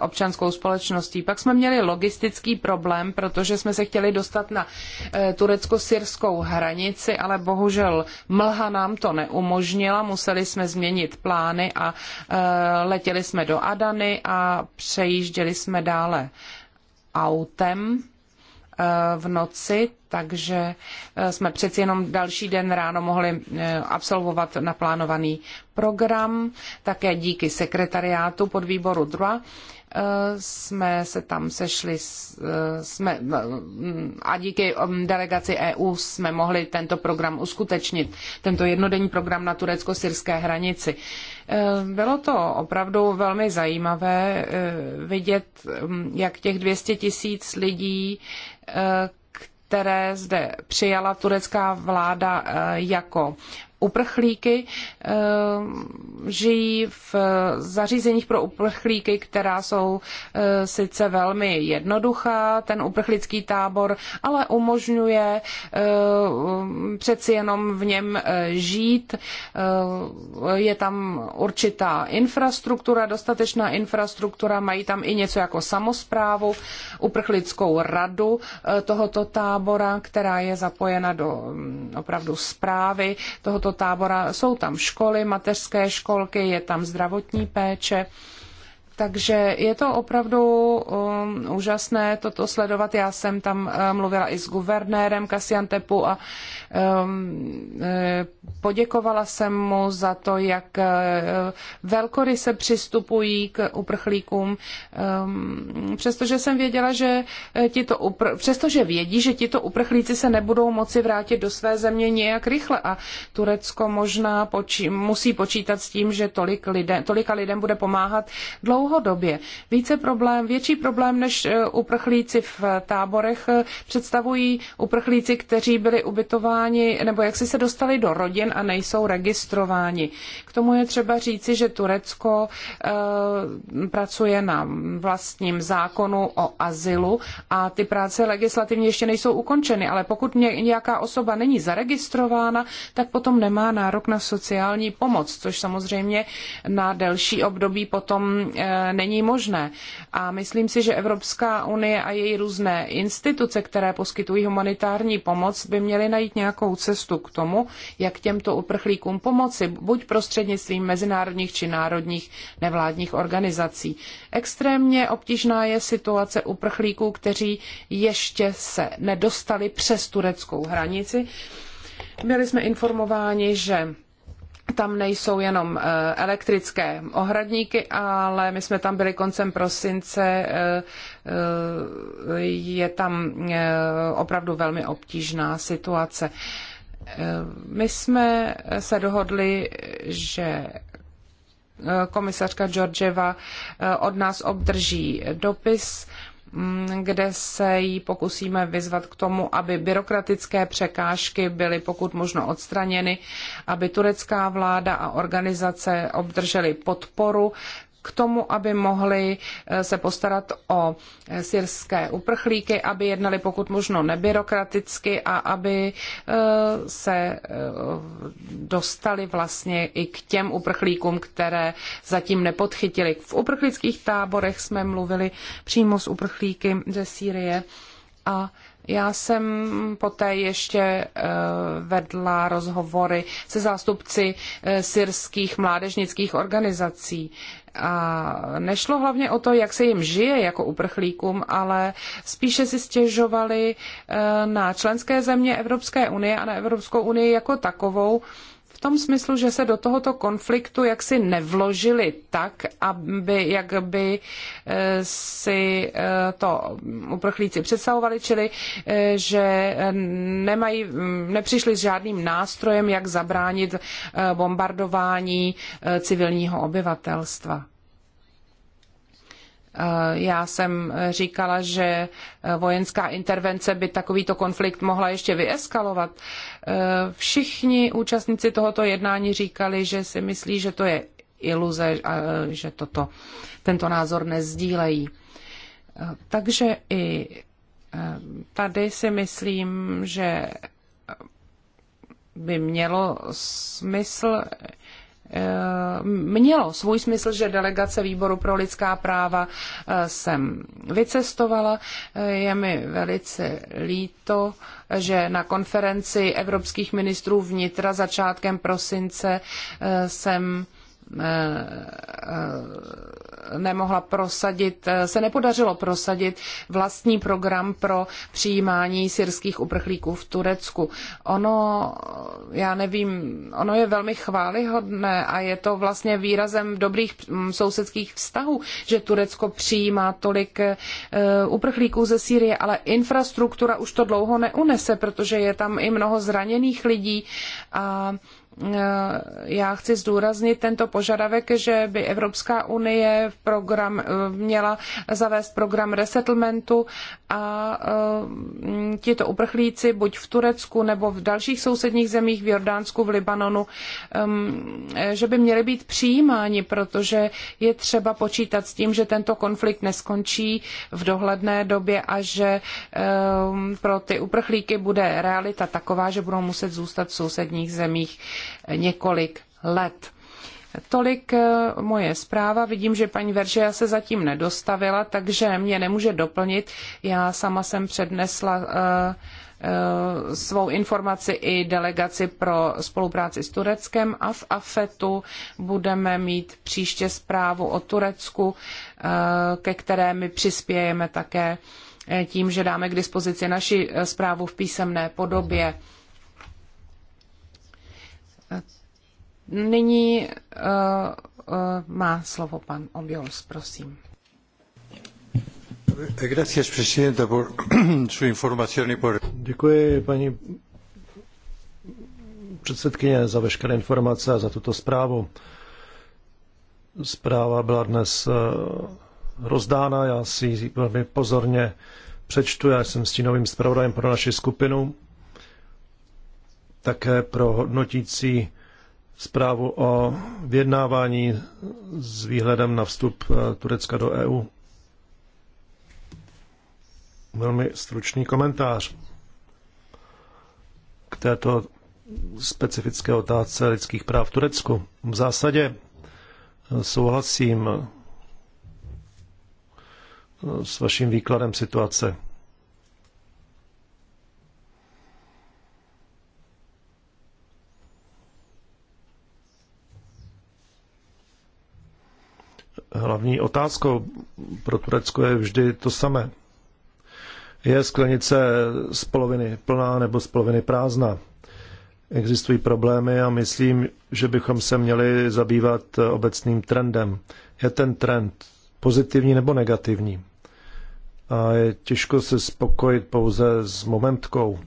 Speaker 5: občanskou společností. Pak jsme měli logistický problém, protože jsme se chtěli dostat na eh, turecko-syrskou hranici, ale bohužel mlha nám to neumožnila, museli jsme změnit plány a letěli jsme do Adany a přejížděli jsme dále autem v noci, takže eh, jsme přeci jenom další den ráno mohli eh, absolvovat naplánovaný program. Také díky sekretariátu pod výboru eh, jsme se tam sešli jsme, a díky delegaci EU jsme mohli tento program uskutečnit, tento jednodenní program na turecko-syrské hranici. Bylo to opravdu velmi zajímavé vidět, jak těch 200 tisíc lidí Eh, které zde přijala turecká vláda eh, jako uprchlíky, eh, žijí v zařízeních pro uprchlíky, která jsou eh, sice velmi jednoduchá, ten uprchlický tábor, ale umožňuje eh, přeci jenom v něm žít. Je tam určitá infrastruktura, dostatečná infrastruktura, mají tam i něco jako samosprávu, uprchlickou radu tohoto tábora, která je zapojena do mm, opravdu zprávy tohoto tohoto tábora. Jsou tam školy, mateřské školky, je tam zdravotní péče. Takže je to opravdu um, úžasné toto sledovat. Já jsem tam uh, mluvila i s guvernérem Kasiantepu a um, e, poděkovala jsem mu za to, jak uh, eh, velkory se přistupují k uprchlíkům. Um, přestože jsem věděla, že tito upr- přestože vědí, že tito uprchlíci se nebudou moci vrátit do své země nějak rychle a Turecko možná poči- musí počítat s tím, že tolik lidem, tolika lidem bude pomáhat dlouho dlouhodobě. Více problém, větší problém než eh, uprchlíci v eh, táborech eh, představují uprchlíci, kteří byli ubytováni nebo jak si se dostali do rodin a nejsou registrováni. K tomu je třeba říci, že Turecko pracuje na vlastním zákonu o azylu a ty práce legislativně ještě nejsou ukončeny, ale pokud nějaká osoba není zaregistrována, tak potom nemá nárok na sociální pomoc, což samozřejmě na delší období potom není možné. A myslím si, že Evropská unie a její různé instituce, které poskytují humanitární pomoc, by měly najít nějakou cestu k tomu, jak těmto uprchlíkům pomoci, buď prostřednictvím mezinárodních či národních nevládních organizací. Extrémně obtížná je situace uprchlíků, kteří ještě se nedostali přes tureckou hranici. Byli jsme informováni, že tam nejsou jenom eh, elektrické ohradníky, ale my jsme tam byli koncem prosince, eh, eh, je tam opravdu velmi obtížná situace. My jsme se dohodli, že komisařka Georgieva od nás obdrží dopis, Mm, kde se jí pokusíme vyzvat k tomu, aby byrokratické překážky byly pokud možno odstraněny, aby turecká vláda a organizace obdržely podporu k tomu, aby mohli eh, se postarat o eh, syrské uprchlíky, aby jednali pokud možno nebyrokraticky a aby eh, se dostali vlastně i k těm uprchlíkům, které zatím nepodchytili. V uprchlických táborech jsme mluvili přímo s uprchlíky ze Sýrie a já jsem poté ještě eh, vedla rozhovory se zástupci eh, syrských mládežnických organizací. A nešlo hlavně o to, jak se jim žije jako uprchlíkům, ale spíše si stěžovali eh, na členské země Evropské unie a na Evropskou unii jako takovou, v tom smyslu, že se do tohoto konfliktu jaksi nevložili tak, aby, jak by eh, si eh, to uprchlíci představovali, čili eh, že nemají, hm, nepřišli s žádným nástrojem, jak zabránit bombardování civilního obyvatelstva. Já jsem říkala, že eh, vojenská intervence by takovýto konflikt mohla ještě vyeskalovat. Eh, všichni účastníci tohoto jednání říkali, že si myslí, že to je iluze, eh, že toto, tento názor nezdílejí. Takže i tady si myslím, že by mělo smysl Eh, mělo svůj smysl, že delegace výboru pro lidská práva jsem eh, vycestovala. Eh, je mi velice líto, že na konferenci evropských ministrů vnitra začátkem prosince jsem Eh, eh, nemohla prosadit, eh, se nepodařilo prosadit vlastní program pro přijímání syrských uprchlíků v Turecku. Ono, já nevím, ono je velmi chválihodné a je to vlastně výrazem dobrých hm, sousedských vztahů, že Turecko přijímá tolik uprchlíků ze Sýrie, ale infrastruktura už to dlouho neunese, protože je tam i mnoho zraněných lidí a já chci zdůraznit tento požadavek, že by Evropská unie program, eh, měla zavést program resettlementu a eh, tito uprchlíci buď v Turecku nebo v dalších sousedních zemích, v Jordánsku, v Libanonu, eh, že by měli být přijímáni, protože je třeba počítat s tím, že tento konflikt neskončí v dohledné době a že pro ty uprchlíky bude realita taková, že budou muset zůstat v sousedních zemích několik let. Tolik eh, moje zpráva. Vidím, že paní Veržeja se zatím nedostavila, takže mě nemůže doplnit. Já sama jsem přednesla eh, eh, svou informaci i delegaci pro spolupráci s Tureckem a v AFETu budeme mít příště zprávu o Turecku, ke které my přispějeme také tím, že dáme k dispozici naši zprávu v písemné podobě. Nyní uh, uh, má slovo pan Obiols, prosím.
Speaker 6: Gracias, presidenta, por su información y por...
Speaker 2: Děkuji, paní předsedkyně, za veškeré informace a za tuto zprávu. Zpráva byla dnes eh, rozdána, já si ji velmi pozorně přečtu, já jsem s novým zpravodajem pro naši skupinu také pro hodnotící zprávu o vyjednávání s výhledem na vstup eh, Turecka do EU. Velmi stručný komentář k této specifické otázce lidských práv v Turecku. V zásadě eh, souhlasím eh, s vaším výkladem situace. otázkou pro Turecko je vždy to samé. Je sklenice z poloviny plná nebo z poloviny prázdná? Existují problémy a myslím, že bychom se měli zabývat obecným trendem. Je ten trend pozitivní nebo negativní? A je těžko se spokojit pouze s momentkou,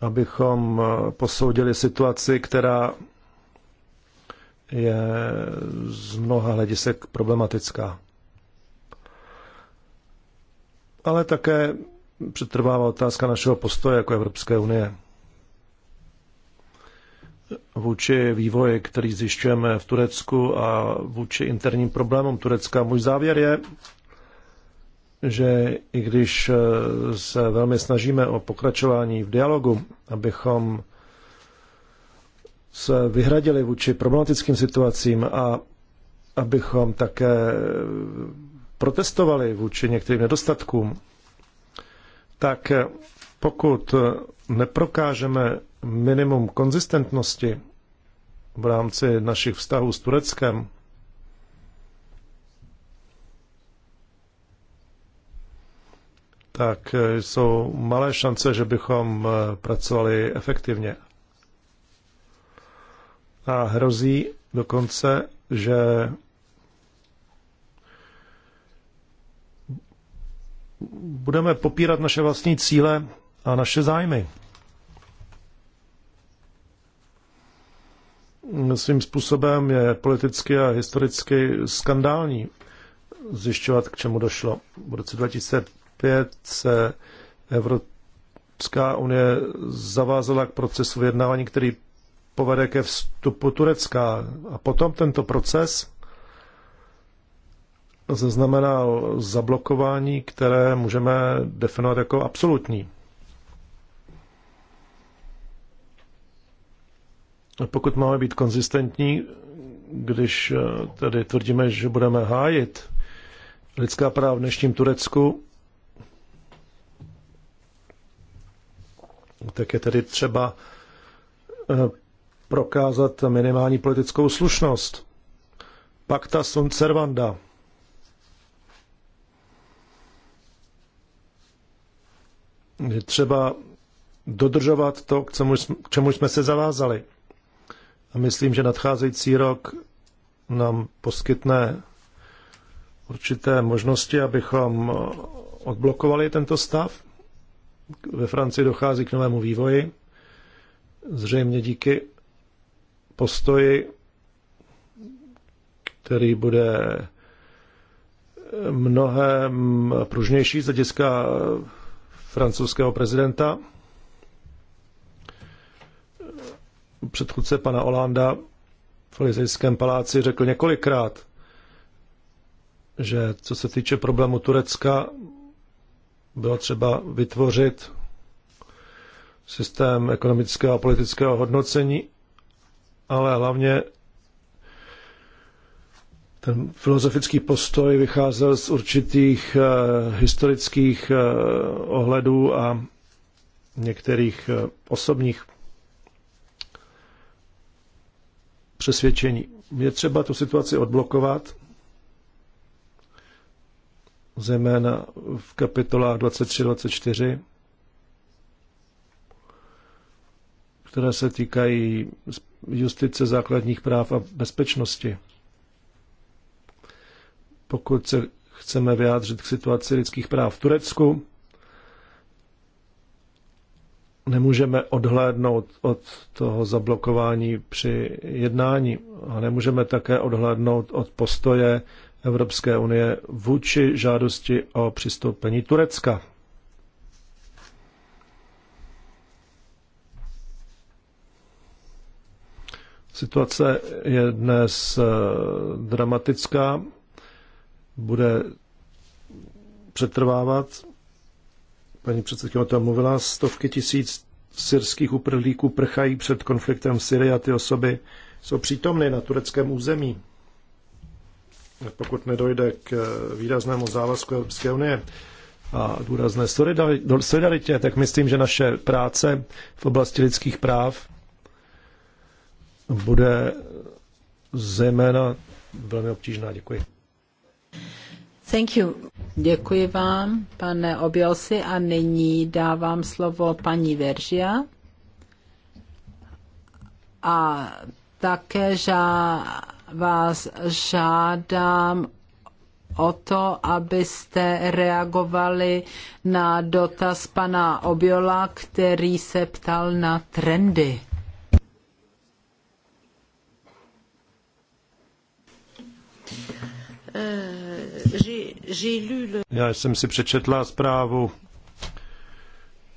Speaker 2: abychom posoudili situaci, která je z mnoha hledisek problematická. Ale také přetrvává otázka našeho postoje jako Evropské unie vůči vývoji, který zjišťujeme v Turecku a vůči interním problémům Turecka. Můj závěr je, že i když se velmi snažíme o pokračování v dialogu, abychom se vyhradili vůči problematickým situacím a abychom také protestovali vůči některým nedostatkům, tak pokud neprokážeme minimum konzistentnosti v rámci našich vztahů s Tureckem, tak jsou malé šance, že bychom pracovali efektivně. A hrozí dokonce, že budeme popírat naše vlastní cíle a naše zájmy. Svým způsobem je politicky a historicky skandální zjišťovat, k čemu došlo. V roce 2005 se Evropská unie zavázala k procesu vyjednávání, který povede ke vstupu Turecka. A potom tento proces zaznamenal zablokování, které můžeme definovat jako absolutní. Pokud máme být konzistentní, když eh, tedy tvrdíme, že budeme hájit lidská práva v dnešním Turecku, tak je tedy třeba eh, prokázat minimální politickou slušnost. Pacta sunt servanda. Je třeba dodržovat to, k čemu, k čemu jsme se zavázali. A myslím, že nadcházející rok nám poskytne určité možnosti, abychom odblokovali tento stav. Ve Francii dochází k novému vývoji, zřejmě díky postoji, který bude mnohem pružnější z hlediska francouzského prezidenta, předchůdce pana Olanda v Lizejském paláci řekl několikrát, že co se týče problému Turecka, bylo třeba vytvořit systém ekonomického a politického hodnocení ale hlavně ten filozofický postoj vycházel z určitých eh, historických eh, ohledů a některých eh, osobních přesvědčení. Je třeba tu situaci odblokovat, zejména v kapitolách 23-24, které se týkají justice základních práv a bezpečnosti. Pokud se chceme vyjádřit k situaci lidských práv v Turecku, nemůžeme odhlédnout od toho zablokování při jednání a nemůžeme také odhlédnout od postoje Evropské unie vůči žádosti o přistoupení Turecka. Situace je dnes eh, dramatická, bude přetrvávat. Paní předsedkyně o tom mluvila, stovky tisíc syrských uprchlíků prchají před konfliktem v Syrii a ty osoby jsou přítomny na tureckém území. Pokud nedojde k eh, výraznému závazku Evropské unie a důrazné solidaritě, tak myslím, že naše práce v oblasti lidských práv bude zejména velmi obtížná. Děkuji.
Speaker 1: Thank you. Děkuji vám, pane Objolsi, a nyní dávám slovo paní Veržia a také žá, vás žádám o to, abyste reagovali na dotaz pana Objola, který se ptal na trendy.
Speaker 4: Eh,
Speaker 2: Já jsem si přečetla zprávu,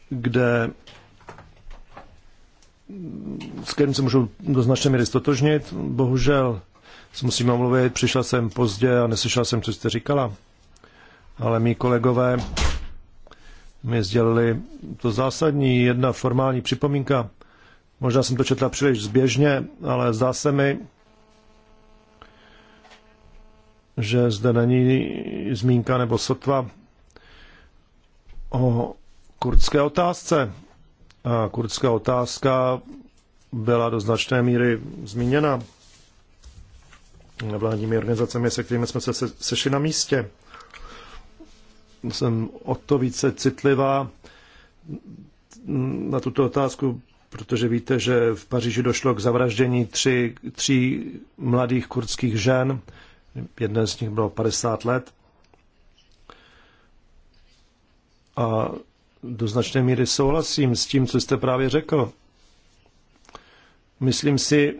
Speaker 2: kde s kterým se můžu do značné míry stotožnit. Bohužel se musím omluvit, přišla jsem pozdě a neslyšela jsem, co jste říkala. Ale mý kolegové mi sdělili to zásadní, jedna formální připomínka. Možná jsem to četla příliš zběžně, ale zdá se mi, že zde není zmínka nebo sotva o kurdské otázce. A kurdská otázka byla do značné míry zmíněna vládními organizacemi, se kterými jsme se sešli na místě. Jsem o to více citlivá na tuto otázku, protože víte, že v Paříži došlo k zavraždění tři, tří mladých kurdských žen Jedné z nich bylo 50 let. A do značné míry souhlasím s tím, co jste právě řekl. Myslím si,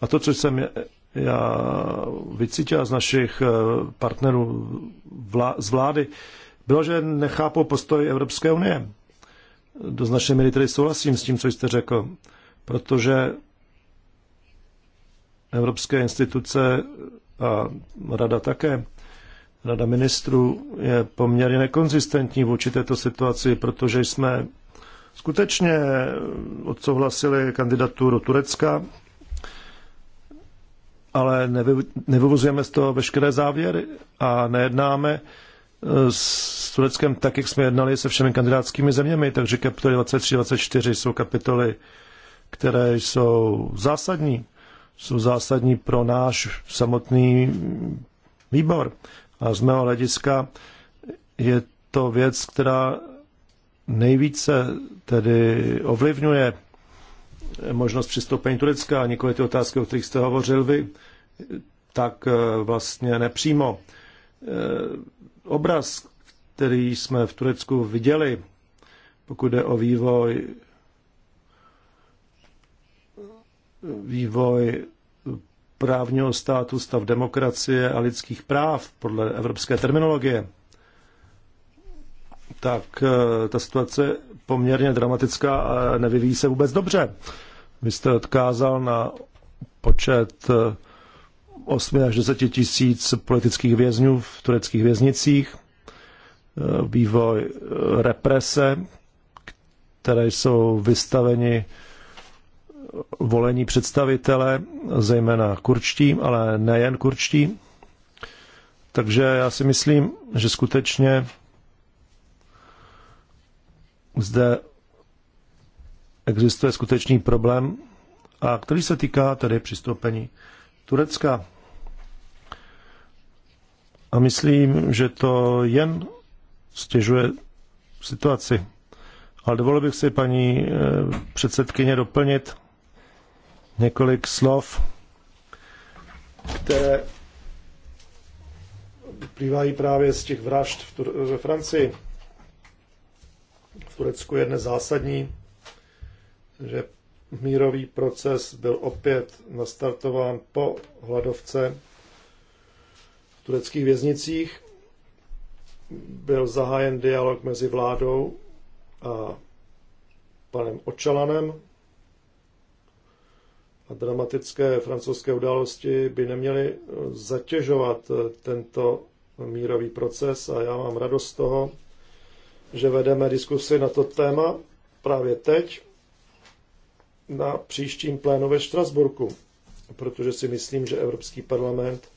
Speaker 2: a to, co jsem já vycítil z našich eh, partnerů z vlády, bylo, že nechápou postoj Evropské unie. Do značné míry tedy souhlasím s tím, co jste řekl, protože evropské instituce a rada také, rada ministrů, je poměrně nekonzistentní vůči této situaci, protože jsme skutečně odsouhlasili kandidaturu Turecka, ale nevy, nevyvozujeme z toho veškeré závěry a nejednáme eh, s Tureckem tak, jak jsme jednali se všemi kandidátskými zeměmi, takže kapitoly 23-24 jsou kapitoly, které jsou zásadní jsou zásadní pro náš samotný výbor. A z mého hlediska je to věc, která nejvíce tedy ovlivňuje možnost přistoupení Turecka, a nikoli ty otázky, o kterých jste hovořil vy, tak eh, vlastně nepřímo. Eh, obraz, který jsme v Turecku viděli, pokud jde o vývoj vývoj právního státu, stav demokracie a lidských práv podle evropské terminologie, tak eh, ta situace je poměrně dramatická a nevyvíjí se vůbec dobře. Vy jste odkázal na počet 8 eh, až 10 tisíc politických vězňů v tureckých věznicích, eh, vývoj represe, které jsou vystaveni volení představitele, zejména kurčtí, ale nejen kurčtí. Takže já si myslím, že skutečně zde existuje skutečný problém, a který se týká tedy přistoupení Turecka. A myslím, že to jen stěžuje situaci. Ale dovolil bych si paní eh, předsedkyně doplnit, několik slov, které vyplývají právě z těch vražd v Tur- ve Francii. V Turecku je dnes zásadní, že mírový proces byl opět nastartován po hladovce v tureckých věznicích. Byl zahájen dialog mezi vládou a panem Očalanem, dramatické francouzské události by neměly eh, zatěžovat eh, tento mírový proces a já mám radost z toho, že vedeme diskusy na to téma právě teď na příštím plénu ve Štrasburku, protože si myslím, že Evropský parlament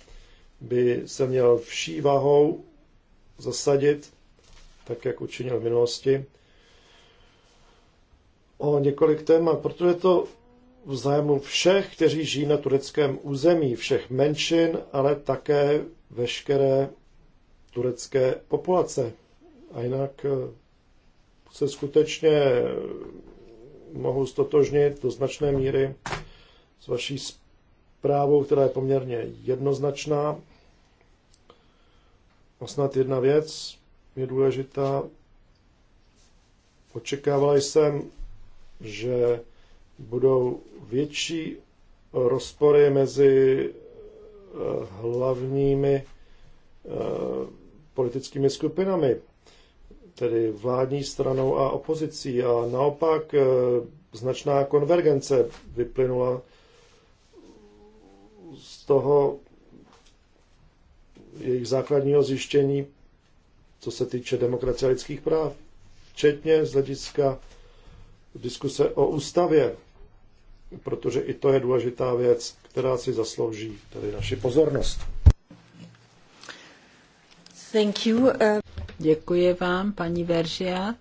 Speaker 2: by se měl vší váhou zasadit, tak jak učinil v minulosti, o několik témat, protože to v zájmu všech, kteří žijí na tureckém území, všech menšin, ale také veškeré turecké populace. A jinak eh, se skutečně eh, mohu stotožnit do značné míry s vaší zprávou, která je poměrně jednoznačná. A snad jedna věc je důležitá. Očekávala jsem, že budou větší rozpory mezi eh, hlavními eh, politickými skupinami, tedy vládní stranou a opozicí. A naopak eh, značná konvergence vyplynula z toho jejich základního zjištění, co se týče demokracie a lidských práv, včetně z hlediska diskuse o ústavě protože i to je důležitá věc, která si zaslouží tedy naši pozornost.
Speaker 1: Thank you. Uh, Děkuji vám, paní Veržia.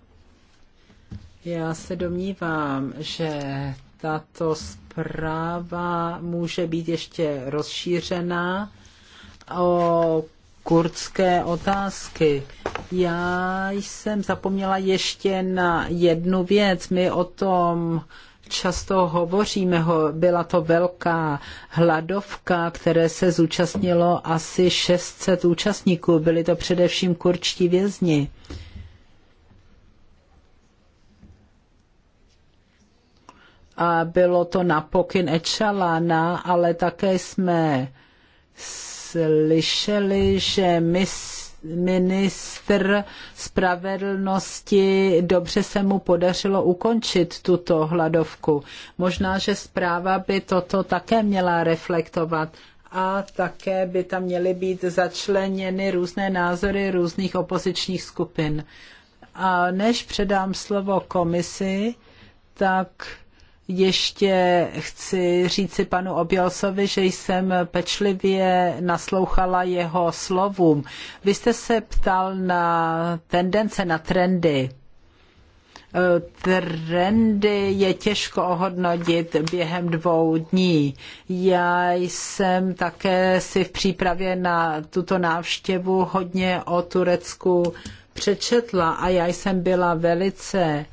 Speaker 1: Já se domnívám, že tato zpráva může být ještě rozšířena o kurdské otázky. Já jsem zapomněla ještě na jednu věc. My o tom uh, často hovoříme, byla to velká hladovka, které se zúčastnilo asi 600 účastníků. Byli to především kurčtí vězni. A bylo to na pokyn Echalana, ale také jsme slyšeli, že mis ministr spravedlnosti, dobře se mu podařilo ukončit tuto hladovku. Možná, že zpráva by toto také měla reflektovat a také by tam měly být začleněny různé názory různých opozičních skupin. A než předám slovo komisi, tak ještě chci říci panu Obělsovi, že jsem pečlivě naslouchala jeho slovům. Vy jste se ptal na tendence, na trendy. Trendy je těžko ohodnotit během dvou dní. Já jsem také si v přípravě na tuto návštěvu hodně o Turecku přečetla a já jsem byla velice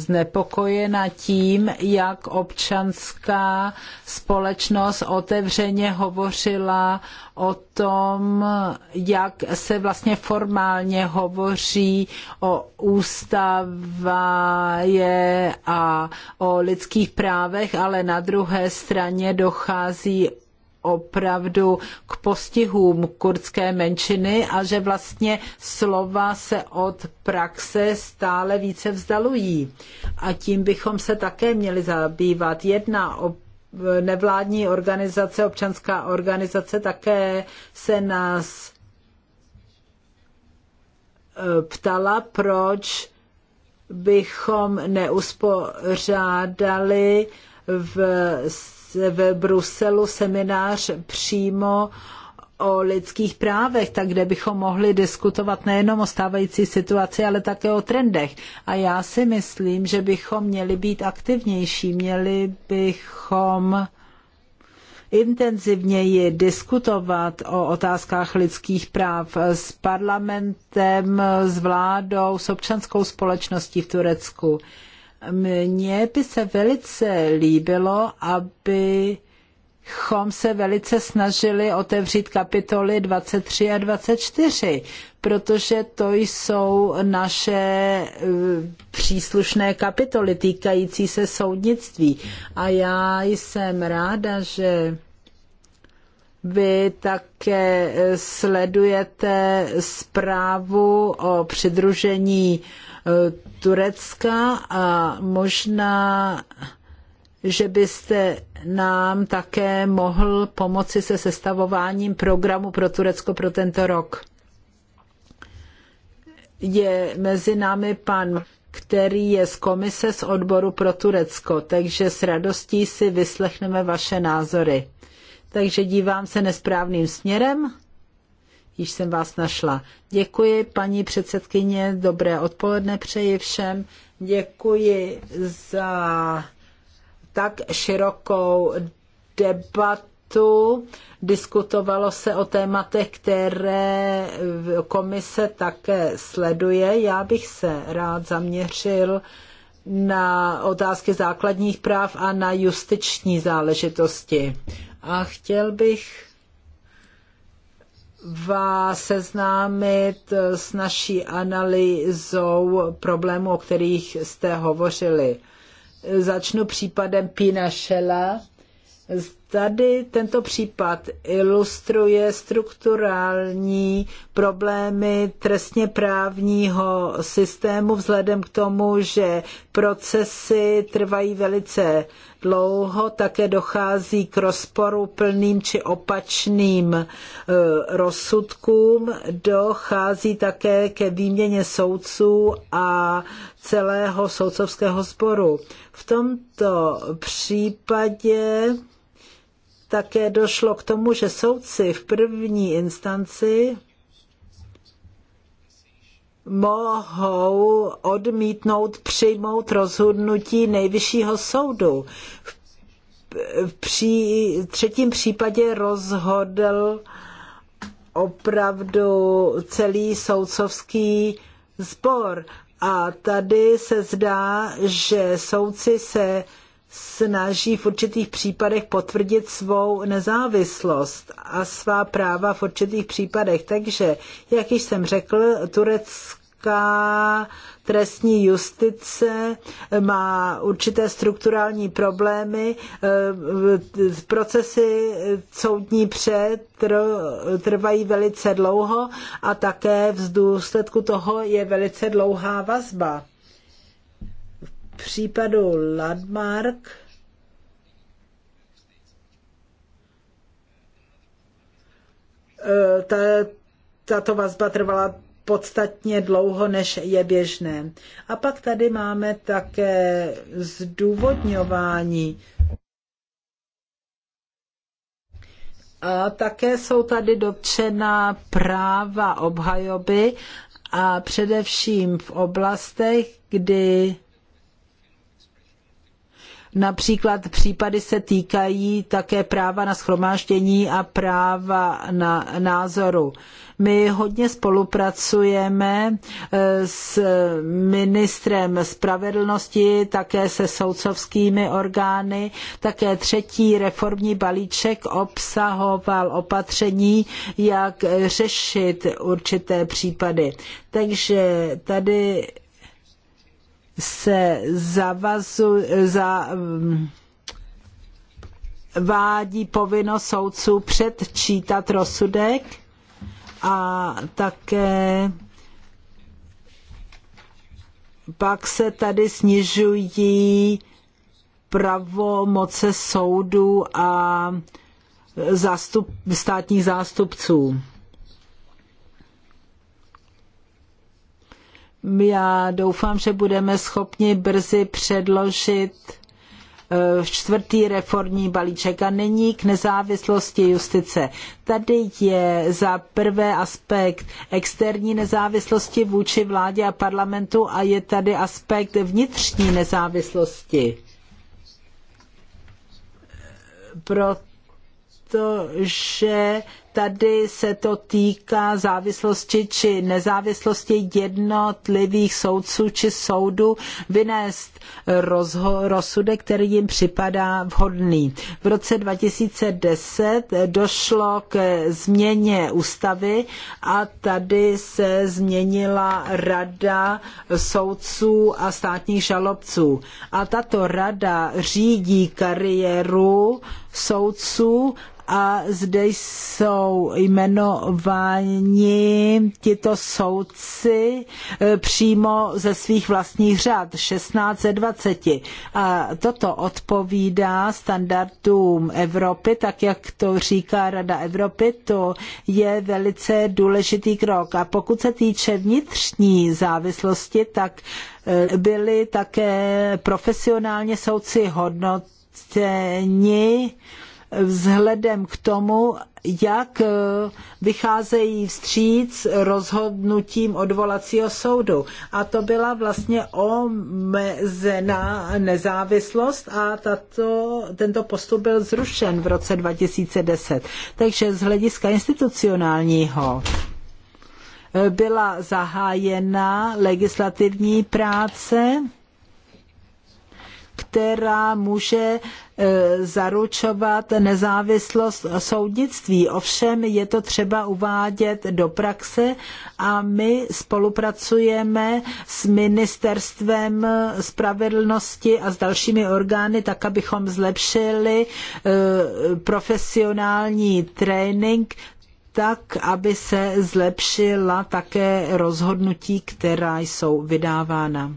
Speaker 1: znepokojena tím, jak občanská společnost otevřeně hovořila o tom, jak se vlastně formálně hovoří o ústavě a o lidských právech, ale na druhé straně dochází opravdu k postihům kurdské menšiny a že vlastně slova se od praxe stále více vzdalují. A tím bychom se také měli zabývat. Jedna nevládní organizace, občanská organizace také se nás e, ptala, proč bychom neuspořádali v v Bruselu seminář přímo o lidských právech, tak kde bychom mohli diskutovat nejenom o stávající situaci, ale také o trendech. A já si myslím, že bychom měli být aktivnější, měli bychom intenzivněji diskutovat o otázkách lidských práv s parlamentem, s vládou, s občanskou společností v Turecku. Mně by se velice líbilo, aby chom se velice snažili otevřít kapitoly 23 a 24, protože to jsou naše eh, příslušné kapitoly týkající se soudnictví. A já jsem ráda, že vy také eh, sledujete zprávu o přidružení uh, Eh, Turecka a možná, že byste nám také mohl pomoci se sestavováním programu pro Turecko pro tento rok. Je mezi námi pan který je z komise z odboru pro Turecko, takže s radostí si vyslechneme vaše názory. Takže dívám se nesprávným směrem již jsem vás našla. Děkuji, paní předsedkyně, dobré odpoledne přeji všem. Děkuji za tak širokou debatu. Diskutovalo se o tématech, které komise také sleduje. Já bych se rád zaměřil na otázky základních práv a na justiční záležitosti. A chtěl bych vás seznámit s naší analýzou problémů, o kterých jste hovořili. Začnu případem Pina Šela. Tady tento případ ilustruje strukturální problémy trestně právního systému vzhledem k tomu, že procesy trvají velice dlouho, také dochází k rozporu plným či opačným e, rozsudkům, dochází také ke výměně soudců a celého soudcovského sboru. V tomto případě také došlo k tomu, že soudci v první instanci mohou odmítnout přijmout rozhodnutí nejvyššího soudu. V pří, třetím případě rozhodl opravdu celý soudcovský sbor. A tady se zdá, že soudci se snaží v určitých případech potvrdit svou nezávislost a svá práva v určitých případech. Takže, jak již jsem řekl, turecká trestní justice má určité strukturální problémy, eh, procesy soudní před trvají velice dlouho a také v důsledku toho je velice dlouhá vazba případu Landmark e, ta, tato vazba trvala podstatně dlouho, než je běžné. A pak tady máme také zdůvodňování. A také jsou tady dotčena práva obhajoby a především v oblastech, kdy Například případy se týkají také práva na schromáždění a práva na názoru. My hodně spolupracujeme eh, s ministrem spravedlnosti, také se soudcovskými orgány. Také třetí reformní balíček obsahoval opatření, jak řešit určité případy. Takže tady se zavazu, za, mm, vádí povinnost soudců předčítat rozsudek a také pak se tady snižují pravomoce soudů a zástup státních zástupců. Já doufám, že budeme schopni brzy předložit eh, čtvrtý reformní balíček a není k nezávislosti justice. Tady je za prvé aspekt externí nezávislosti vůči vládě a parlamentu a je tady aspekt vnitřní nezávislosti. Protože tady se to týká závislosti či nezávislosti jednotlivých soudců či soudu vynést rozho- rozsudek, který jim připadá vhodný. V roce 2010 došlo k změně ústavy a tady se změnila rada soudců a státních žalobců. A tato rada řídí kariéru soudců a zde jsou jmenováni tito soudci e, přímo ze svých vlastních řad, 16 ze 20. A toto odpovídá standardům Evropy, tak jak to říká Rada Evropy, to je velice důležitý krok. A pokud se týče vnitřní závislosti, tak e, byli také profesionálně soudci hodnoceni vzhledem k tomu, jak eh, vycházejí vstříc rozhodnutím odvolacího soudu. A to byla vlastně omezená nezávislost a tato, tento postup byl zrušen v roce 2010. Takže z hlediska institucionálního eh, byla zahájena legislativní práce která může e, zaručovat nezávislost soudnictví. Ovšem je to třeba uvádět do praxe a my spolupracujeme s Ministerstvem spravedlnosti a s dalšími orgány, tak abychom zlepšili e, profesionální trénink tak, aby se zlepšila také rozhodnutí, která jsou vydávána.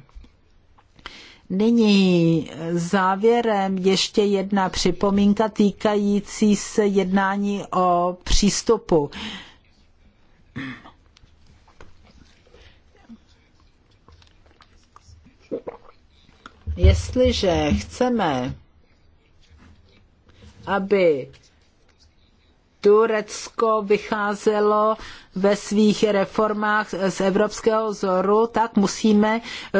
Speaker 1: Nyní závěrem ještě jedna připomínka týkající se jednání o přístupu. Jestliže chceme, aby Turecko vycházelo ve svých reformách z evropského vzoru, tak musíme eh,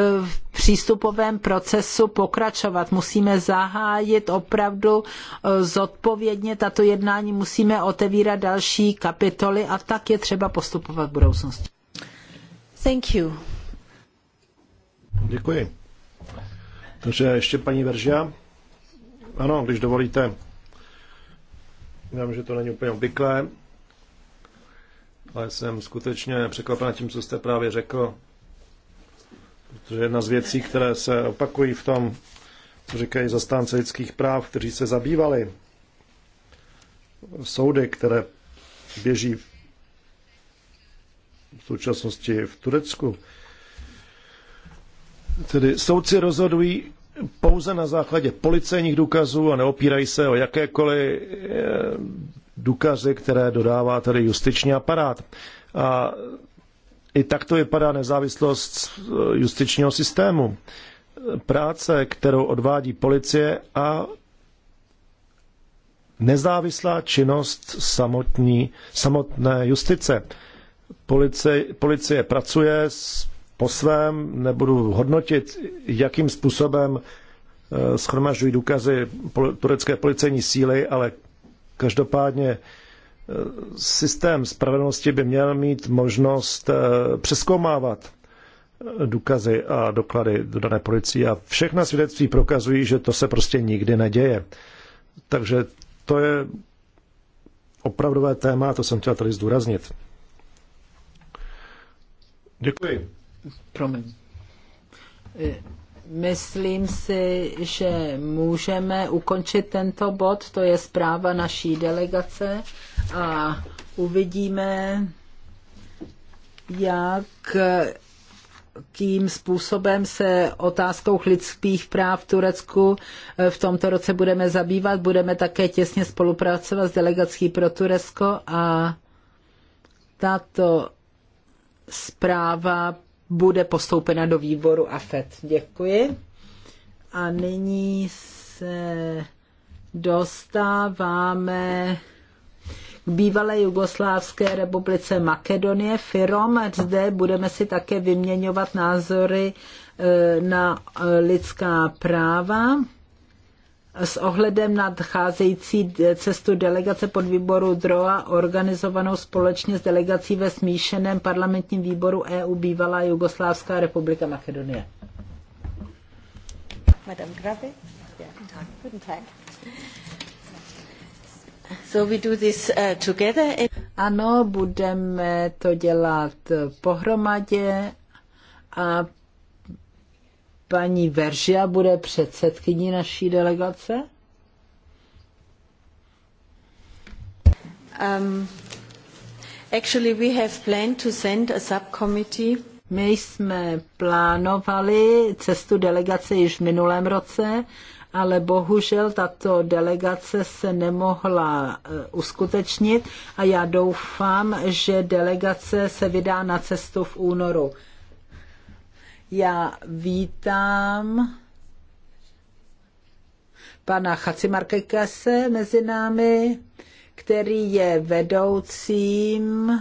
Speaker 1: přístupovém procesu pokračovat. Musíme zahájit opravdu e, zodpovědně tato jednání, musíme otevírat další kapitoly a tak je třeba postupovat v budoucnosti. Thank you.
Speaker 2: Děkuji. Takže ještě paní Veržia. Ano, když dovolíte. Vím, že to není úplně obvyklé, ale jsem skutečně překvapen tím, co jste právě řekl protože jedna z věcí, které se opakují v tom, co říkají zastánce lidských práv, kteří se zabývali soudy, které běží v současnosti v Turecku. Tedy soudci rozhodují pouze na základě policejních důkazů a neopírají se o jakékoliv eh, důkazy, které dodává tedy justiční aparát. A i tak to vypadá nezávislost justičního systému. Práce, kterou odvádí policie a nezávislá činnost samotní, samotné justice. Policie, policie pracuje po svém, nebudu hodnotit, jakým způsobem eh, schromažďují důkazy turecké policejní síly, ale každopádně systém spravedlnosti by měl mít možnost eh, přeskoumávat důkazy a doklady dodané policii a všechna svědectví prokazují, že to se prostě nikdy neděje. Takže to je opravdové téma, to jsem chtěl tady zdůraznit. Děkuji. Promiň.
Speaker 1: Eh, Myslím si, že můžeme ukončit tento bod, to je zpráva naší delegace a uvidíme, jak tím způsobem se otázkou lidských práv v Turecku eh, v tomto roce budeme zabývat. Budeme také těsně spolupracovat s delegací pro Turecko a tato zpráva bude postoupena do výboru AFET. Děkuji. A nyní se dostáváme k bývalé Jugoslávské republice Makedonie, Firom. Zde budeme si také vyměňovat názory eh, na eh, lidská práva s ohledem na nadcházející cestu delegace pod výboru DROA organizovanou společně s delegací ve smíšeném parlamentním výboru EU bývalá Jugoslávská republika Makedonie.
Speaker 3: Madame Yeah. So we do this uh, together. Ano,
Speaker 1: budeme to dělat pohromadě a paní Veržia bude předsedkyní naší delegace?
Speaker 3: Um, actually we have planned to send a subcommittee. My jsme plánovali
Speaker 1: cestu delegace již v minulém roce, ale bohužel tato delegace se nemohla eh, uskutečnit a já doufám, že delegace se vydá na cestu v únoru. Já vítám pana Chacimarkekase mezi námi, který je vedoucím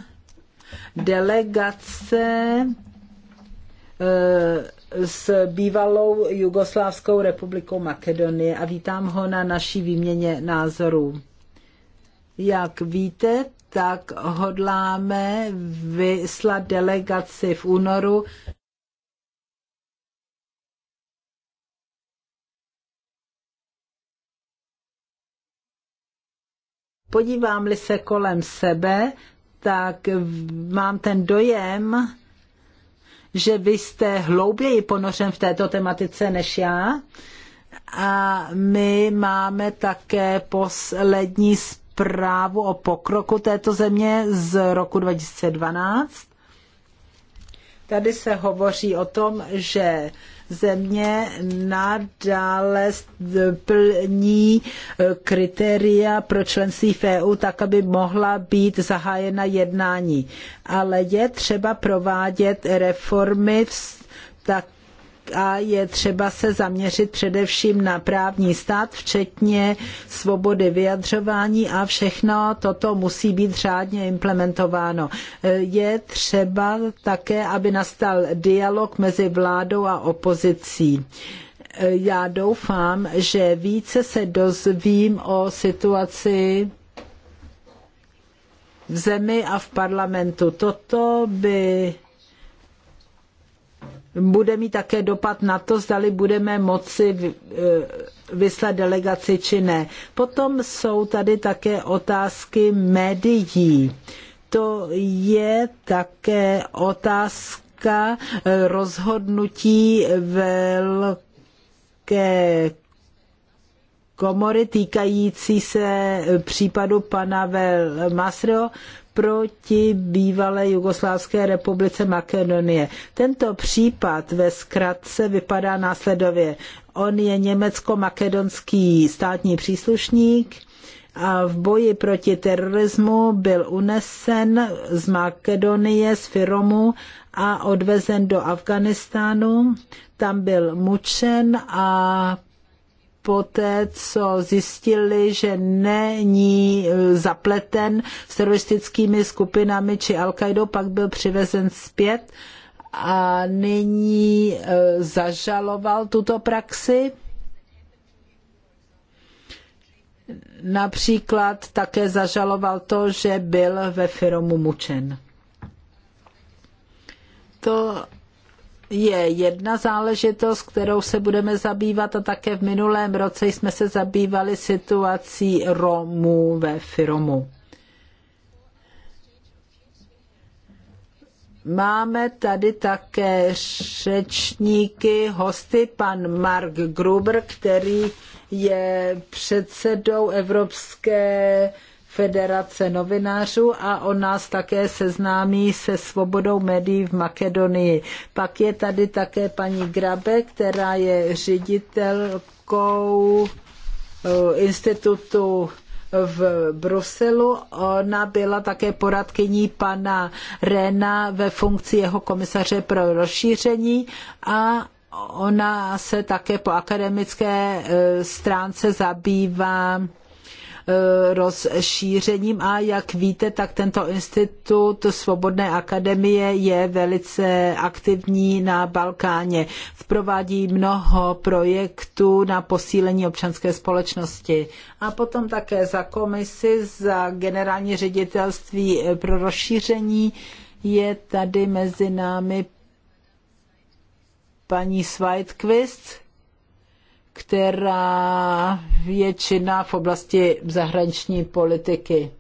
Speaker 1: delegace eh, s bývalou Jugoslávskou republikou Makedonie a vítám ho na naší výměně názorů. Jak víte, tak hodláme vyslat delegaci v únoru Podívám-li se kolem sebe, tak mám ten dojem, že vy jste hlouběji ponořen v této tematice než já. A my máme také poslední zprávu o pokroku této země z roku 2012. Tady se hovoří o tom, že země nadále plní eh, kritéria pro členství v EU tak, aby mohla být zahájena jednání. Ale je třeba provádět reformy v tak a je třeba se zaměřit především na právní stát, včetně svobody vyjadřování a všechno toto musí být řádně implementováno. Je třeba také, aby nastal dialog mezi vládou a opozicí já doufám, že více se dozvím o situaci v zemi a v parlamentu. Toto by bude mít také dopad na to, zdali budeme moci e, vyslat delegaci či ne. Potom jsou tady také otázky médií. To je také otázka e, rozhodnutí velké komory týkající se případu pana Vel proti bývalé Jugoslávské republice Makedonie. Tento případ ve zkratce vypadá následově. On je německo-makedonský státní příslušník a v boji proti terorismu byl unesen z Makedonie, z Firomu a odvezen do Afganistánu. Tam byl mučen a poté, co zjistili, že není e, zapleten s teroristickými skupinami či al qaidou pak byl přivezen zpět a nyní e, zažaloval tuto praxi. Například také zažaloval to, že byl ve firmu mučen. To je jedna záležitost, kterou se budeme zabývat a také v minulém roce jsme se zabývali situací Romů ve Firomu. Máme tady také řečníky, hosty, pan Mark Gruber, který je předsedou Evropské Federace novinářů a on nás také seznámí se svobodou médií v Makedonii. Pak je tady také paní Grabe, která je ředitelkou eh, institutu v Bruselu. Ona byla také poradkyní pana Rena ve funkci jeho komisaře pro rozšíření a ona se také po akademické eh, stránce zabývá Eh, rozšířením a jak víte, tak tento institut Svobodné akademie je velice aktivní na Balkáně. Vprovádí mnoho projektů na posílení občanské společnosti. A potom také za komisi, za generální ředitelství eh, pro rozšíření je tady mezi námi paní Svajtquist, která je činná v oblasti zahraniční politiky.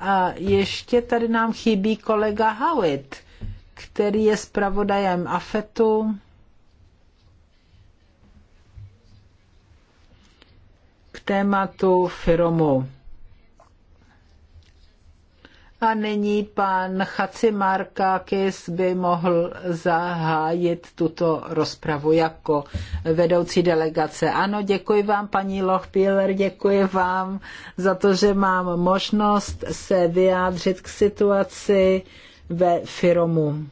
Speaker 1: A ještě tady nám chybí kolega Howitt, který je zpravodajem AFETu. tématu Firomu. A nyní pan Chacimarkakis by mohl zahájit tuto rozpravu jako vedoucí delegace. Ano, děkuji vám, paní Lochpiller, děkuji vám za to, že mám možnost se vyjádřit k situaci ve Firomu.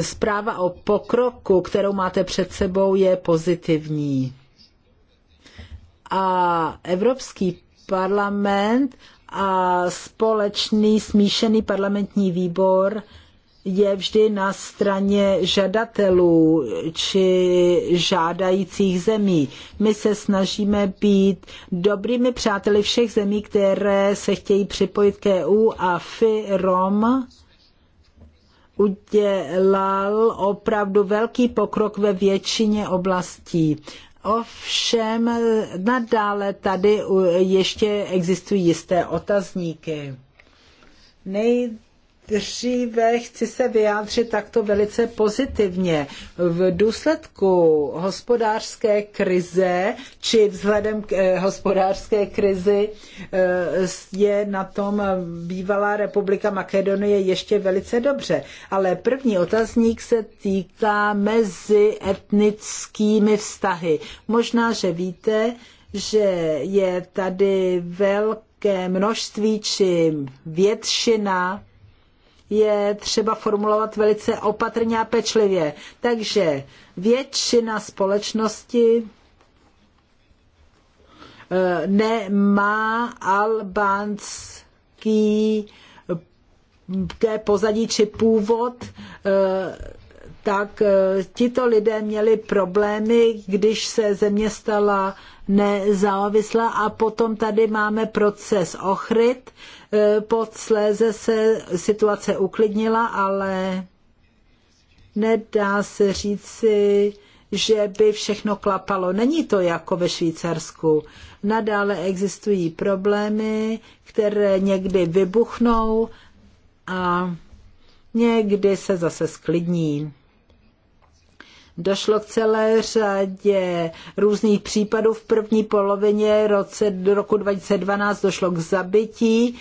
Speaker 1: Zpráva o pokroku, kterou máte před sebou, je pozitivní a Evropský parlament a společný smíšený parlamentní výbor je vždy na straně žadatelů či žádajících zemí. My se snažíme být dobrými přáteli všech zemí, které se chtějí připojit k EU a FIROM udělal opravdu velký pokrok ve většině oblastí. Ovšem nadále tady ještě existují jisté otazníky. Nej, Dříve chci se vyjádřit takto velice pozitivně. V důsledku hospodářské krize, či vzhledem k eh, hospodářské krizi, eh, je na tom bývalá republika Makedonie ještě velice dobře. Ale první otazník se týká mezi etnickými vztahy. Možná, že víte, že je tady velké množství či většina je třeba formulovat velice opatrně a pečlivě. Takže většina společnosti eh, nemá albánský eh, pozadí či původ eh, tak eh, tito lidé měli problémy, když se země stala nezávislá a potom tady máme proces ochryt, eh, posléze se situace uklidnila, ale nedá se říci, že by všechno klapalo. Není to jako ve Švýcarsku. Nadále existují problémy, které někdy vybuchnou a někdy se zase sklidní. Došlo k celé řadě různých případů. V první polovině roce, roku 2012 došlo k zabití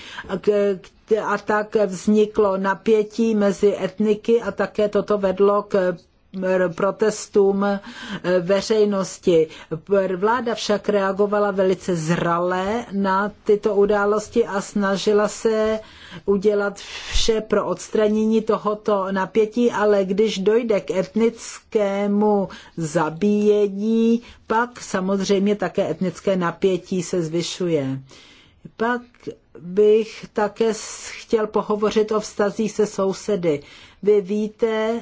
Speaker 1: a tak vzniklo napětí mezi etniky a také toto vedlo k protestům eh, veřejnosti. Vláda však reagovala velice zralé na tyto události a snažila se udělat vše pro odstranění tohoto napětí, ale když dojde k etnickému zabíjení, pak samozřejmě také etnické napětí se zvyšuje. Pak bych také chtěl pohovořit o vztazích se sousedy. Vy víte,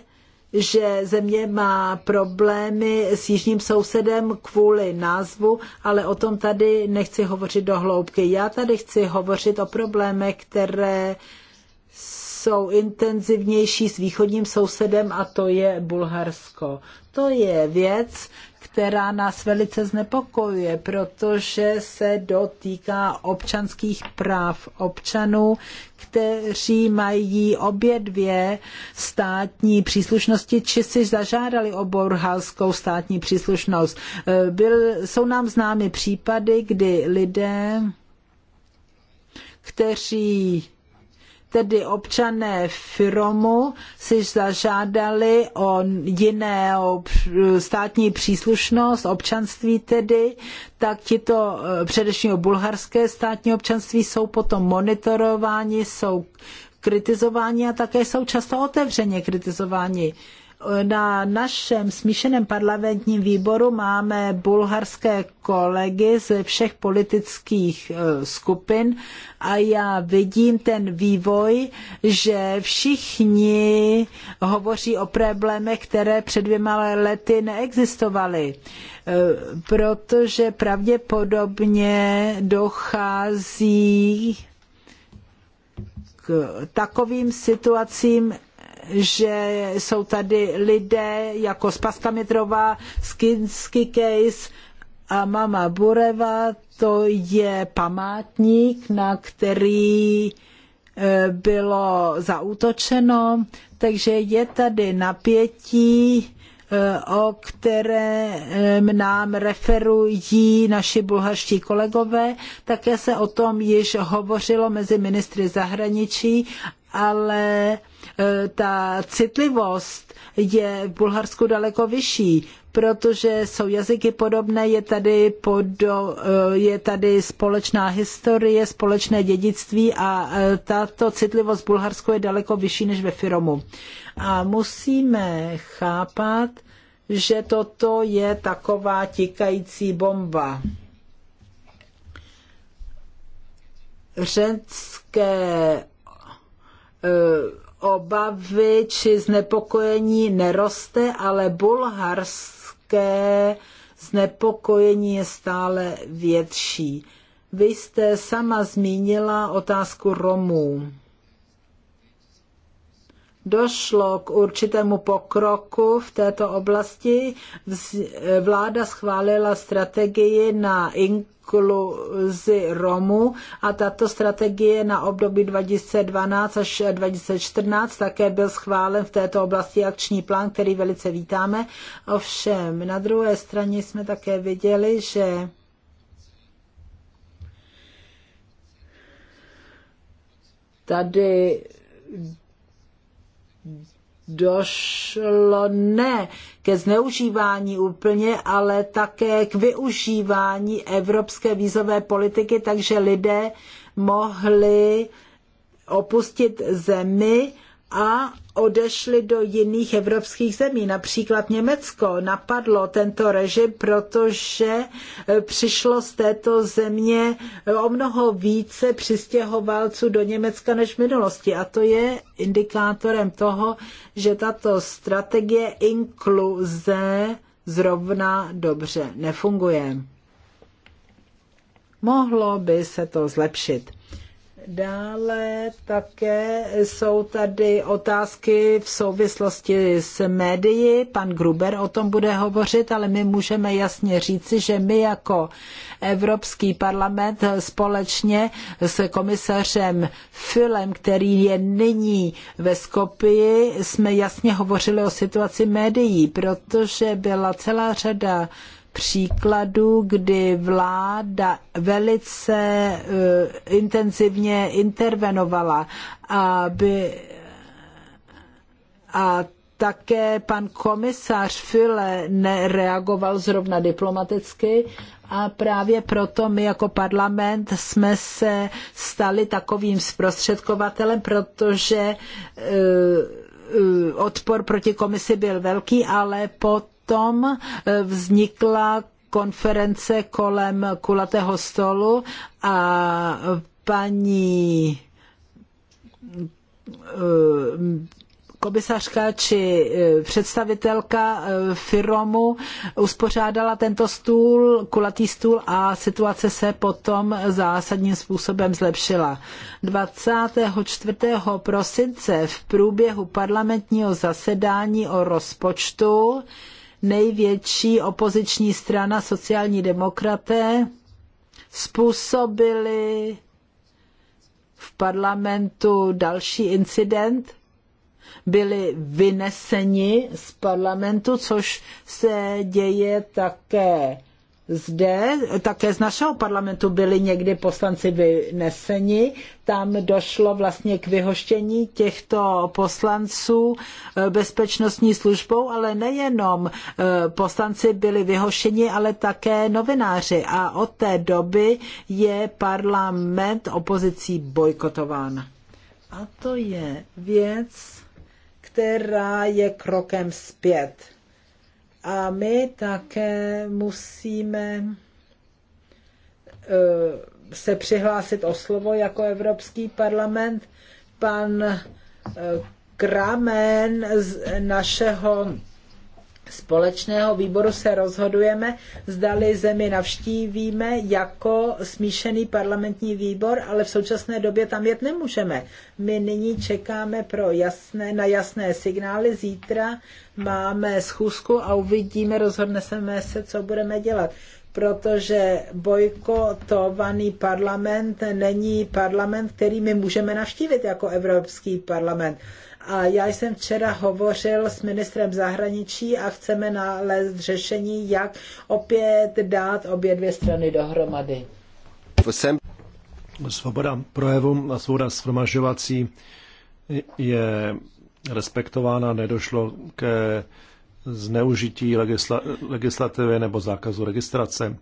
Speaker 1: že země má problémy s jižním sousedem kvůli názvu, ale o tom tady nechci hovořit do hloubky. Já tady chci hovořit o problémech, které jsou intenzivnější s východním sousedem a to je Bulharsko. To je věc, která nás velice znepokojuje, protože se dotýká občanských práv občanů, kteří mají obě dvě státní příslušnosti, či si zažádali o burhalskou státní příslušnost. E, byl, jsou nám známy případy, kdy lidé, kteří tedy občané Firomu si zažádali o jiné o státní příslušnost, občanství tedy, tak tito eh, především o bulharské státní občanství jsou potom monitorováni, jsou kritizováni a také jsou často otevřeně kritizováni na našem smíšeném parlamentním výboru máme bulharské kolegy ze všech politických e, skupin a já vidím ten vývoj, že všichni hovoří o problémech, které před dvěma lety neexistovaly, e, protože pravděpodobně dochází k takovým situacím, že jsou tady lidé jako Spaska Mitrová, Skinsky Case a Mama Bureva, to je památník, na který eh, bylo zaútočeno, takže je tady napětí, eh, o kterém nám referují naši bulharští kolegové. Také se o tom již hovořilo mezi ministry zahraničí ale e, ta citlivost je v Bulharsku daleko vyšší, protože jsou jazyky podobné, je tady, podo, e, je tady společná historie, společné dědictví a e, tato citlivost v Bulharsku je daleko vyšší než ve Firomu. A musíme chápat, že toto je taková tikající bomba. Řecké Eh, obavy či znepokojení neroste, ale bulharské znepokojení je stále větší. Vy jste sama zmínila otázku Romů došlo k určitému pokroku v této oblasti. Vláda schválila strategii na inkluzi Romů a tato strategie na období 2012 až 2014 také byl schválen v této oblasti akční plán, který velice vítáme. Ovšem, na druhé straně jsme také viděli, že tady došlo ne ke zneužívání úplně, ale také k využívání evropské vízové politiky, takže lidé mohli opustit zemi a odešli do jiných evropských zemí. Například Německo napadlo tento režim, protože e, přišlo z této země e, o mnoho více přistěhovalců do Německa než v minulosti. A to je indikátorem toho, že tato strategie inkluze zrovna dobře nefunguje. Mohlo by se to zlepšit. Dále také jsou tady otázky v souvislosti s médii. Pan Gruber o tom bude hovořit, ale my můžeme jasně říci, že my jako Evropský parlament společně s komisařem Filem, který je nyní ve Skopii, jsme jasně hovořili o situaci médií, protože byla celá řada příkladů, kdy vláda velice uh, intenzivně intervenovala, aby a také pan komisař File nereagoval zrovna diplomaticky a právě proto my jako parlament jsme se stali takovým zprostředkovatelem, protože uh, odpor proti komisi byl velký, ale po potom eh, vznikla konference kolem kulatého stolu a paní eh, komisařka či eh, představitelka firmu uspořádala tento stůl, kulatý stůl a situace se potom zásadním způsobem zlepšila. 24. prosince v průběhu parlamentního zasedání o rozpočtu největší opoziční strana sociální demokraté způsobili v parlamentu další incident, byli vyneseni z parlamentu, což se děje také zde, také z našeho parlamentu byli někdy poslanci vyneseni. Tam došlo vlastně k vyhoštění těchto poslanců eh, bezpečnostní službou, ale nejenom eh, poslanci byli vyhošeni, ale také novináři. A od té doby je parlament opozicí bojkotován. A to je věc, která je krokem zpět a my také musíme eh, se přihlásit o slovo jako Evropský parlament. Pan eh, Kramen z našeho společného výboru se rozhodujeme, zdali zemi navštívíme jako smíšený parlamentní výbor, ale v současné době tam jet nemůžeme. My nyní čekáme pro jasné, na jasné signály. Zítra máme schůzku a uvidíme, rozhodneme se, co budeme dělat protože bojkotovaný parlament není parlament, který my můžeme navštívit jako Evropský parlament. A já jsem včera hovořil s ministrem zahraničí a chceme nalézt řešení, jak opět dát obě dvě strany dohromady.
Speaker 2: Svoboda projevu a svoboda shromažďovací je respektována, nedošlo ke zneužití legisla, legislativy nebo zákazu registrace.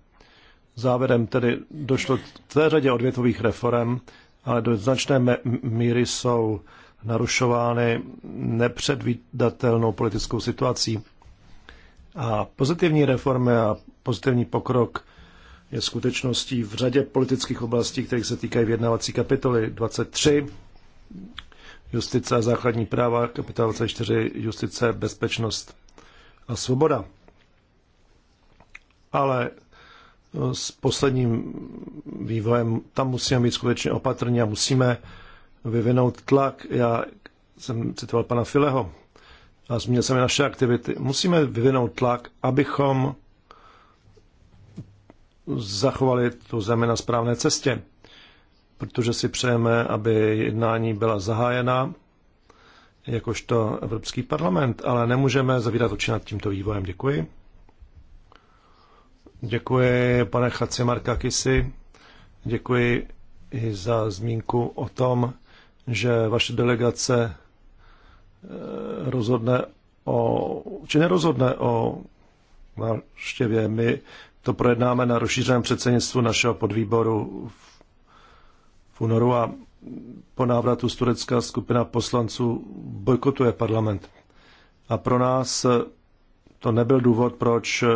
Speaker 2: Závěrem tedy došlo k té řadě odvětvových reform, ale do značné míry jsou narušovány nepředvídatelnou politickou situací. A pozitivní reformy a pozitivní pokrok je skutečností v řadě politických oblastí, kterých se týkají vyjednávací kapitoly 23, justice a základní práva, kapitola 24, justice, bezpečnost a svoboda. Ale s posledním vývojem tam musíme být skutečně opatrní a musíme vyvinout tlak. Já jsem citoval pana Fileho a zmínil jsem naše aktivity. Musíme vyvinout tlak, abychom zachovali tu zemi na správné cestě, protože si přejeme, aby jednání byla zahájena jakožto Evropský parlament, ale nemůžeme zavírat oči nad tímto vývojem. Děkuji. Děkuji, pane Chaci Marka Kisi. Děkuji i za zmínku o tom, že vaše delegace eh, rozhodne o, či nerozhodne o návštěvě. My to projednáme na rozšířeném předsednictvu našeho podvýboru v, v únoru a po návratu z Turecka skupina poslanců bojkotuje parlament. A pro nás eh, to nebyl důvod, proč eh,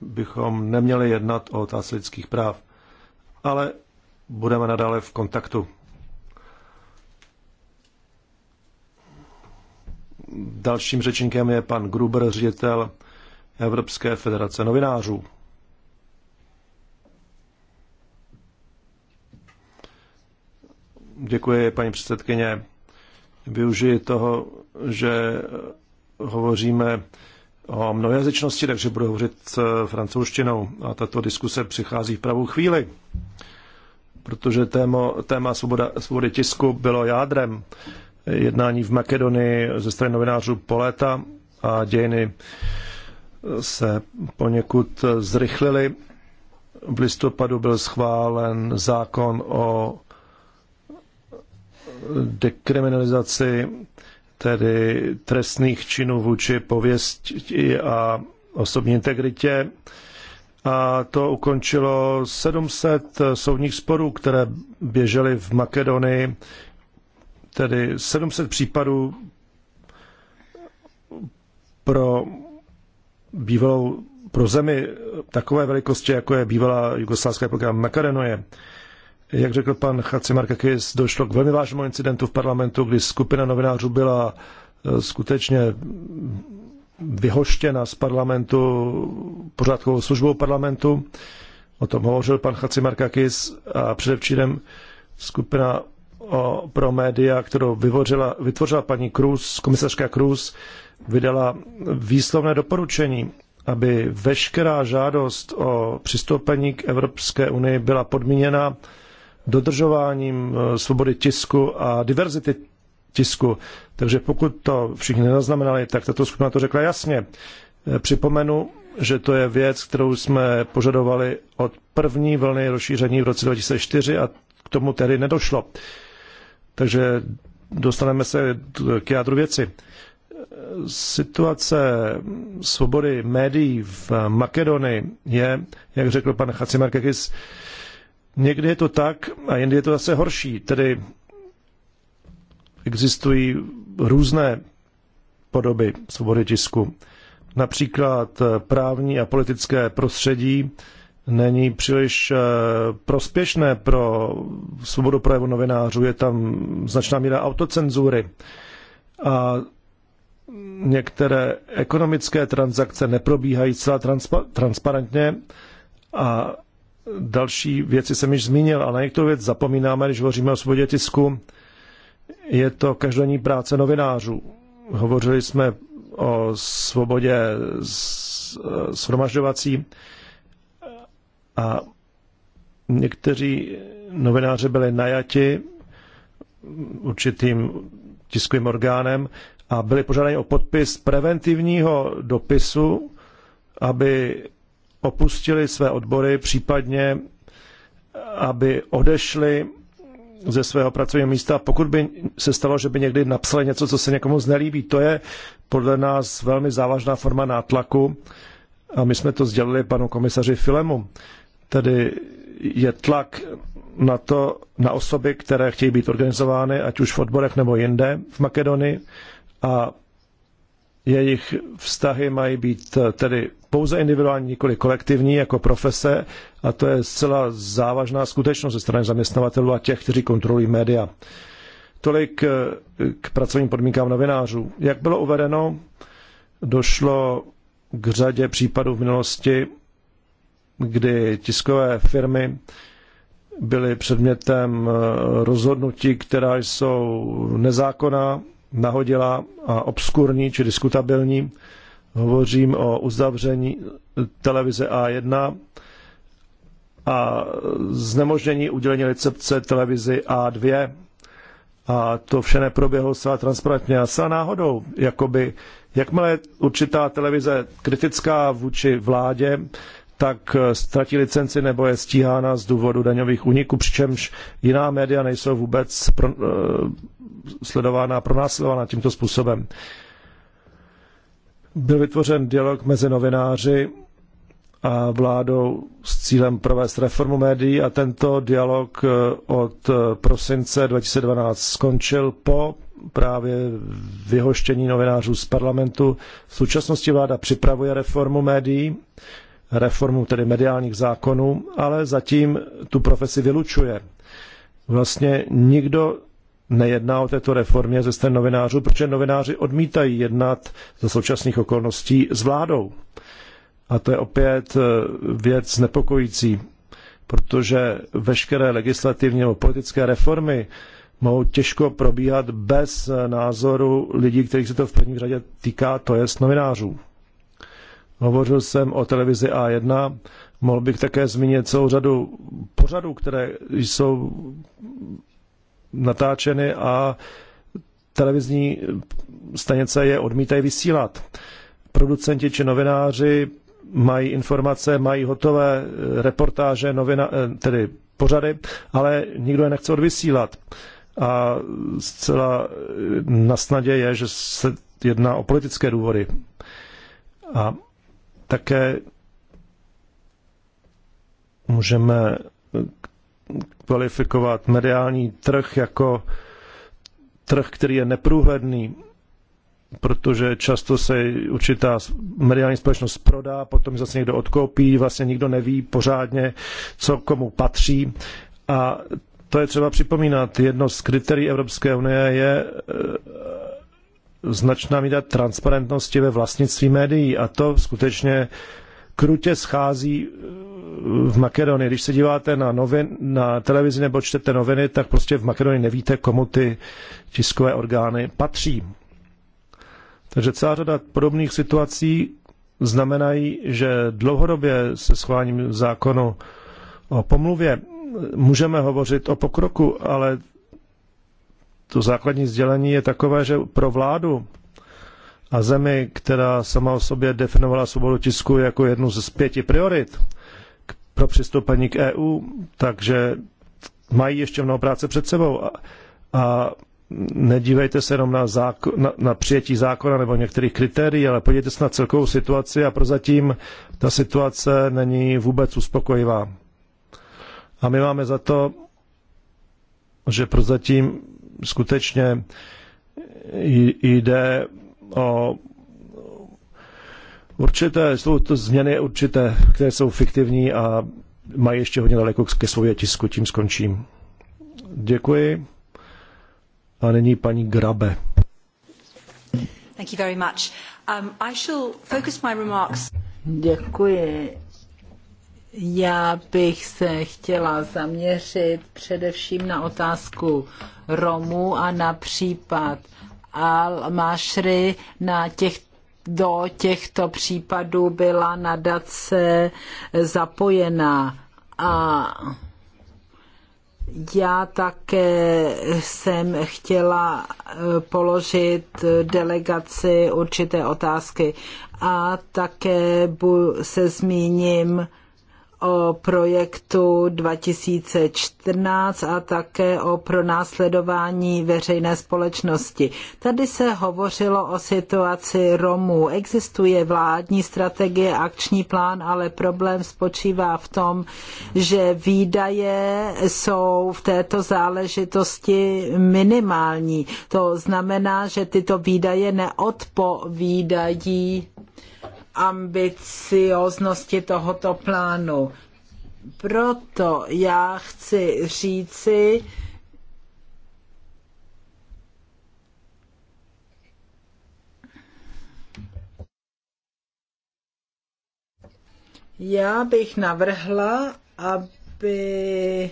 Speaker 2: bychom neměli jednat o otázce lidských práv. Ale budeme nadále v kontaktu. Dalším řečníkem je pan Gruber, ředitel Evropské federace novinářů. Děkuji, paní předsedkyně. Využiji toho, že hovoříme o mnohojazyčnosti, takže budu hovořit s francouzštinou. A tato diskuse přichází v pravou chvíli, protože téma, téma svoboda, svobody tisku bylo jádrem jednání v Makedonii ze strany novinářů Poleta a dějiny se poněkud zrychlily. V listopadu byl schválen zákon o dekriminalizaci tedy trestných činů vůči pověsti a osobní integritě. A to ukončilo 700 soudních sporů, které běžely v Makedonii tedy 700 případů pro bývalou pro zemi takové velikosti, jako je bývalá jugoslávská republika Makarenoje. Jak řekl pan Markakis, došlo k velmi vážnému incidentu v parlamentu, kdy skupina novinářů byla eh, skutečně vyhoštěna z parlamentu pořádkovou službou parlamentu. O tom hovořil pan Markakis a předevčírem skupina pro média, kterou vytvořila paní Cruz, komisařka Cruz, vydala výslovné doporučení, aby veškerá žádost o přistoupení k Evropské unii byla podmíněna dodržováním e, svobody tisku a diverzity tisku. Takže pokud to všichni nezaznamenali, tak tato skupina to řekla jasně. E, připomenu, že to je věc, kterou jsme požadovali od první vlny rozšíření v roce 2004 a k tomu tedy nedošlo. Takže dostaneme se k jádru věci. Situace svobody médií v Makedonii je, jak řekl pan Chacimarkakis, někdy je to tak a jindy je to zase horší. Tedy existují různé podoby svobody tisku. Například právní a politické prostředí, není příliš eh, prospěšné pro svobodu projevu novinářů. Je tam značná míra autocenzury a některé ekonomické transakce neprobíhají celá transpa- transparentně a další věci jsem již zmínil, ale na některou věc zapomínáme, když hovoříme o svobodě tisku. Je to každodenní práce novinářů. Hovořili jsme o svobodě eh, shromažďovací. S- a někteří novináři byli najati určitým tiskovým orgánem a byli požádáni o podpis preventivního dopisu, aby opustili své odbory, případně aby odešli ze svého pracovního místa, pokud by se stalo, že by někdy napsali něco, co se někomu znelíbí. To je podle nás velmi závažná forma nátlaku a my jsme to sdělili panu komisaři Filemu. Tedy je tlak na to, na osoby, které chtějí být organizovány, ať už v odborech nebo jinde v Makedonii a jejich vztahy mají být eh, tedy pouze individuální, nikoli kolektivní, jako profese a to je zcela závažná skutečnost ze strany zaměstnavatelů a těch, kteří kontrolují média. Tolik eh, k pracovním podmínkám novinářů. Jak bylo uvedeno, došlo k řadě případů v minulosti, kdy tiskové firmy byly předmětem eh, rozhodnutí, která jsou nezákonná, nahodilá a obskurní či diskutabilní. Hovořím o uzavření televize A1 a znemožnění udělení recepce televizi A2. A to vše neproběhlo zcela transparentně a zcela náhodou. Jakoby, jakmile je určitá televize kritická vůči vládě, tak eh, ztratí licenci nebo je stíhána z důvodu daňových úniků, přičemž jiná média nejsou vůbec pro, uh, sledována a pronásledována tímto způsobem. Byl vytvořen dialog mezi novináři a vládou s cílem provést reformu médií a tento dialog eh, od prosince 2012 skončil po právě vyhoštění novinářů z parlamentu. V současnosti vláda připravuje reformu médií, reformu tedy mediálních zákonů, ale zatím tu profesi vylučuje. Vlastně nikdo nejedná o této reformě ze strany novinářů, protože novináři odmítají jednat za současných okolností s vládou. A to je opět eh, věc nepokojící, protože veškeré legislativní nebo politické reformy mohou těžko probíhat bez eh, názoru lidí, kterých se to v první řadě týká, to je novinářů. Hovořil jsem o televizi A1. Mohl bych také zmínit celou řadu pořadů, které jsou natáčeny a televizní stanice je odmítají vysílat. Producenti či novináři mají informace, mají hotové reportáže, novina, eh, tedy pořady, ale nikdo je nechce odvysílat. A zcela na snadě je, že se jedná o politické důvody. A také můžeme kvalifikovat mediální trh jako trh, který je neprůhledný, protože často se určitá mediální společnost prodá, potom zase někdo odkoupí, vlastně nikdo neví pořádně, co komu patří. A to je třeba připomínat. Jedno z kritérií Evropské unie je značná míra transparentnosti ve vlastnictví médií a to skutečně krutě schází eh, v Makedonii. Když se díváte na, novin, na televizi nebo čtete noviny, tak prostě v Makedonii nevíte, komu ty tiskové orgány patří. Takže celá řada podobných situací znamenají, že dlouhodobě se schválením zákonu o pomluvě můžeme hovořit o pokroku, ale to základní sdělení je takové, že pro vládu a zemi, která sama o sobě definovala svobodu tisku jako jednu z pěti priorit pro přistoupení k EU, takže mají ještě mnoho práce před sebou. A, a nedívejte se jenom na, zákon, na, na přijetí zákona nebo některých kritérií, ale podívejte se na celkovou situaci a prozatím ta situace není vůbec uspokojivá. A my máme za to, že prozatím skutečně jde o určité, jsou to změny určité, které jsou fiktivní a mají ještě hodně daleko ke svobodě tisku. Tím skončím. Děkuji. A nyní paní Grabe.
Speaker 3: Thank you very much. Um, I shall focus my remarks. Děkuji.
Speaker 1: Já bych se chtěla zaměřit především na otázku Romů a na případ al mashri na těch do těchto případů byla nadace zapojená a já také jsem chtěla eh, položit delegaci určité otázky a také se zmíním o projektu 2014 a také o pronásledování veřejné společnosti. Tady se hovořilo o situaci Romů. Existuje vládní strategie, akční plán, ale problém spočívá v tom, že výdaje jsou v této záležitosti minimální. To znamená, že tyto výdaje neodpovídají ambicioznosti tohoto plánu. Proto já chci říci, já bych navrhla, aby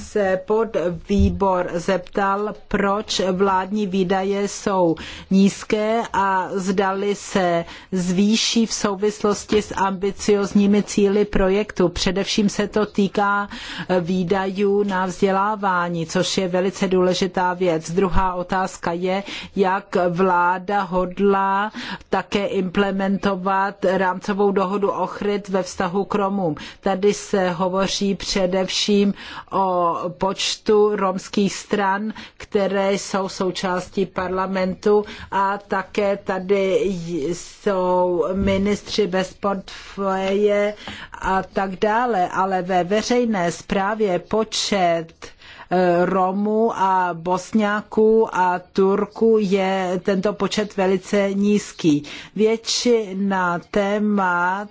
Speaker 1: se pod výbor zeptal, proč vládní výdaje jsou nízké a zdali se zvýší v souvislosti s ambiciózními cíli projektu. Především se to týká eh, výdajů na vzdělávání, což je velice důležitá věc. Druhá otázka je, jak vláda hodlá také implementovat rámcovou dohodu OCHRID ve vztahu k Romům. Tady se hovoří především o počtu romských stran, které jsou součástí parlamentu a také tady jsou ministři bez portfeje a tak dále, ale ve veřejné zprávě počet eh, Romů a Bosňáků a Turků je tento počet velice nízký. Většina témat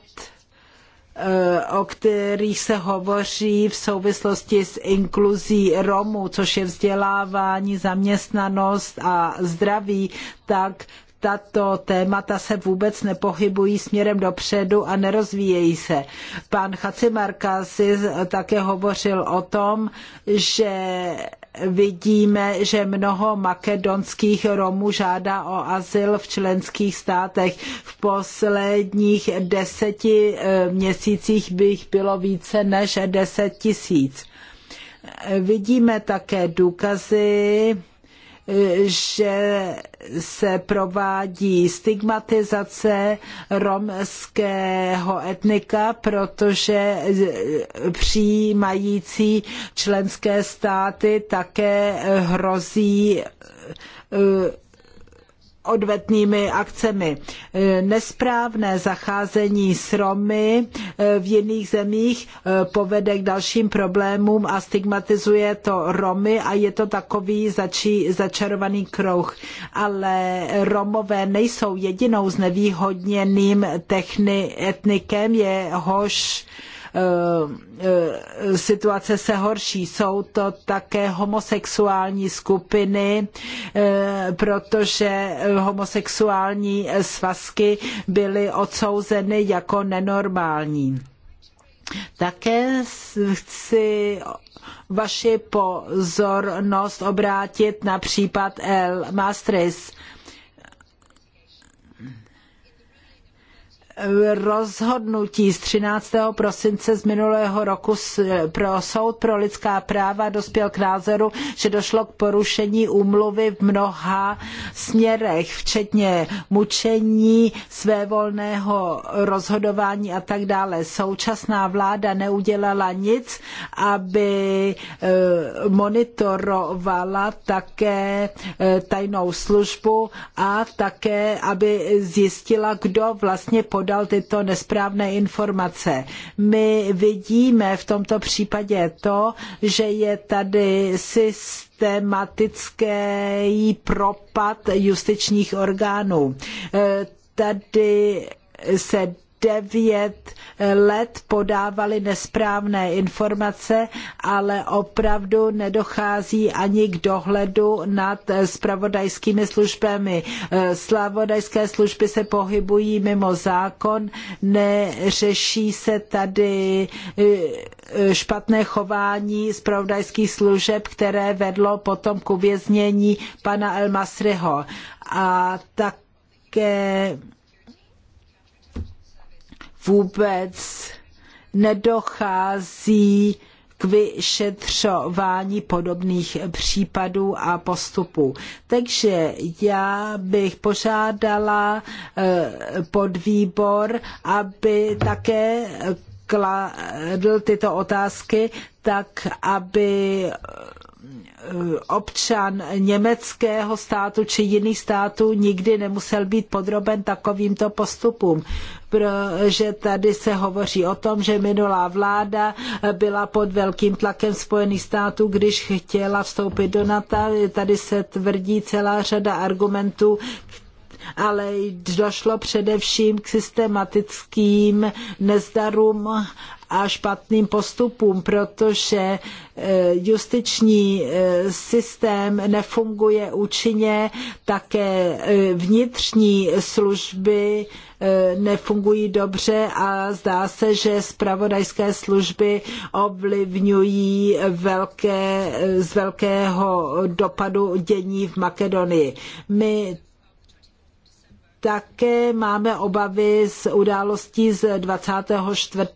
Speaker 1: Eh, o kterých se hovoří v souvislosti s inkluzí Romů, což je vzdělávání, zaměstnanost a zdraví, tak tato témata se vůbec nepohybují směrem dopředu a nerozvíjejí se. Pan Chacimarka si také hovořil o tom, že vidíme, že mnoho makedonských Romů žádá o azyl v členských státech. V posledních deseti eh, měsících bych jich bylo více než deset tisíc. Vidíme také důkazy, že se provádí stigmatizace romského etnika, protože přijímající členské státy také hrozí eh, odvetnými akcemi. E, nesprávné zacházení s Romy e, v jiných zemích e, povede k dalším problémům a stigmatizuje to Romy a je to takový začí, začarovaný kruh. Ale Romové nejsou jedinou znevýhodněným techni, etnikem, jehož Eh, eh, situace se horší. Jsou to také homosexuální skupiny, eh, protože homosexuální svazky byly odsouzeny jako nenormální. Také chci vaši pozornost obrátit na případ El Mastris rozhodnutí z 13. prosince z minulého roku pro soud pro lidská práva dospěl k názoru, že došlo k porušení úmluvy v mnoha směrech, včetně mučení, svévolného rozhodování a tak dále. Současná vláda neudělala nic, aby eh, monitorovala také eh, tajnou službu a také, aby zjistila, kdo vlastně podal podal tyto nesprávné informace. My vidíme v tomto případě to, že je tady systematický propad justičních orgánů. E, tady se devět let podávali nesprávné informace, ale opravdu nedochází ani k dohledu nad spravodajskými službami. Slavodajské služby se pohybují mimo zákon, neřeší se tady e, e, špatné chování spravodajských služeb, které vedlo potom k uvěznění pana El Masryho. A také vůbec nedochází k vyšetřování podobných případů a postupů. Takže já bych požádala eh, podvýbor, aby také kladl tyto otázky, tak aby občan německého státu či jiných států nikdy nemusel být podroben takovýmto postupům, protože tady se hovoří o tom, že minulá vláda byla pod velkým tlakem Spojených států, když chtěla vstoupit do NATO. Tady se tvrdí celá řada argumentů, ale došlo především k systematickým nezdarům a špatným postupům, protože e, justiční e, systém nefunguje účinně, také e, vnitřní služby nefungují dobře a zdá se, že zpravodajské služby ovlivňují velké, z velkého dopadu dění v Makedonii. My také máme obavy z událostí z 24.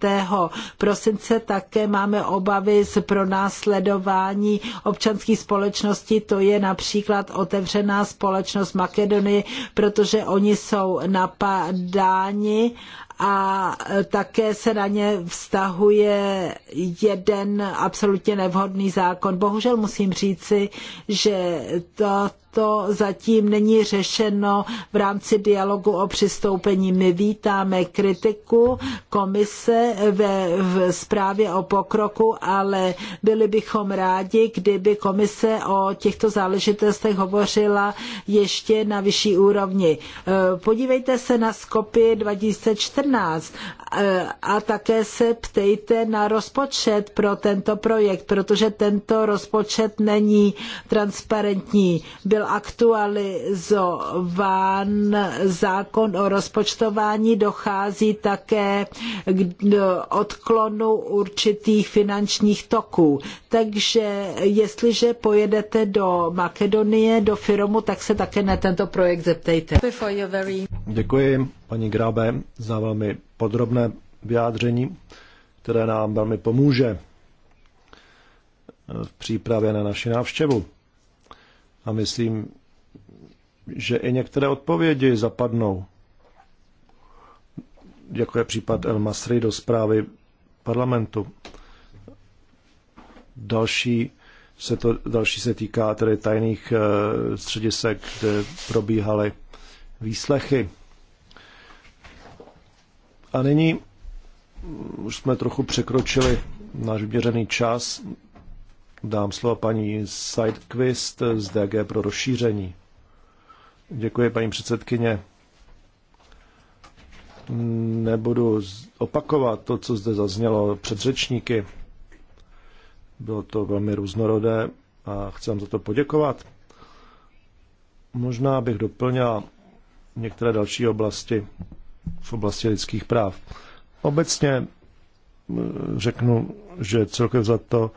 Speaker 1: prosince, také máme obavy z pronásledování občanských společností, to je například otevřená společnost Makedonie, protože oni jsou napadáni a také se na ně vztahuje jeden absolutně nevhodný zákon. Bohužel musím říci, že to to zatím není řešeno v rámci dialogu o přistoupení. My vítáme kritiku komise ve, v zprávě o pokroku, ale byli bychom rádi, kdyby komise o těchto záležitostech hovořila ještě na vyšší úrovni. E, podívejte se na Skopy 2014 e, a také se ptejte na rozpočet pro tento projekt, protože tento rozpočet není transparentní. Byl byl aktualizován zákon o rozpočtování, dochází také k odklonu určitých finančních toků. Takže jestliže pojedete do Makedonie, do Firomu, tak se také na tento projekt zeptejte.
Speaker 2: Děkuji paní Grabe za velmi podrobné vyjádření, které nám velmi pomůže v přípravě na naši návštěvu. A myslím, že i některé odpovědi zapadnou, jako je případ El Masry do zprávy parlamentu. Další se, to, další se týká tedy tajných eh, středisek, kde probíhaly výslechy. A nyní už jsme trochu překročili náš vyměřený čas dám slovo paní Sidequist z DG pro rozšíření. Děkuji, paní předsedkyně. Nebudu opakovat to, co zde zaznělo před řečníky. Bylo to velmi různorodé a chci vám za to poděkovat. Možná bych doplnil některé další oblasti v oblasti lidských práv. Obecně řeknu, že celkem za to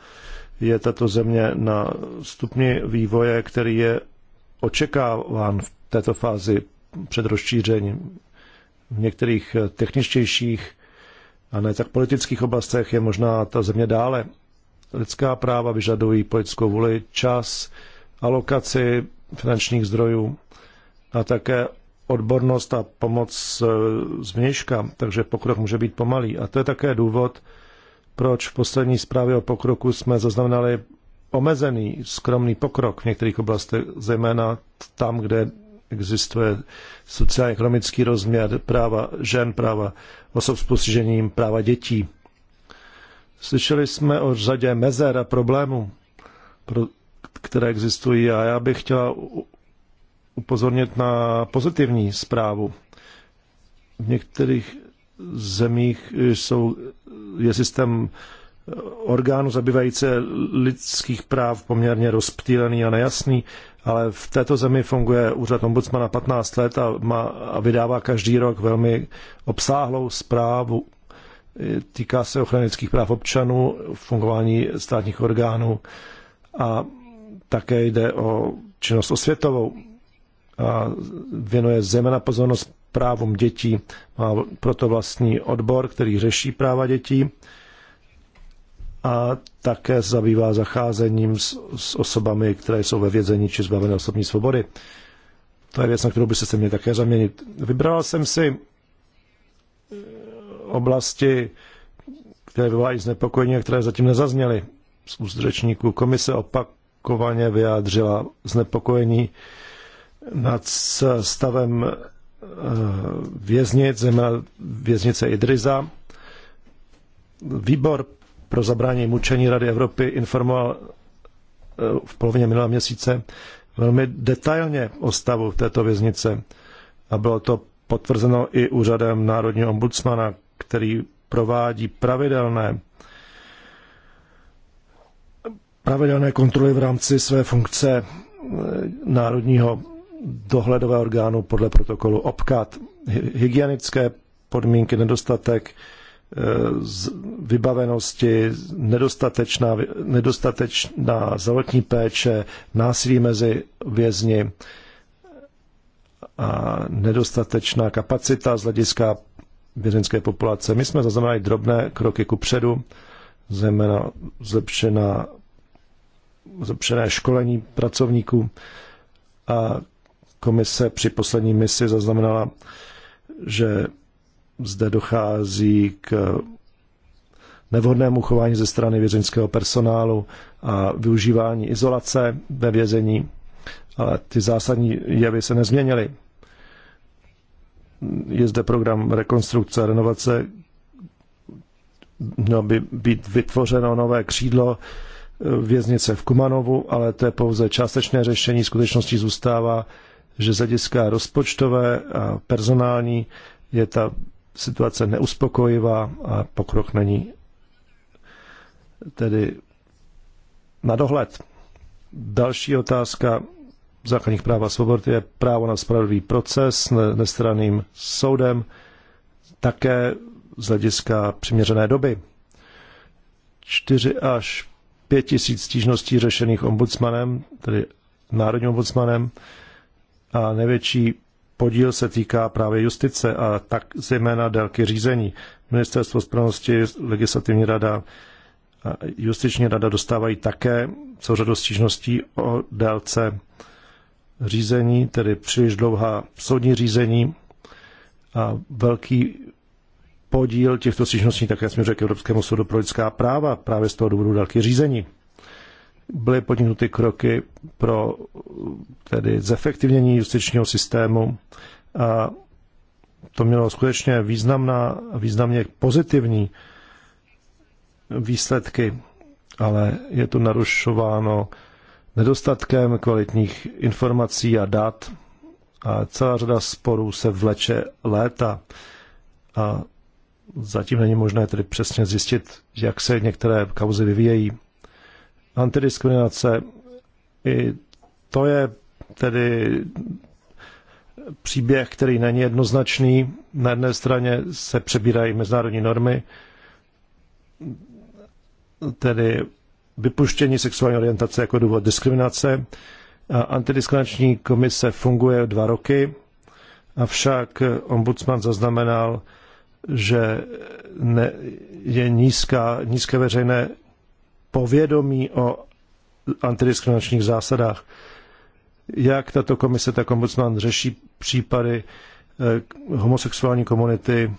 Speaker 2: je tato země na stupni vývoje, který je očekáván v této fázi před rozšířením. V některých eh, techničtějších a ne tak politických oblastech je možná ta země dále. Lidská práva vyžadují politickou vůli, čas, alokaci finančních zdrojů a také odbornost a pomoc eh, vnějška, takže pokrok může být pomalý. A to je také důvod, proč v poslední zprávě o pokroku jsme zaznamenali omezený, skromný pokrok v některých oblastech, zejména tam, kde existuje sociálně-ekonomický rozměr práva žen, práva osob s postižením, práva dětí. Slyšeli jsme o řadě mezer a problémů, které existují a já bych chtěla upozornit na pozitivní zprávu. V některých zemích jsou je systém eh, orgánů zabývající lidských práv poměrně rozptýlený a nejasný, ale v této zemi funguje úřad ombudsmana 15 let a, má, a vydává každý rok velmi obsáhlou zprávu. Eh, týká se ochrany lidských práv občanů, fungování státních orgánů a také jde o činnost osvětovou a věnuje zejména pozornost právům dětí. Má proto vlastní odbor, který řeší práva dětí a také zabývá zacházením s, s osobami, které jsou ve vězení či zbavené osobní svobody. To je věc, na kterou byste se měli také zaměnit. Vybral jsem si eh, oblasti, které vyvolají znepokojení a které zatím nezazněly z ústřečníků. Komise opakovaně vyjádřila znepokojení nad stavem Eh, věznic, zejména věznice Idriza. Výbor pro zabrání mučení Rady Evropy informoval eh, v polovině minulého měsíce velmi detailně o stavu této věznice a bylo to potvrzeno i úřadem Národního ombudsmana, který provádí pravidelné pravidelné kontroly v rámci své funkce eh, Národního dohledové orgánu podle protokolu obkat. Hygienické podmínky, nedostatek e, vybavenosti, nedostatečná, nedostatečná zdravotní péče, násilí mezi vězni a nedostatečná kapacita z hlediska vězeňské populace. My jsme zaznamenali drobné kroky ku předu, zejména zlepšená, zlepšené školení pracovníků a Komise při poslední misi zaznamenala, že zde dochází k nevhodnému chování ze strany vězeňského personálu a využívání izolace ve vězení, ale ty zásadní jevy se nezměnily. Je zde program rekonstrukce a renovace, mělo by být vytvořeno nové křídlo e, věznice v Kumanovu, ale to je pouze částečné řešení, skutečností zůstává, že z hlediska rozpočtové a personální je ta situace neuspokojivá a pokrok není tedy na dohled. Další otázka základních práv a svobod je právo na spravedlivý proces nestraným soudem, také z hlediska přiměřené doby. 4 až 5 tisíc stížností řešených ombudsmanem, tedy národním ombudsmanem, a největší podíl se týká právě justice a tak zejména délky řízení. Ministerstvo spravedlnosti, legislativní rada a justiční rada dostávají také co řadu stížností o délce řízení, tedy příliš dlouhá soudní řízení a velký podíl těchto stížností také směřuje k Evropskému soudu pro lidská práva právě z toho důvodu délky řízení byly podniknuty kroky pro tedy zefektivnění justičního systému a to mělo skutečně významná, významně pozitivní výsledky, ale je to narušováno nedostatkem kvalitních informací a dat a celá řada sporů se vleče léta a zatím není možné tedy přesně zjistit, jak se některé kauzy vyvíjejí antidiskriminace. I to je tedy příběh, který není jednoznačný. Na jedné straně se přebírají mezinárodní normy, tedy vypuštění sexuální orientace jako důvod diskriminace. A antidiskriminační komise funguje dva roky, avšak ombudsman zaznamenal, že ne, je nízká, nízké veřejné povědomí o antidiskriminačních zásadách. Jak tato komise, tak ombudsman řeší případy eh, homosexuální komunity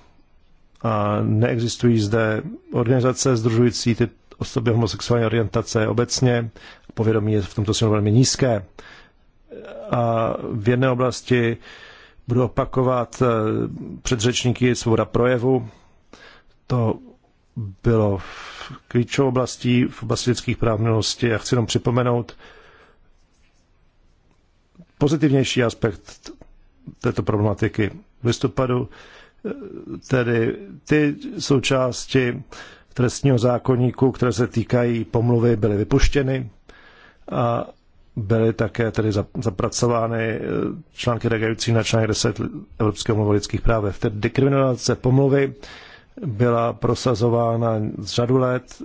Speaker 2: a neexistují zde organizace združující ty osoby homosexuální orientace obecně. Povědomí je v tomto směru velmi nízké. A v jedné oblasti budu opakovat eh, předřečníky svoboda projevu. To bylo v klíčovou oblastí v oblasti lidských práv minulosti Já chci jenom připomenout pozitivnější aspekt této problematiky. V listopadu eh, tedy ty součásti trestního zákonníku, které se týkají pomluvy, byly vypuštěny a byly také tedy zapracovány eh, články reagující na článek 10 Evropského mluvu o lidských právech. Tedy dekriminalizace pomluvy byla prosazována z řadu let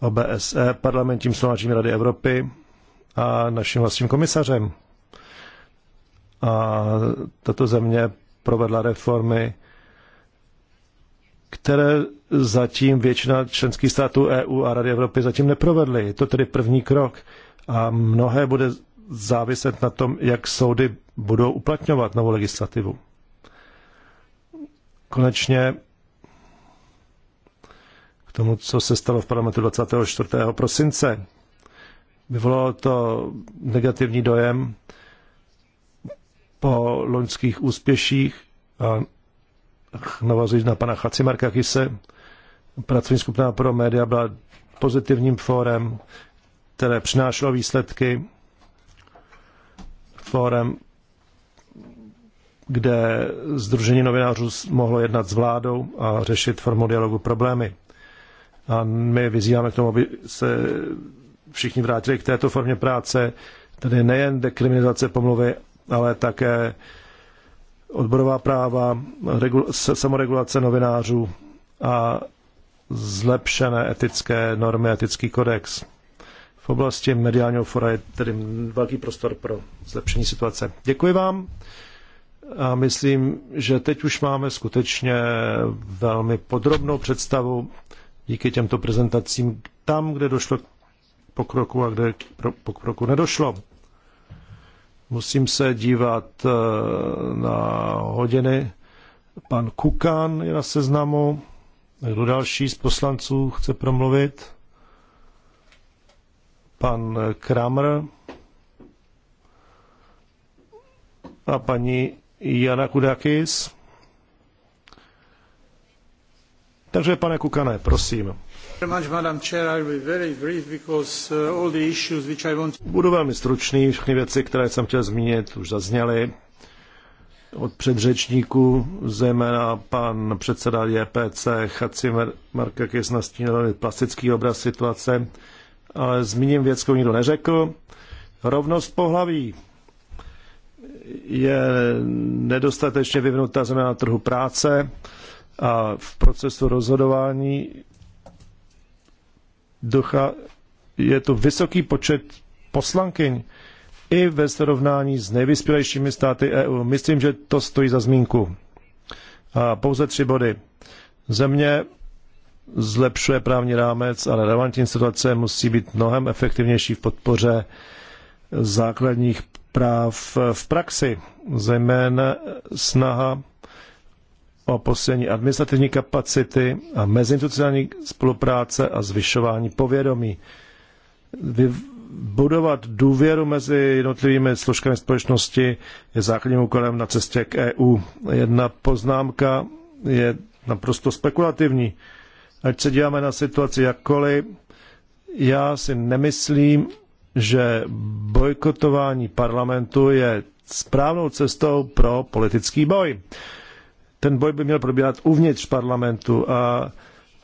Speaker 2: OBSE, parlamentním shromážděním Rady Evropy a naším vlastním komisařem. A tato země provedla reformy, které zatím většina členských států EU a Rady Evropy zatím neprovedly. Je to tedy první krok a mnohé bude záviset na tom, jak soudy budou uplatňovat novou legislativu. Konečně k tomu, co se stalo v parlamentu 24. prosince. Vyvolalo to negativní dojem po loňských úspěších a navazují na pana Kise. Pracovní skupina pro média byla pozitivním fórem, které přinášelo výsledky fórem kde Združení novinářů mohlo jednat s vládou a řešit formou dialogu problémy. A my vyzýváme k tomu, aby se všichni vrátili k této formě práce, tedy nejen dekriminalizace pomluvy, ale také odborová práva, samoregulace novinářů a zlepšené etické normy, etický kodex. V oblasti mediálního fora je tedy velký prostor pro zlepšení situace. Děkuji vám. A myslím, že teď už máme skutečně velmi podrobnou představu díky těmto prezentacím tam, kde došlo k pokroku a kde k pokroku nedošlo. Musím se dívat eh, na hodiny. Pan Kukan je na seznamu. Kdo další z poslanců chce promluvit? Pan Kramer a paní Jana Takže pane Kukane, prosím. Uh, Budu velmi stručný, všechny věci, které jsem chtěl zmínit, už zazněly od předřečníků, zejména pan předseda JPC Chaci Markakis nastínil plastický obraz situace, ale zmíním věc, kterou nikdo neřekl. Rovnost pohlaví je nedostatečně vyvinuta země na trhu práce a v procesu rozhodování ducha je tu vysoký počet poslankyň i ve srovnání s nejvyspělejšími státy EU. Myslím, že to stojí za zmínku. A pouze tři body. Země zlepšuje právní rámec, ale relevantní situace musí být mnohem efektivnější v podpoře základních práv v praxi, zejména snaha o posílení administrativní kapacity a meziinstitucionální spolupráce a zvyšování povědomí. Budovat důvěru mezi jednotlivými složkami společnosti je základním úkolem na cestě k EU. Jedna poznámka je naprosto spekulativní. Ať se díváme na situaci jakkoliv, já si nemyslím, že bojkotování parlamentu je správnou cestou pro politický boj. Ten boj by měl probíhat uvnitř parlamentu a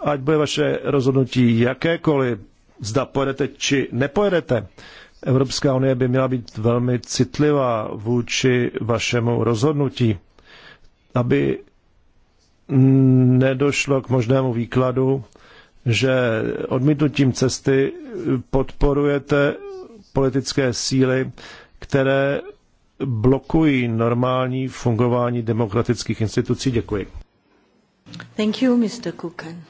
Speaker 2: ať bude vaše rozhodnutí jakékoliv, zda pojedete či nepojedete, Evropská unie by měla být velmi citlivá vůči vašemu rozhodnutí, aby nedošlo k možnému výkladu, že odmítnutím cesty podporujete politické síly, které blokují normální fungování demokratických institucí. Děkuji.
Speaker 3: Thank you, Mr.
Speaker 1: Kukan.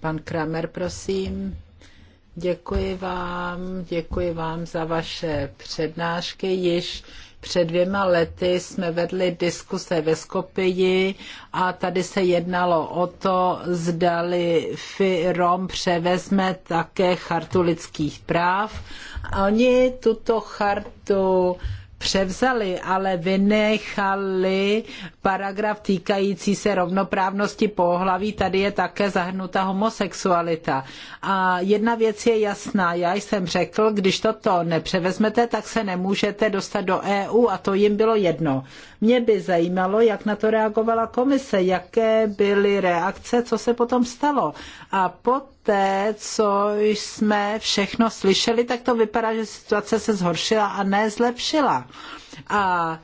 Speaker 1: Pan Kramer, prosím. Děkuji vám, děkuji vám za vaše přednášky. Již před dvěma lety jsme vedli diskuse ve Skopiji a tady se jednalo o to, zdali FIROM převezme také chartu lidských práv. Oni tuto chartu převzali, ale vynechali paragraf týkající se rovnoprávnosti pohlaví. Tady je také zahrnuta homosexualita. A jedna věc je jasná. Já jsem řekl, když toto nepřevezmete, tak se nemůžete dostat do EU a to jim bylo jedno. Mě by zajímalo, jak na to reagovala komise, jaké byly reakce, co se potom stalo. A potom té, co jsme všechno slyšeli, tak to vypadá, že situace se zhoršila a ne zlepšila. A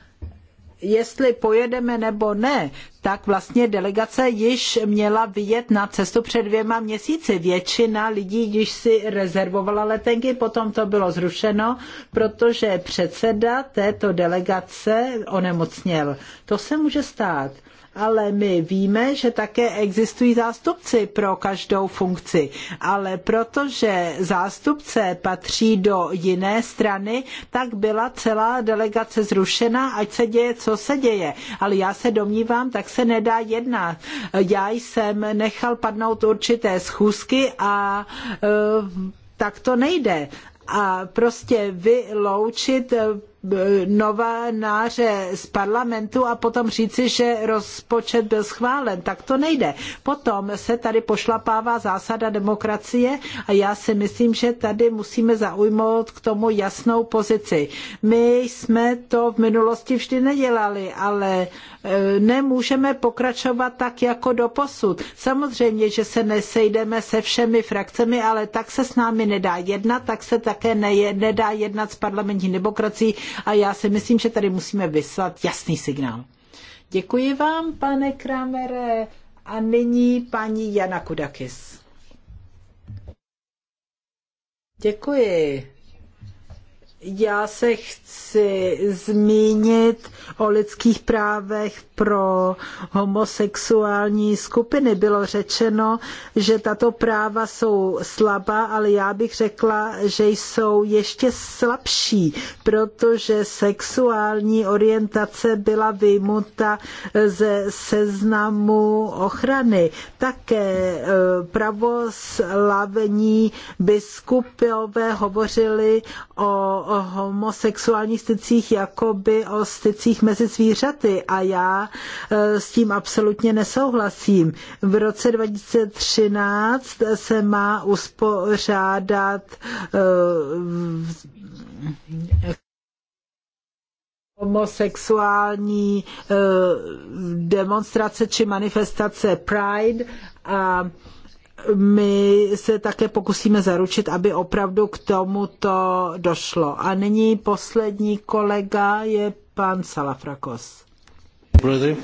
Speaker 1: jestli pojedeme nebo ne, tak vlastně delegace již měla vyjet na cestu před dvěma měsíci. Většina lidí již si rezervovala letenky, potom to bylo zrušeno, protože předseda této delegace onemocněl. To se může stát ale my víme, že také existují zástupci pro každou funkci. Ale protože zástupce patří do jiné strany, tak byla celá delegace zrušena, ať se děje, co se děje. Ale já se domnívám, tak se nedá jednat. Já jsem nechal padnout určité schůzky a eh, tak to nejde a prostě vyloučit eh, novináře z parlamentu a potom říci, že rozpočet byl schválen. Tak to nejde. Potom se tady pošlapává zásada demokracie a já si myslím, že tady musíme zaujmout k tomu jasnou pozici. My jsme to v minulosti vždy nedělali, ale e, nemůžeme pokračovat tak jako doposud. Samozřejmě, že se nesejdeme se všemi frakcemi, ale tak se s námi nedá jednat, tak se také ne, nedá jednat s parlamentní demokracií a já si myslím, že tady musíme vyslat jasný signál. Děkuji vám, pane Kramere. A nyní paní Jana Kudakis. Děkuji. Já se chci zmínit o lidských právech pro homosexuální skupiny. Bylo řečeno, že tato práva jsou slabá, ale já bych řekla, že jsou ještě slabší, protože sexuální orientace byla vyjmuta ze seznamu ochrany. Také e, pravoslavní biskupové hovořili o o homosexuálních stycích jako by o stycích mezi zvířaty a já e, s tím absolutně nesouhlasím. V roce 2013 se má uspořádat e, homosexuální e, demonstrace či manifestace Pride a my se také pokusíme zaručit, aby opravdu k tomuto došlo. A nyní poslední kolega je pan Salafrakos.
Speaker 6: Πρόεδρε,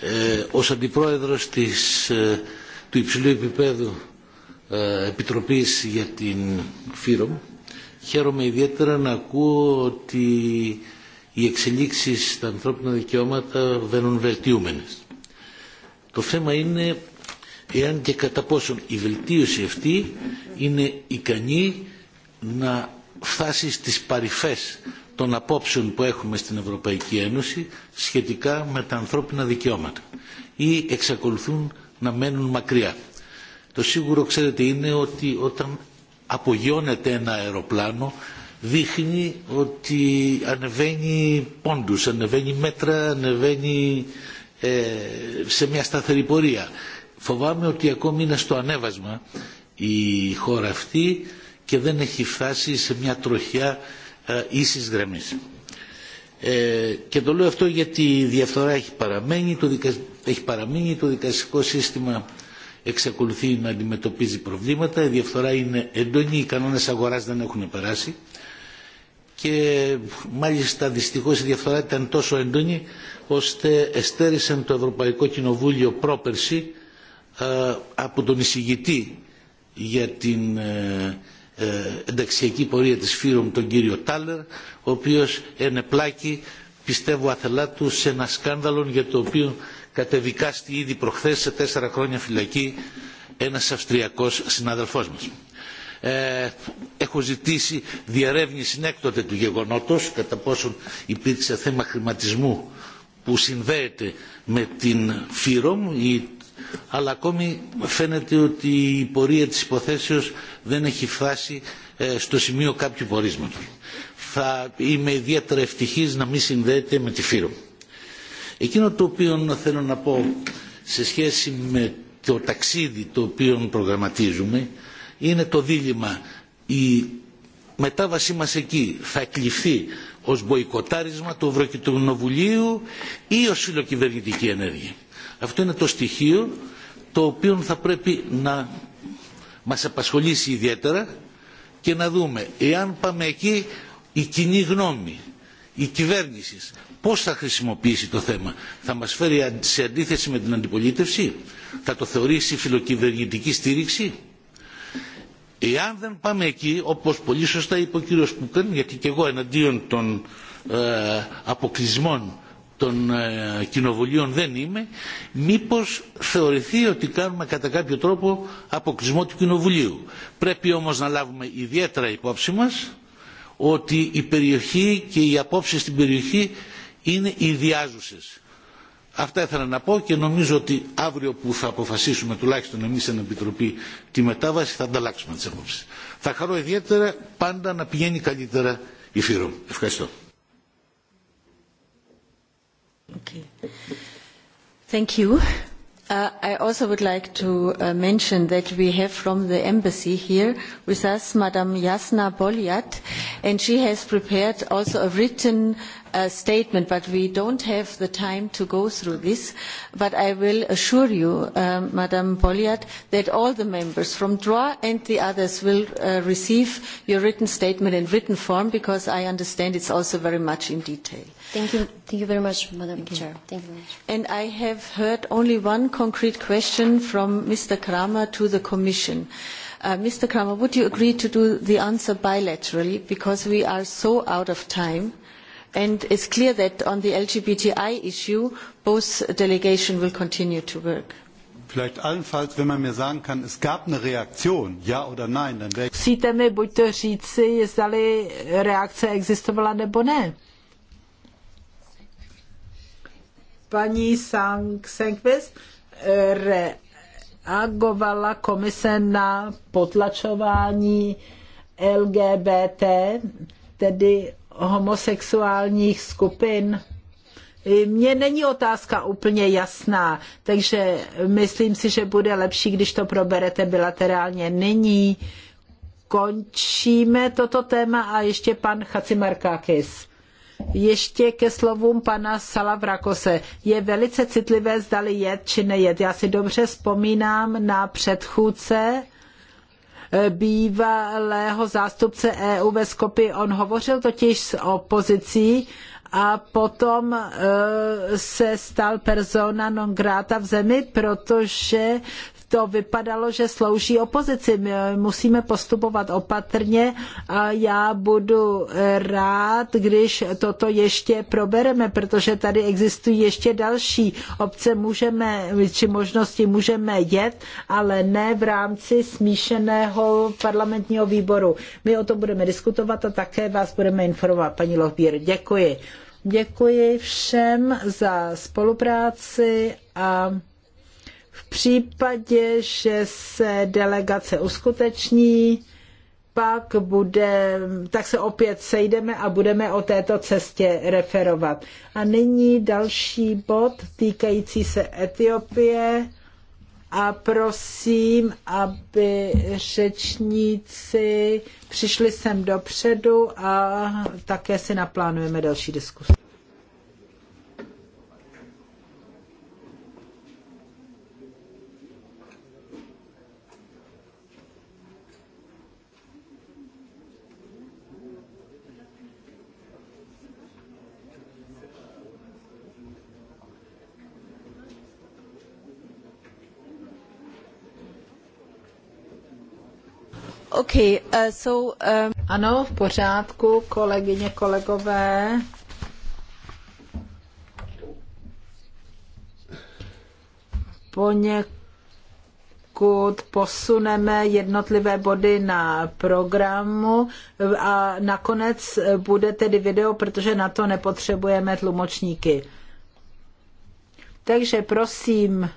Speaker 6: ε, ως αντιπρόεδρος της, ε, του υψηλού επίπεδου ε, Επιτροπής για την ΦΥΡΟΜ, χαίρομαι ιδιαίτερα να ακούω ότι οι εξελίξεις στα ανθρώπινα δικαιώματα βαίνουν βελτιούμενες. Το θέμα είναι εάν και κατά πόσον η βελτίωση αυτή είναι ικανή να φτάσει στις παρυφές των απόψεων που έχουμε στην Ευρωπαϊκή Ένωση σχετικά με τα ανθρώπινα δικαιώματα ή εξακολουθούν να μένουν μακριά. Το σίγουρο ξέρετε είναι ότι όταν απογειώνεται ένα αεροπλάνο δείχνει ότι ανεβαίνει πόντους, ανεβαίνει μέτρα, ανεβαίνει ε, σε μια σταθερή πορεία. Φοβάμαι ότι ακόμη είναι στο ανέβασμα η χώρα αυτή και δεν έχει φτάσει σε μια τροχιά ε, ίσης γραμμής. Ε, και το λέω αυτό γιατί η διαφθορά έχει παραμένει, το δικα... έχει παραμείνει, το δικαστικό σύστημα εξακολουθεί να αντιμετωπίζει προβλήματα, η διαφθορά είναι έντονη, οι κανόνες αγοράς δεν έχουν περάσει και μάλιστα δυστυχώς η διαφθορά ήταν τόσο έντονη ώστε εστέρισαν το Ευρωπαϊκό Κοινοβούλιο πρόπερση από τον εισηγητή για την ενταξιακή πορεία της Φύρομ τον κύριο Τάλερ ο οποίος ενεπλάκη πιστεύω αθελά του σε ένα σκάνδαλο για το οποίο κατεδικάστη ήδη προχθές σε τέσσερα χρόνια φυλακή ένας αυστριακός συνάδελφός μας. Ε, έχω ζητήσει διερεύνηση έκτοτε του γεγονότος κατά πόσον υπήρξε θέμα χρηματισμού που συνδέεται με την Φύρομ ή αλλά ακόμη φαίνεται ότι η πορεία της υποθέσεως δεν έχει φτάσει στο σημείο κάποιου πορίσματος. Θα είμαι ιδιαίτερα ευτυχής να μην συνδέεται με τη Φύρο. Εκείνο το οποίο θέλω να πω σε σχέση με το ταξίδι το οποίο προγραμματίζουμε είναι το δίλημα η μετάβασή μας εκεί θα κλειφθεί ως μποϊκοτάρισμα του Ευρωκοινοβουλίου ή ως φιλοκυβερνητική ενέργεια. Αυτό είναι το στοιχείο το οποίο θα πρέπει να μας απασχολήσει ιδιαίτερα και να δούμε εάν πάμε εκεί η κοινή γνώμη, η κυβέρνηση πώς θα χρησιμοποιήσει το θέμα. Θα μας φέρει σε αντίθεση με την αντιπολίτευση, θα το θεωρήσει φιλοκυβερνητική στήριξη. Εάν δεν πάμε εκεί, όπως πολύ σωστά είπε ο κύριος Κουκέν, γιατί και εγώ εναντίον των ε, αποκλεισμών των κοινοβουλίων δεν είμαι, μήπως θεωρηθεί ότι κάνουμε κατά κάποιο τρόπο αποκλεισμό του κοινοβουλίου. Πρέπει όμως να λάβουμε ιδιαίτερα υπόψη μας ότι η περιοχή και οι απόψεις στην περιοχή είναι ιδιάζουσες. Αυτά ήθελα να πω και νομίζω ότι αύριο που θα αποφασίσουμε τουλάχιστον εμείς στην Επιτροπή τη μετάβαση θα ανταλλάξουμε τις απόψεις. Θα χαρώ ιδιαίτερα πάντα να πηγαίνει καλύτερα η Φύρο. Ευχαριστώ.
Speaker 3: Thank you. Uh, I also would like to uh, mention that we have from the embassy here with us Madam Jasna Bolyat, and she has prepared also a written uh, statement, but we don't have the time to go through this. But I will assure you, uh, Madam Bolyat, that all the members from DROA and the others will uh, receive your written statement in written form, because I understand it's also very much in detail. Thank you. Thank you very much, Madam Thank Chair. You. Thank you very much. And I have heard only one concrete question from Mr. Kramer to the Commission. Uh, Mr. Kramer, would you agree to do the answer bilaterally because we are so out of time? And it's clear that on the LGBTI issue, both delegation will continue to work.
Speaker 6: Vielleicht allenfalls, wenn man mir sagen kann, es gab eine Reaktion, ja oder nein, dann wäre ich... Musíte mi buďto říci,
Speaker 1: zdali reakce existovala nebo ne. paní Sankvist eh, reagovala komise na potlačování LGBT, tedy homosexuálních skupin. Mně není otázka úplně jasná, takže myslím si, že bude lepší, když to proberete bilaterálně. Nyní končíme toto téma a ještě pan Chacimarkakis ještě ke slovům pana Salavrakose. Je velice citlivé, zdali jet či nejet. Já si dobře vzpomínám na předchůdce eh, bývalého zástupce EU ve Skopii. On hovořil totiž s opozicí a potom eh, se stal persona non grata v zemi, protože to vypadalo, že slouží opozici. My musíme postupovat opatrně a já budu rád, když toto ještě probereme, protože tady existují ještě další obce, můžeme, či možnosti můžeme jet, ale ne v rámci smíšeného parlamentního výboru. My o tom budeme diskutovat a také vás budeme informovat, paní Lohbír. Děkuji. Děkuji všem za spolupráci a v případě, že se delegace uskuteční, pak bude, tak se opět sejdeme a budeme o této cestě referovat. A nyní další bod týkající se Etiopie a prosím, aby řečníci přišli sem dopředu a také si naplánujeme další diskusi.
Speaker 3: Okay, uh, so, um...
Speaker 1: Ano, v pořádku, kolegyně, kolegové. Poněkud posuneme jednotlivé body na programu a nakonec bude tedy video, protože na to nepotřebujeme tlumočníky. Takže prosím,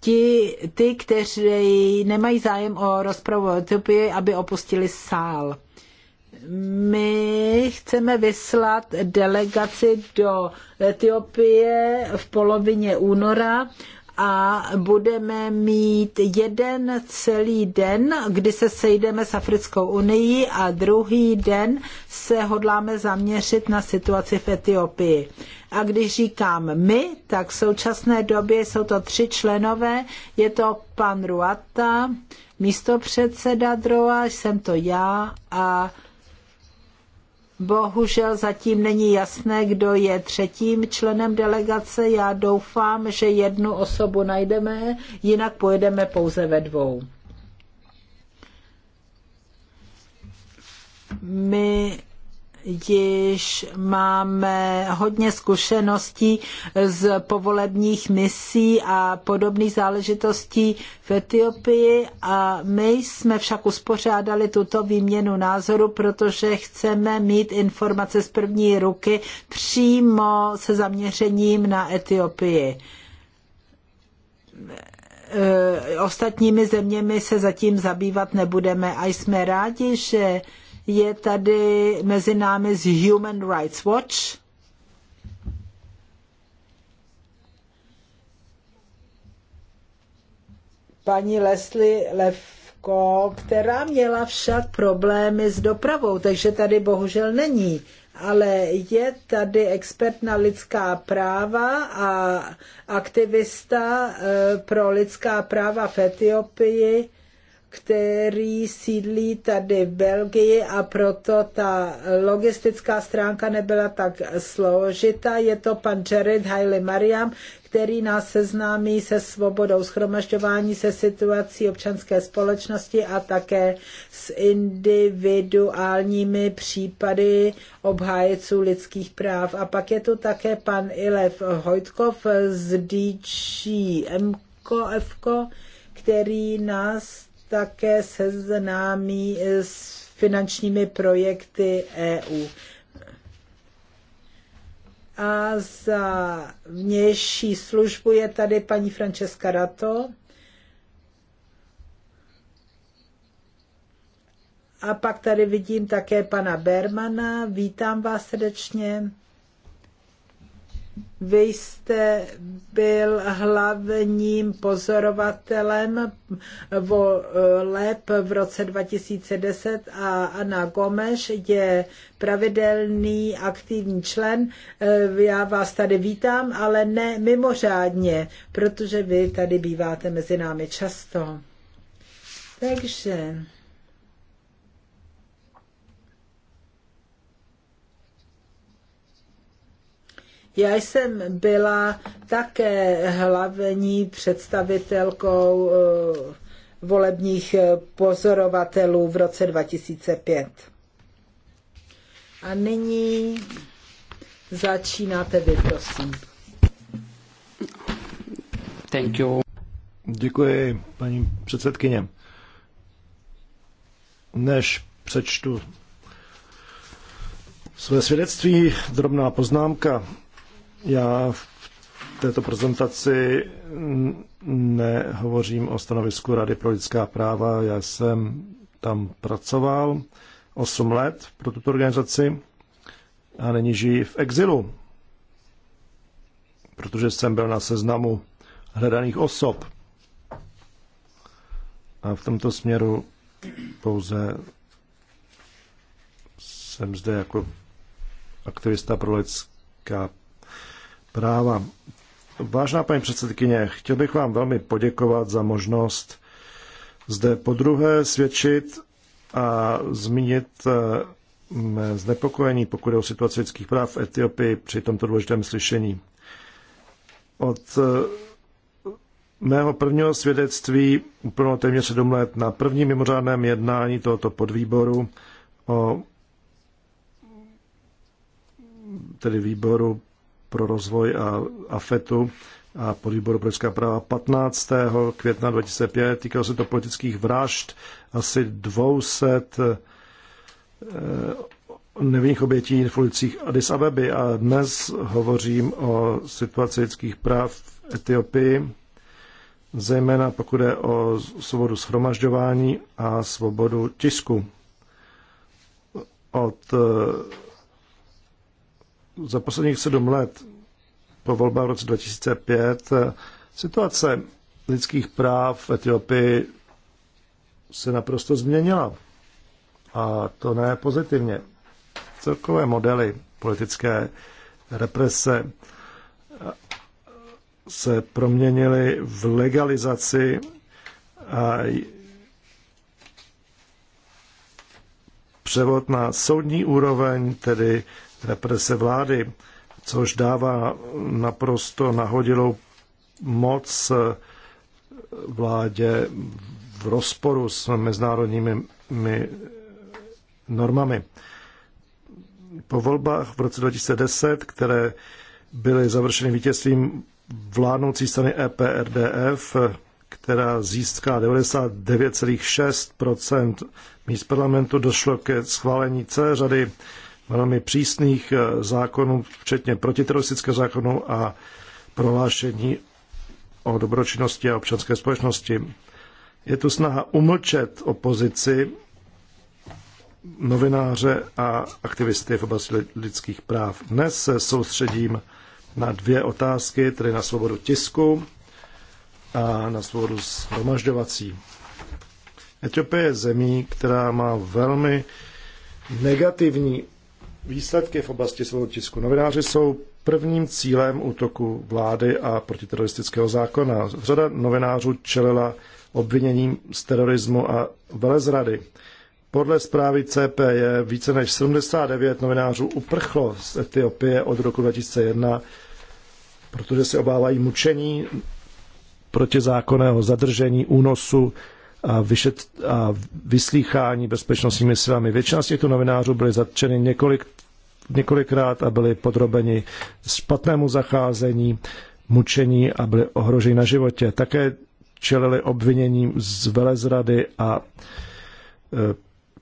Speaker 1: ti, ty, kteří nemají zájem o rozpravu o Etiopii, aby opustili sál. My chceme vyslat delegaci do Etiopie v polovině února a budeme mít jeden celý den, kdy se sejdeme s Africkou unii a druhý den se hodláme zaměřit na situaci v Etiopii. A když říkám my, tak v současné době jsou to tři členové. Je to pan Ruata, místopředseda Droa, jsem to já a Bohužel zatím není jasné, kdo je třetím členem delegace. Já doufám, že jednu osobu najdeme, jinak pojedeme pouze ve dvou. My již máme hodně zkušeností z povolebních misí a podobných záležitostí v Etiopii a my jsme však uspořádali tuto výměnu názoru, protože chceme mít informace z první ruky přímo se zaměřením na Etiopii e, ostatními zeměmi se zatím zabývat nebudeme a jsme rádi, že je tady mezi námi z Human Rights Watch. Paní Leslie Levko, která měla však problémy s dopravou, takže tady bohužel není ale je tady expert na lidská práva a aktivista eh, pro lidská práva v Etiopii který sídlí tady v Belgii a proto ta logistická stránka nebyla tak složitá. Je to pan Jared Haile Mariam, který nás seznámí se svobodou schromažďování, se situací občanské společnosti a také s individuálními případy obhájeců lidských práv. A pak je tu také pan Ilev Hojtkov z DG MKFK, který nás také seznámí eh, s finančními projekty EU. A za vnější službu je tady paní Francesca Rato. A pak tady vidím také pana Bermana. Vítám vás srdečně. Vy jste byl hlavním pozorovatelem voleb v roce 2010 a Anna Gomeš je pravidelný aktivní člen. Eh, já vás tady vítám, ale ne mimořádně, protože vy tady býváte mezi námi často. Takže Já jsem byla také hlavní představitelkou eh, volebních eh, pozorovatelů v roce 2005. A nyní začínáte vy, prosím.
Speaker 2: Thank you. Děkuji, paní předsedkyně. Než přečtu své svědectví, drobná poznámka. Já v této prezentaci nehovořím o stanovisku Rady pro lidská práva. Já jsem tam pracoval 8 let pro tuto organizaci a nyní žijí v exilu, protože jsem byl na seznamu hledaných osob. A v tomto směru pouze jsem zde jako aktivista pro lidská práva. Vážná paní předsedkyně, chtěl bych vám velmi poděkovat za možnost zde podruhé svědčit a zmínit eh, mé znepokojení, pokud je o situaci lidských práv v Etiopii při tomto důležitém slyšení. Od eh, mého prvního svědectví úplně téměř sedm let na prvním mimořádném jednání tohoto podvýboru o tedy výboru pro rozvoj a AFETu a podvýboru pro lidská práva 15. května 2005. Týkalo se to politických vražd asi 200 eh, nevinných obětí v ulicích Addis Abeby a dnes hovořím o situaci lidských práv v Etiopii, zejména pokud je o svobodu shromažďování a svobodu tisku. Od eh, za posledních sedm let po volbách v roce 2005 eh, situace lidských práv v Etiopii se naprosto změnila. A to ne pozitivně. Celkové modely politické represe eh, se proměnily v legalizaci a převod na soudní úroveň, tedy represe vlády, což dává naprosto nahodilou moc vládě v rozporu s mezinárodními normami. Po volbách v roce 2010, které byly završeny vítězstvím vládnoucí strany EPRDF, která získá 99,6 míst parlamentu, došlo ke schválení celé řady velmi přísných eh, zákonů, včetně protiteroristického zákonu a prohlášení o dobročinnosti a občanské společnosti. Je tu snaha umlčet opozici, novináře a aktivisty v oblasti lidských práv. Dnes se soustředím na dvě otázky, tedy na svobodu tisku a na svobodu zhromažďovací. Etiopie je zemí, která má velmi negativní Výsledky v oblasti svobody tisku. Novináři jsou prvním cílem útoku vlády a protiteroristického zákona. Řada novinářů čelila obviněním z terorismu a velezrady. Podle zprávy CP je více než 79 novinářů uprchlo z Etiopie od roku 2001, protože se obávají mučení, protizákonného zadržení, únosu a, vyšet, a vyslýchání bezpečnostními silami. Většina z těchto novinářů byly zatčeny několik několikrát a byli podrobeni špatnému zacházení, mučení a byli ohroženi na životě. Také čelili obviněním z velezrady a e,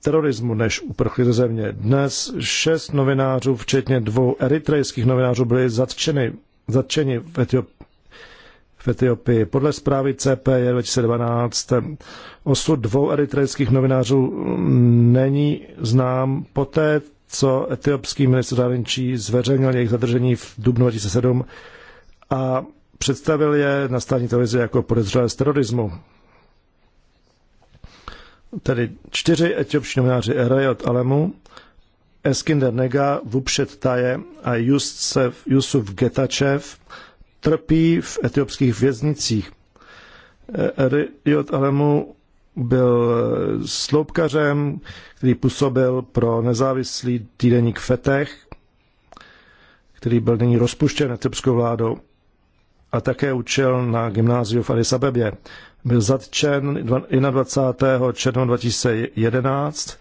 Speaker 2: terorismu, než uprchli ze země. Dnes šest novinářů, včetně dvou eritrejských novinářů, byli zatčeni, zatčeni v, Etiop- v Etiopii. Podle zprávy CPJ 2012 osud dvou eritrejských novinářů mm, není znám. Poté, co etiopský ministr zahraničí zveřejnil jejich zadržení v dubnu 2007 a představil je na státní televizi jako podezřelé z terorismu. Tedy čtyři etiopští novináři od Alemu, Eskinder Nega, Vupšet Taje a Yusuf Jusuf Getačev trpí v etiopských věznicích. E, Erayot Alemu byl sloupkařem, který působil pro nezávislý týdeník Fetech, který byl nyní rozpuštěn etiopskou vládou a také učil na gymnáziu v Addis Abebě. Byl zatčen 21. června 2011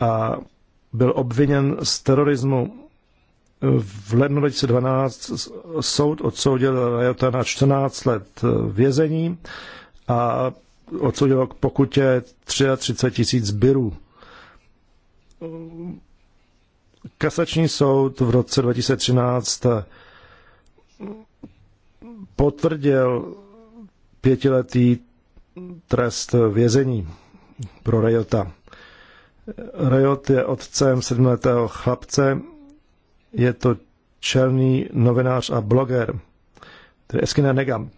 Speaker 2: a byl obviněn z terorismu. V lednu 2012 soud odsoudil Rajota na 14 let eh, vězení a odsudilo k pokutě 33 tisíc zbyrů. Kasační soud v roce 2013 potvrdil pětiletý trest vězení pro Rejota. Rejot je otcem sedmiletého chlapce, je to černý novinář a bloger, tedy Eskina Negam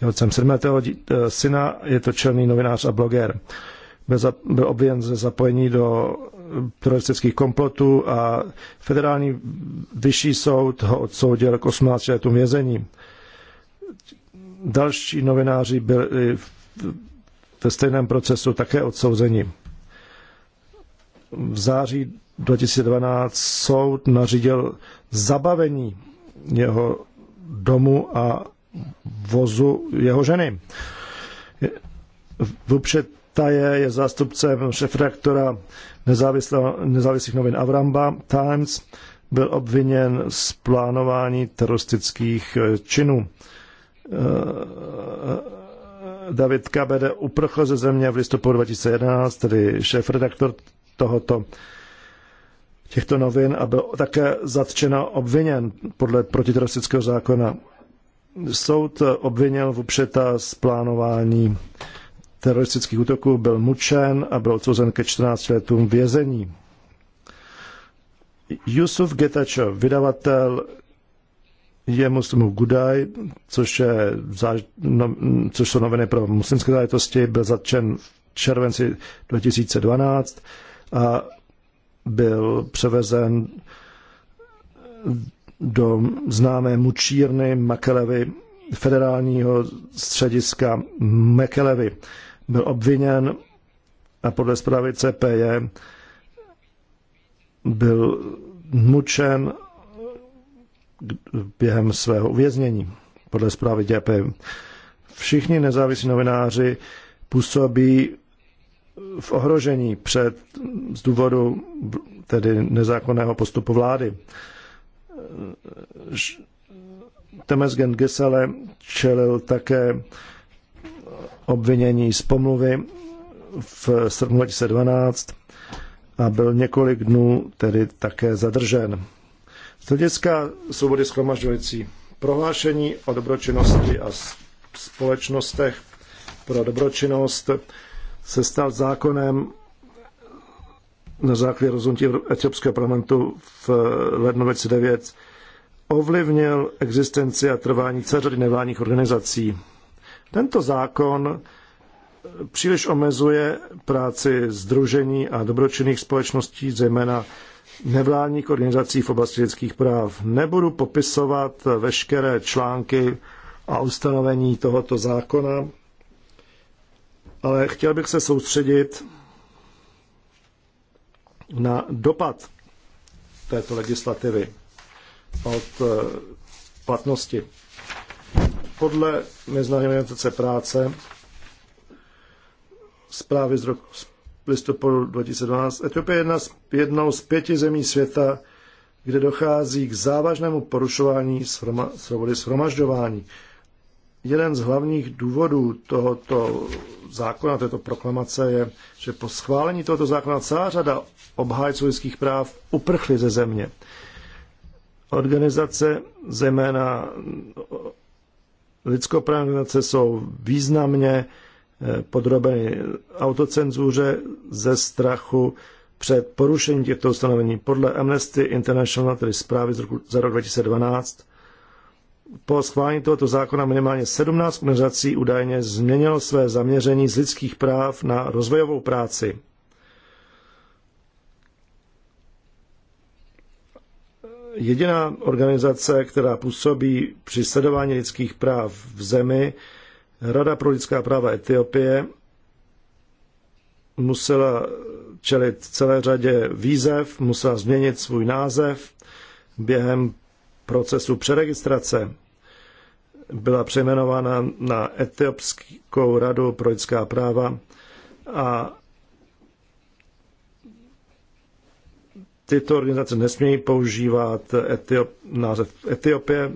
Speaker 2: je otcem sedmého eh, syna, je to černý novinář a bloger. Byl obviněn ze zapojení do eh, teroristických komplotů a federální vyšší soud ho odsoudil k 18 letům vězení. Další novináři byli ve stejném procesu také odsouzeni. V září 2012 soud nařídil zabavení jeho domu a vozu jeho ženy. Vupřed Taje je zástupcem šefredaktora nezávislých novin Avramba Times, byl obviněn z plánování teroristických eh, činů. Eh, David Kabede uprchl ze země v listopadu 2011, tedy šéf-redaktor tohoto těchto novin a byl také zatčen a obviněn podle protiteroristického zákona soud eh, obvinil Vupřeta z plánování teroristických útoků, byl mučen a byl odsouzen ke 14 letům vězení. Yusuf Getačo, vydavatel je muslimu Gudaj, což, je, no, což jsou noviny pro muslimské záležitosti, byl zatčen v červenci 2012 a byl převezen do známé mučírny Makelevy, federálního střediska Makelevy. Byl obviněn a podle zprávy CPJ byl mučen během svého uvěznění. Podle zprávy DP. Všichni nezávislí novináři působí v ohrožení před z důvodu tedy nezákonného postupu vlády. Temesgen Gesele čelil také obvinění z pomluvy v srpnu 2012 a byl několik dnů tedy také zadržen. Z hlediska svobody schromažďující prohlášení o dobročinnosti a společnostech pro dobročinnost se stal zákonem na základě rozhodnutí Etiopského parlamentu v eh, lednu 2009 ovlivnil existenci a trvání celé řady nevládních organizací. Tento zákon eh, příliš omezuje práci združení a dobročinných společností, zejména nevládních organizací v oblasti lidských práv. Nebudu popisovat veškeré články a ustanovení tohoto zákona, ale chtěl bych se soustředit na dopad této legislativy od eh, platnosti. Podle Mezinárodní organizace práce zprávy z roku z listopadu 2012 Etiopie je jedna z, jednou z pěti zemí světa, kde dochází k závažnému porušování svobody shromažďování. Shroma, jeden z hlavních důvodů tohoto zákona, této proklamace je, že po schválení tohoto zákona celá řada obhájců lidských práv uprchly ze země. Organizace, zejména lidskoprávní organizace, jsou významně eh, podrobeny autocenzuře ze strachu před porušením těchto ustanovení. Podle Amnesty International, tedy zprávy z roku, za rok 2012, po schválení tohoto zákona minimálně 17 organizací údajně změnilo své zaměření z lidských práv na rozvojovou práci. Jediná organizace, která působí při sledování lidských práv v zemi, Rada pro lidská práva Etiopie, musela čelit celé řadě výzev, musela změnit svůj název během procesu přeregistrace byla přejmenována na Etiopskou radu pro lidská práva a tyto organizace nesmějí používat Etiop, název Etiopie,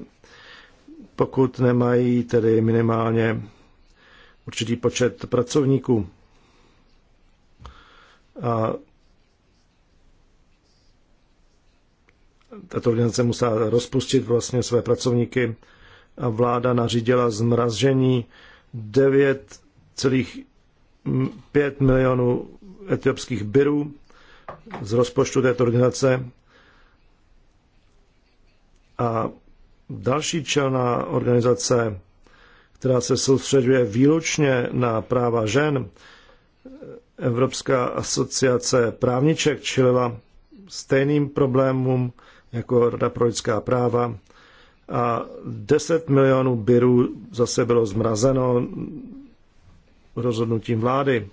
Speaker 2: pokud nemají tedy minimálně určitý počet pracovníků. A tato organizace musela rozpustit vlastně své pracovníky a vláda nařídila zmražení 9,5 milionů etiopských birů z rozpočtu této organizace a další čelná organizace, která se soustředuje výlučně na práva žen, Evropská asociace právniček čelila stejným problémům jako Rada pro lidská práva. A 10 milionů birů zase bylo zmrazeno rozhodnutím vlády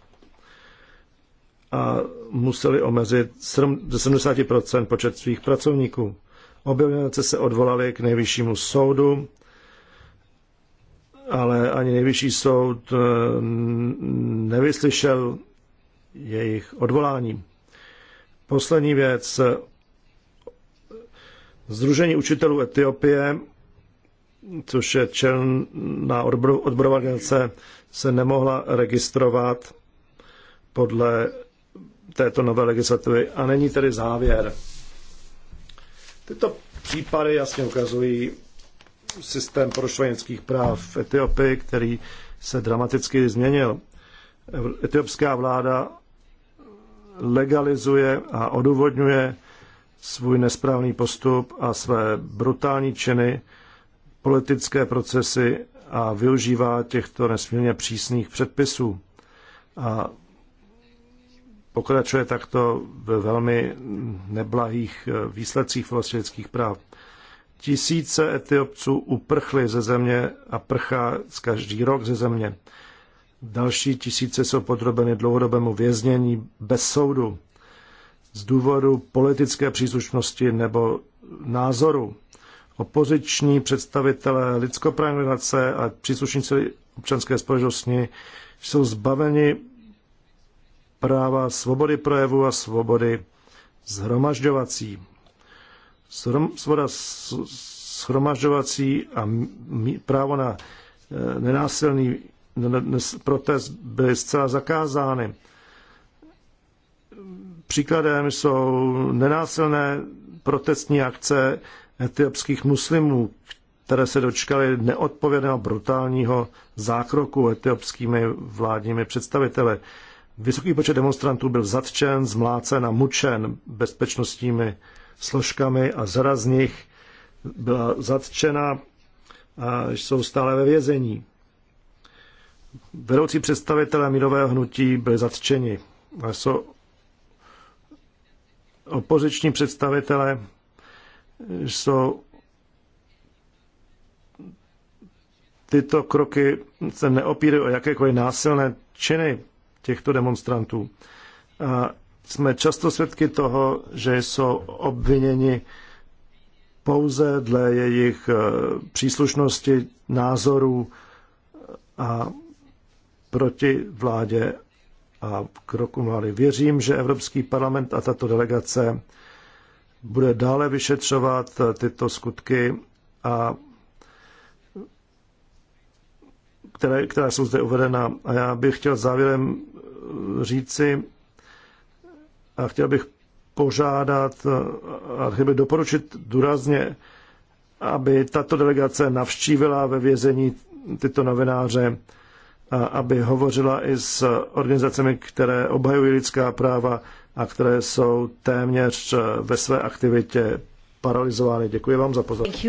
Speaker 2: a museli omezit 70% počet svých pracovníků. Objevněnice se odvolali k nejvyššímu soudu, ale ani nejvyšší soud eh, nevyslyšel jejich odvolání. Poslední věc, Združení učitelů Etiopie, což je čelná odborová organizace, se nemohla registrovat podle této nové legislativy a není tedy závěr. Tyto případy jasně ukazují systém porušování práv v Etiopii, který se dramaticky změnil. Etiopská vláda legalizuje a odůvodňuje svůj nesprávný postup a své brutální činy, politické procesy a využívá těchto nesmírně přísných předpisů. A pokračuje takto ve velmi neblahých eh, výsledcích v práv. Tisíce Etiopců uprchly ze země a prchá z každý rok ze země. Další tisíce jsou podrobeny dlouhodobému věznění bez soudu z důvodu politické příslušnosti nebo názoru. Opoziční představitelé lidskoprávní organizace a příslušníci občanské společnosti jsou zbaveni práva svobody projevu a svobody zhromažďovací. Svoboda shromažďovací a právo na e, nenásilný protest byly zcela zakázány. Příkladem jsou nenásilné protestní akce etiopských muslimů, které se dočkaly neodpovědného brutálního zákroku etiopskými vládními představiteli. Vysoký počet demonstrantů byl zatčen, zmlácen a mučen bezpečnostními složkami a řada z nich byla zatčena a jsou stále ve vězení. Vedoucí představitelé mírového hnutí byli zatčeni a jsou opoziční představitelé jsou tyto kroky se neopírají o jakékoliv násilné činy těchto demonstrantů. A jsme často svědky toho, že jsou obviněni pouze dle jejich eh, příslušnosti, názorů a proti vládě a kroku mladých. Věřím, že Evropský parlament a tato delegace bude dále vyšetřovat tyto skutky, a které, která jsou zde uvedena. A já bych chtěl závěrem říci a chtěl bych požádat a chtěl bych doporučit důrazně, aby tato delegace navštívila ve vězení tyto novináře aby hovořila i s organizacemi, které obhajují lidská práva a které jsou téměř eh, ve své aktivitě paralizovány. Děkuji vám za pozornost.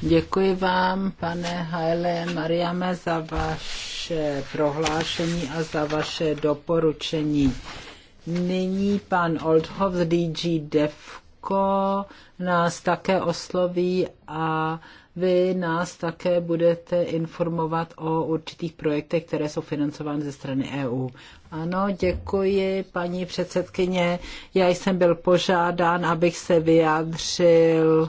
Speaker 1: Děkuji vám, pane Haile Mariame, za vaše prohlášení a za vaše doporučení. Nyní pan Oldhoff z DG Defco nás také osloví a vy nás také budete informovat o určitých projektech, které jsou financovány ze strany EU. Ano, děkuji, paní předsedkyně. Já jsem byl požádán, abych se vyjádřil eh,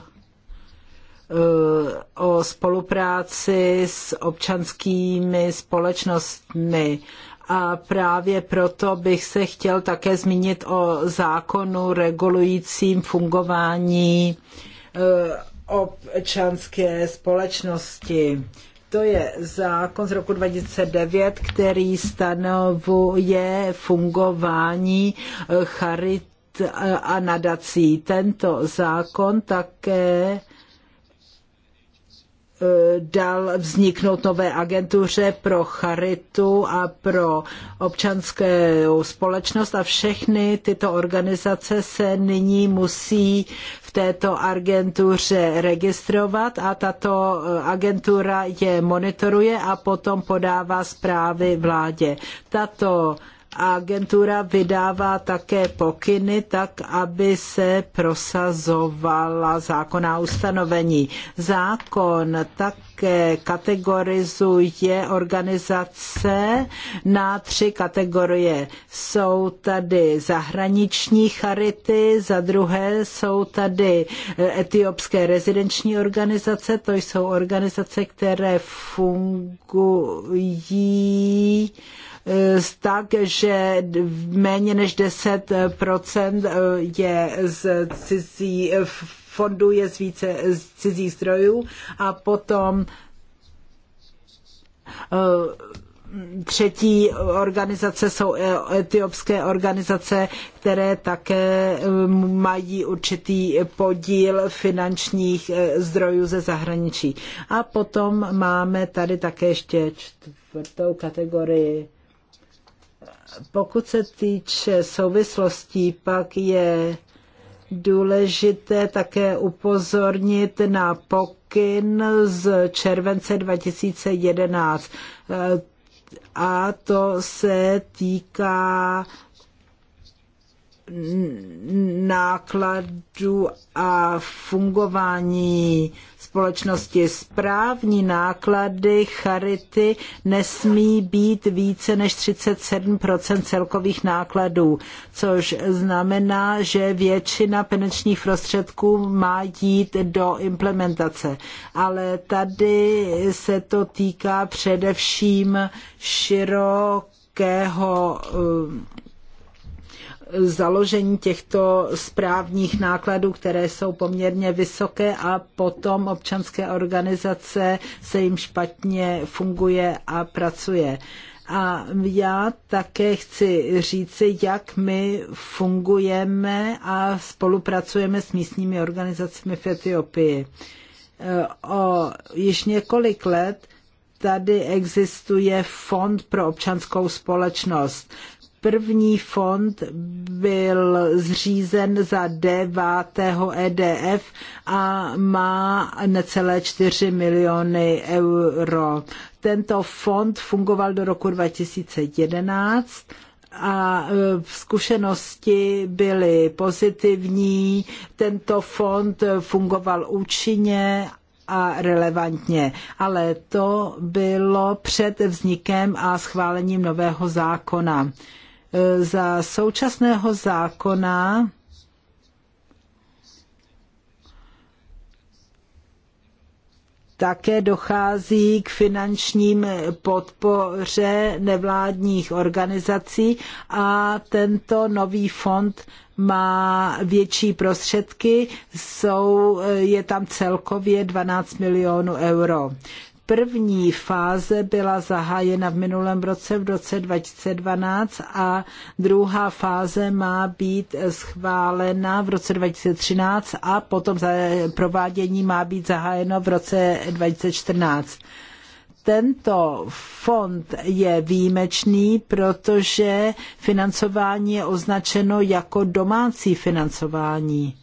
Speaker 1: o spolupráci s občanskými společnostmi. A právě proto bych se chtěl také zmínit o zákonu regulujícím fungování eh, občanské společnosti. To je zákon z roku 2009, který stanovuje fungování eh, charit eh, a nadací. Tento zákon také Eh, dal vzniknout nové agentuře pro charitu a pro občanskou společnost a všechny tyto organizace se nyní musí v této agentuře registrovat a tato eh, agentura je monitoruje a potom podává zprávy vládě. Tato agentura vydává také pokyny tak, aby se prosazovala zákonná ustanovení. Zákon také kategorizuje organizace na tři kategorie. Jsou tady zahraniční charity, za druhé jsou tady etiopské rezidenční organizace, to jsou organizace, které fungují Eh, tak, že méně než 10% eh, eh, je z cizí fondů je z více z cizích zdrojů a potom třetí organizace jsou etiopské organizace, které také mají určitý podíl finančních zdrojů ze zahraničí. A potom máme tady také ještě čtvrtou kategorii pokud se týče souvislostí, pak je důležité také upozornit na pokyn z července 2011. A to se týká nákladů a fungování společnosti. Správní náklady charity nesmí být více než 37 celkových nákladů, což znamená, že většina peněžních prostředků má jít do implementace. Ale tady se to týká především širokého eh, založení těchto správních nákladů, které jsou poměrně vysoké a potom občanské organizace se jim špatně funguje a pracuje. A já také chci říci, jak my fungujeme a spolupracujeme s místními organizacemi v Etiopii. O již několik let tady existuje fond pro občanskou společnost. První fond byl zřízen za 9. EDF a má necelé 4 miliony euro. Tento fond fungoval do roku 2011 a e, zkušenosti byly pozitivní. Tento fond fungoval účinně a relevantně. Ale to bylo před vznikem a schválením nového zákona za současného zákona také dochází k finančním podpoře nevládních organizací a tento nový fond má větší prostředky, jsou, je tam celkově 12 milionů euro. První fáze byla zahájena v minulém roce, v roce 2012 a druhá fáze má být schválena v roce 2013 a potom provádění má být zahájeno v roce 2014 tento fond je výjimečný, protože financování je označeno jako domácí financování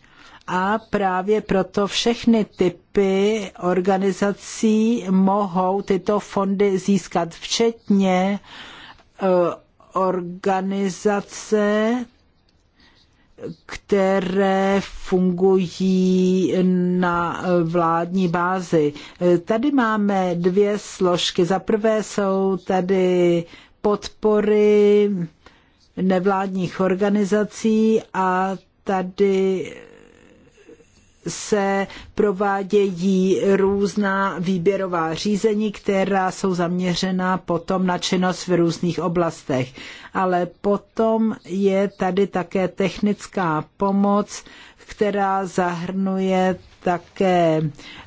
Speaker 1: a právě proto všechny typy organizací mohou tyto fondy získat, včetně e, organizace, které fungují na vládní bázi. E, tady máme dvě složky. Za prvé jsou tady podpory nevládních organizací a tady se provádějí různá výběrová řízení, která jsou zaměřena potom na činnost v různých oblastech. Ale potom je tady také technická pomoc, která zahrnuje také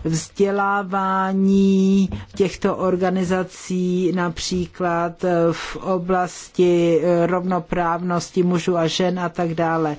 Speaker 1: vzdělávání těchto organizací, například v oblasti rovnoprávnosti mužů a žen a tak dále.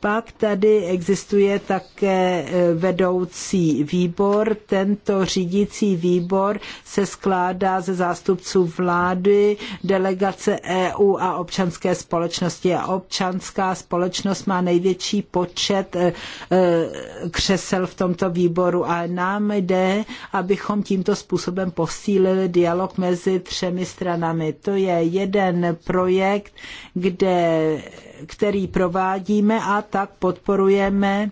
Speaker 1: Pak tady existuje také e, vedoucí výbor. Tento řídící výbor se skládá ze zástupců vlády, delegace EU a občanské společnosti. A občanská společnost má největší počet e, e, křesel v tomto výboru. A nám jde, abychom tímto způsobem posílili dialog mezi třemi stranami. To je jeden projekt, kde který provádíme a tak podporujeme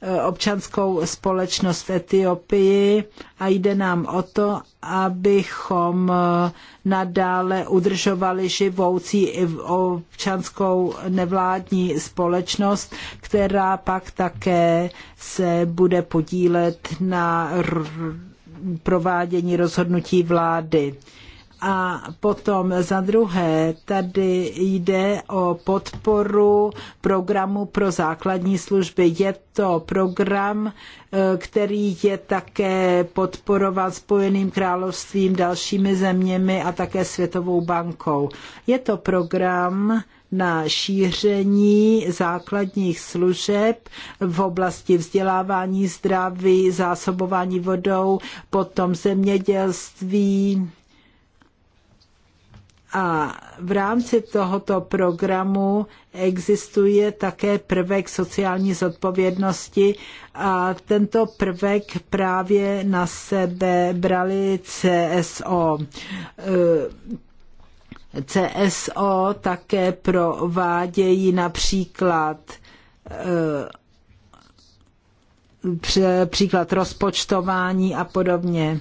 Speaker 1: e, občanskou společnost v Etiopii a jde nám o to, abychom e, nadále udržovali živoucí občanskou nevládní společnost, která pak také se bude podílet na provádění rozhodnutí vlády. A potom za druhé, tady jde o podporu programu pro základní služby. Je to program, e, který je také podporován Spojeným královstvím, dalšími zeměmi a také Světovou bankou. Je to program, na šíření základních služeb v oblasti vzdělávání, zdraví, zásobování vodou, potom zemědělství, a v rámci tohoto programu existuje také prvek sociální zodpovědnosti a tento prvek právě na sebe brali CSO. E, CSO také provádějí například e, příklad rozpočtování a podobně.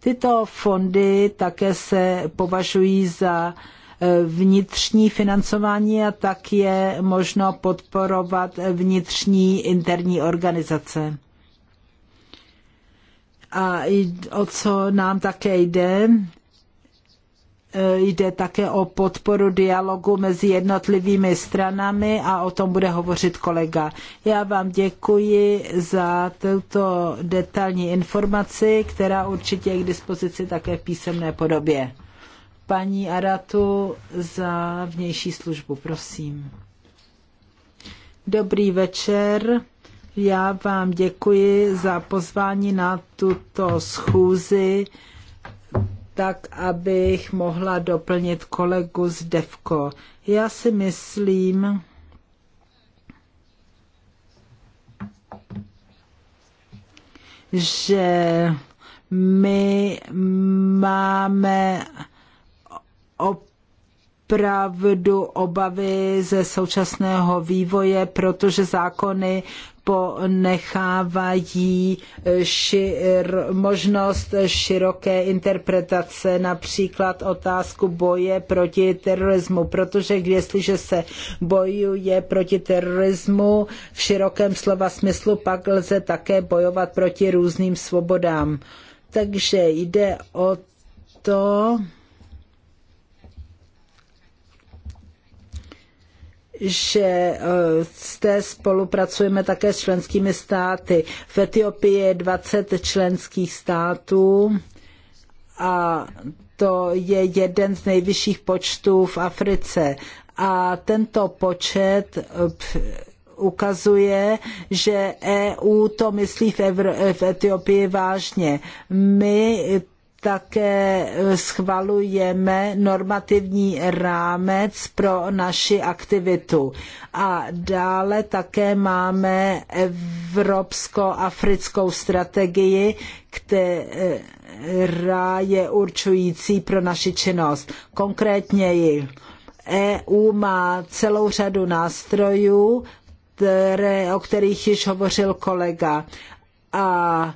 Speaker 1: Tyto fondy také se považují za e, vnitřní financování a tak je možno podporovat vnitřní interní organizace. A o co nám také jde, Eh, jde také o podporu dialogu mezi jednotlivými stranami a o tom bude hovořit kolega. Já vám děkuji za tuto detailní informaci, která určitě je k dispozici také v písemné podobě. Paní Aratu za vnější službu, prosím. Dobrý večer. Já vám děkuji za pozvání na tuto schůzi tak abych mohla doplnit kolegu z Devko. Já si myslím, že my máme opravdu obavy ze současného vývoje, protože zákony ponechávají šir, možnost široké interpretace, například otázku boje proti terorismu, protože jestliže se bojuje proti terorismu v širokém slova smyslu, pak lze také bojovat proti různým svobodám. Takže jde o to, že zde eh, spolupracujeme také s členskými státy. V Etiopii je 20 členských států a to je jeden z nejvyšších počtů v Africe. A tento počet eh, ukazuje, že EU to myslí v, v Etiopii vážně. My také schvalujeme normativní rámec pro naši aktivitu. A dále také máme evropsko-africkou strategii, která je určující pro naši činnost. Konkrétněji, EU má celou řadu nástrojů, které, o kterých již hovořil kolega. A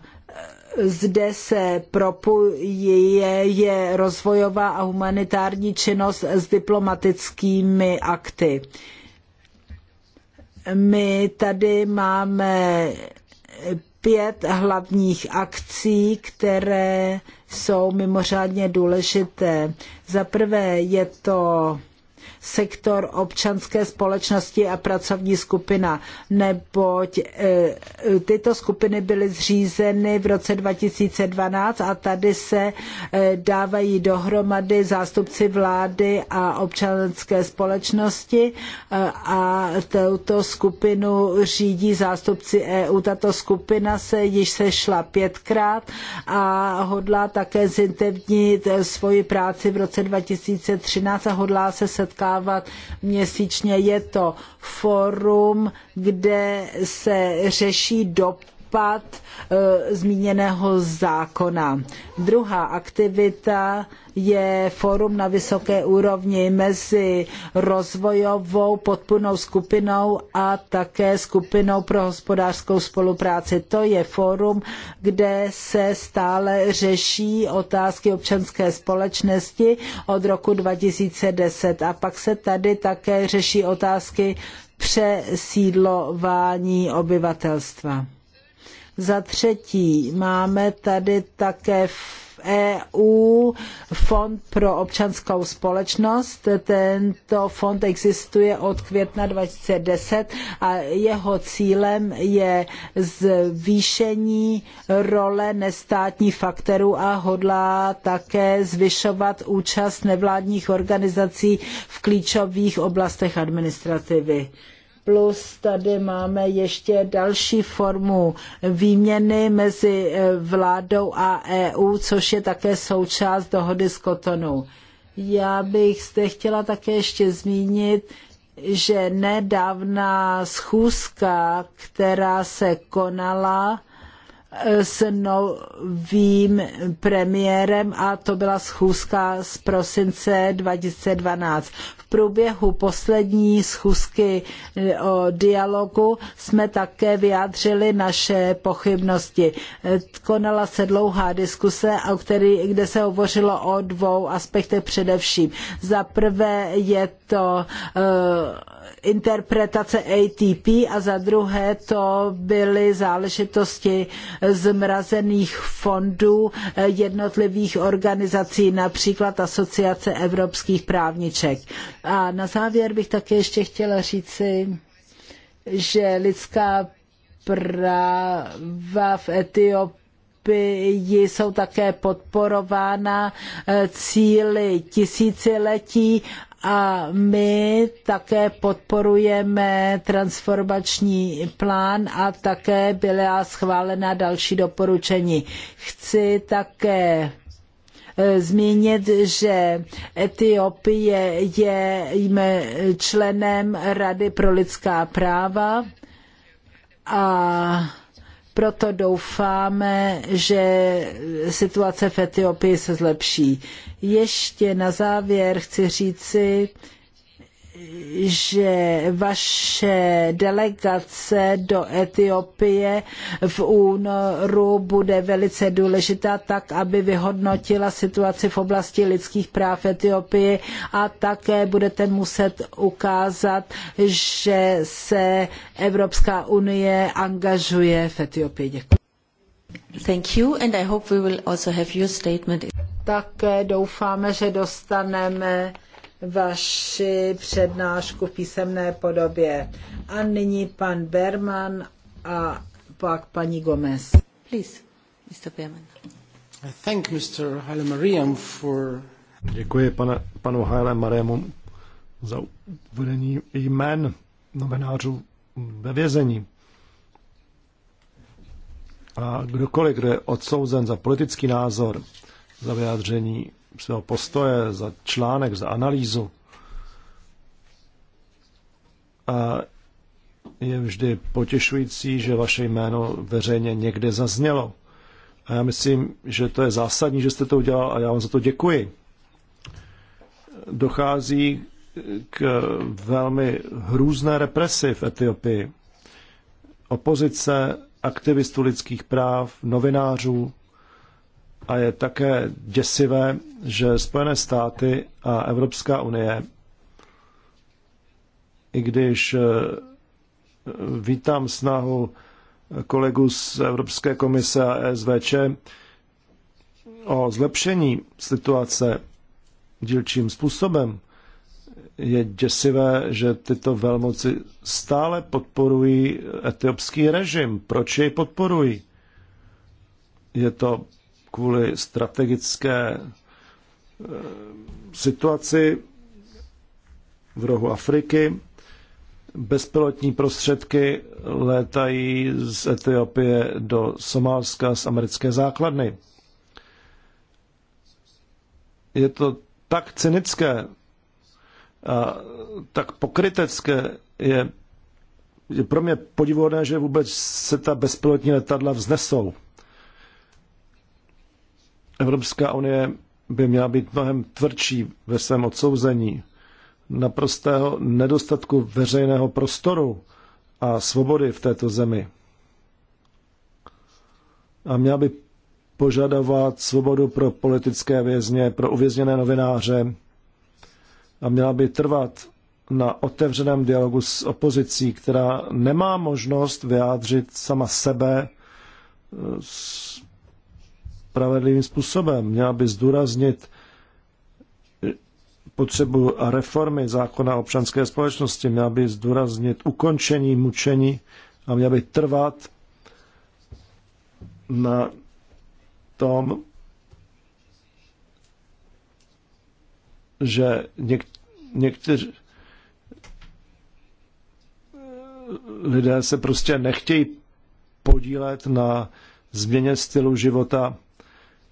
Speaker 1: zde se propojuje je rozvojová a humanitární činnost s diplomatickými akty. My tady máme pět hlavních akcí, které jsou mimořádně důležité. Za prvé je to sektor občanské společnosti a pracovní skupina, neboť e, tyto skupiny byly zřízeny v roce 2012 a tady se e, dávají dohromady zástupci vlády a občanské společnosti e, a touto skupinu řídí zástupci EU. Tato skupina se již sešla pětkrát a hodlá také zintevnit svoji práci v roce 2013 a hodlá se setkávat setkávat měsíčně. Je to forum, kde se řeší dopad dopad eh, zmíněného zákona. Druhá aktivita je fórum na vysoké úrovni mezi rozvojovou podpůrnou skupinou a také skupinou pro hospodářskou spolupráci. To je fórum, kde se stále řeší otázky občanské společnosti od roku 2010 a pak se tady také řeší otázky přesídlování obyvatelstva. Za třetí máme tady také v EU Fond pro občanskou společnost. Tento fond existuje od května 2010 a jeho cílem je zvýšení role nestátních faktorů a hodlá také zvyšovat účast nevládních organizací v klíčových oblastech administrativy plus tady máme ještě další formu výměny mezi eh, vládou a EU, což je také součást dohody z Kotonu. Já bych zde chtěla také ještě zmínit, že nedávná schůzka, která se konala eh, s novým premiérem a to byla schůzka z prosince 2012. V průběhu poslední schůzky eh, o dialogu jsme také vyjádřili naše pochybnosti. Eh, konala se dlouhá diskuse, kde se hovořilo o dvou aspektech především. Za prvé je to uh, interpretace ATP a za druhé to byly záležitosti zmrazených fondů eh, jednotlivých organizací, například Asociace evropských právniček. A na závěr bych také ještě chtěla říci, že lidská práva v Etiopii jsou také podporována eh, cíly tisíciletí a my také podporujeme transformační plán a také byla schválena další doporučení. Chci také eh, zmínit, že Etiopie je členem Rady pro lidská práva a proto doufáme, že situace v Etiopii se zlepší. Ještě na závěr chci říci, že vaše delegace do Etiopie v únoru bude velice důležitá, tak aby vyhodnotila situaci v oblasti lidských práv v Etiopii a také budete muset ukázat, že se Evropská unie
Speaker 3: angažuje v Etiopii. Děkuji. Thank you and I hope we will also have your statement.
Speaker 1: Také doufáme, že dostaneme
Speaker 3: vaši
Speaker 1: přednášku v písemné podobě. A nyní pan Berman a pak paní Gomez. Please, Mr. Berman.
Speaker 7: I thank Mr. Haile for... Děkuji pane, panu Haile Mariamu
Speaker 2: za uvedení jmén novinářů ve vězení. A kdokoliv, kdo je odsouzen za politický názor, za vyjádření svého postoje, za článek, za analýzu. A je vždy potěšující, že vaše jméno veřejně někde zaznělo. A já myslím, že to je zásadní, že jste to udělal a já vám za to děkuji. Dochází k velmi hrůzné represi v Etiopii. Opozice, aktivistů lidských práv, novinářů, a je také děsivé, že Spojené státy a Evropská unie, i když eh, vítám snahu kolegů z Evropské komise a SVČ o zlepšení situace dílčím způsobem, je děsivé, že tyto velmoci stále podporují etiopský režim. Proč jej podporují? Je to kvůli strategické eh, situaci v rohu Afriky. Bezpilotní prostředky létají z Etiopie do Somálska z americké základny. Je to tak cynické a tak pokrytecké, je, je pro mě podivodné, že vůbec se ta bezpilotní letadla vznesou. Evropská unie by měla být mnohem tvrdší ve svém odsouzení naprostého nedostatku veřejného prostoru a svobody v této zemi. A měla by požadovat svobodu pro politické vězně, pro uvězněné novináře a měla by trvat na otevřeném dialogu s opozicí, která nemá možnost vyjádřit sama sebe eh, spravedlivým způsobem. Měla by zdůraznit potřebu reformy zákona občanské společnosti, měla by zdůraznit ukončení mučení a měla by trvat na tom, že něk, někteří lidé se prostě nechtějí podílet na změně stylu života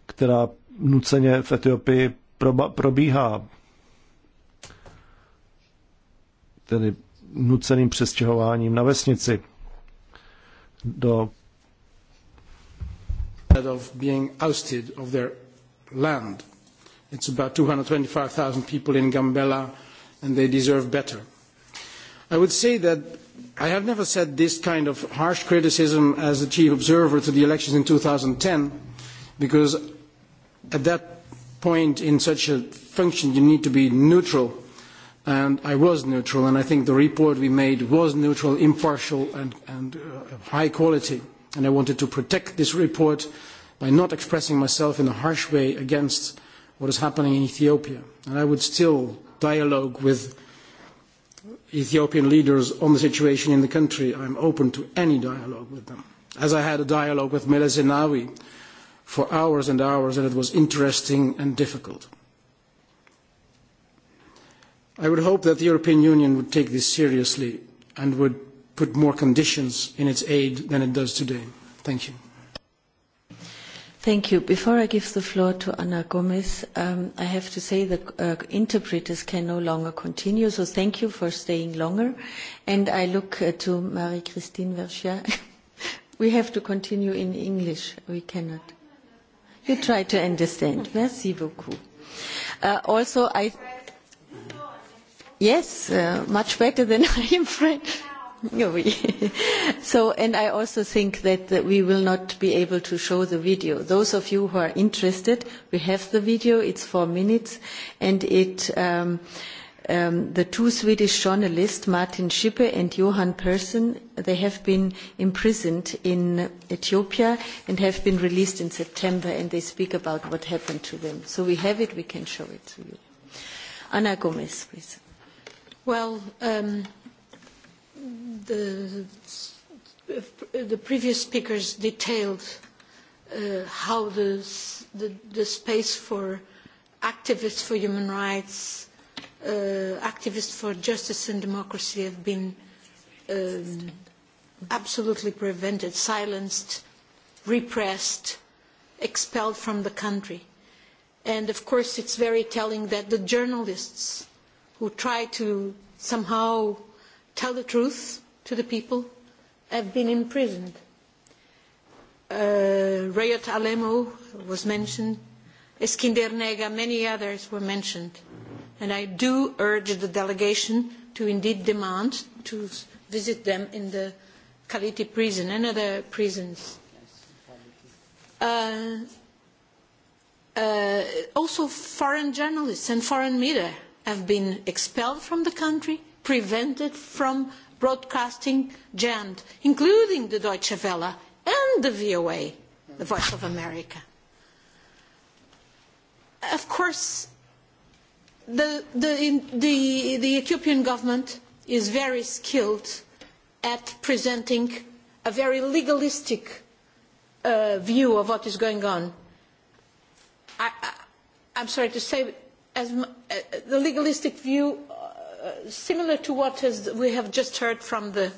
Speaker 2: která nuceně v Etiopii probíhá, tedy nuceným přestěhováním na vesnici do
Speaker 7: of being ousted of their land. It's about 225,000 people in Gambela and they deserve better. I would say that I have never said this kind of harsh criticism as the chief observer to the elections in 2010 because at that point in such a function you need to be neutral and I was neutral and I think the report we made was neutral, impartial and, and uh, high quality and I wanted to protect this report by not expressing myself in a harsh way against what is happening in Ethiopia and I would still dialogue with Ethiopian leaders on the situation in the country. I'm open to any dialogue with them as I had a dialogue with Meles Zenawi for hours and hours, and it was interesting and difficult. I would hope that the European Union would take this seriously and would put more conditions in its aid than it does today. Thank you.
Speaker 3: Thank you. Before I give the floor to Ana Gomez, um, I have to say the uh, interpreters can no longer continue, so thank you for staying longer. And I look uh, to Marie-Christine Vergia. we have to continue in English. We cannot. You try to understand. Merci beaucoup. Uh, also, I. Yes, uh, much better than I am French. No, so, and I also think that, that we will not be able to show the video. Those of you who are interested, we have the video. It's four minutes, and it. Um, Um, the two Swedish journalists, Martin Schippe and Johan Persson, they have been imprisoned in Ethiopia and have been released in September, and they speak about what happened to them. So we have it, we can show it to you. Ana Gomez, please.
Speaker 4: Well, um, the, the previous speakers detailed uh, how the, the, the space for activists for human rights uh, activists for justice and democracy have been um, absolutely prevented, silenced, repressed, expelled from the country. And of course, it's very telling that the journalists who try to somehow tell the truth to the people have been imprisoned. Uh, Rayot Alemo was mentioned, Eskinder Nega, many others were mentioned. Uh, And I do urge the delegation to indeed demand to visit them in the Kaliti prison and other prisons. Uh, uh, also, foreign journalists and foreign media have been expelled from the country, prevented from broadcasting jammed, including the Deutsche Welle and the VOA, the Voice of America. Of course, the, the, in, the, the Ethiopian government is very skilled at presenting a very legalistic uh, view of what is going on. I, I, I'm sorry to say, as, uh, the legalistic view, uh, similar to what has, we have just heard from the,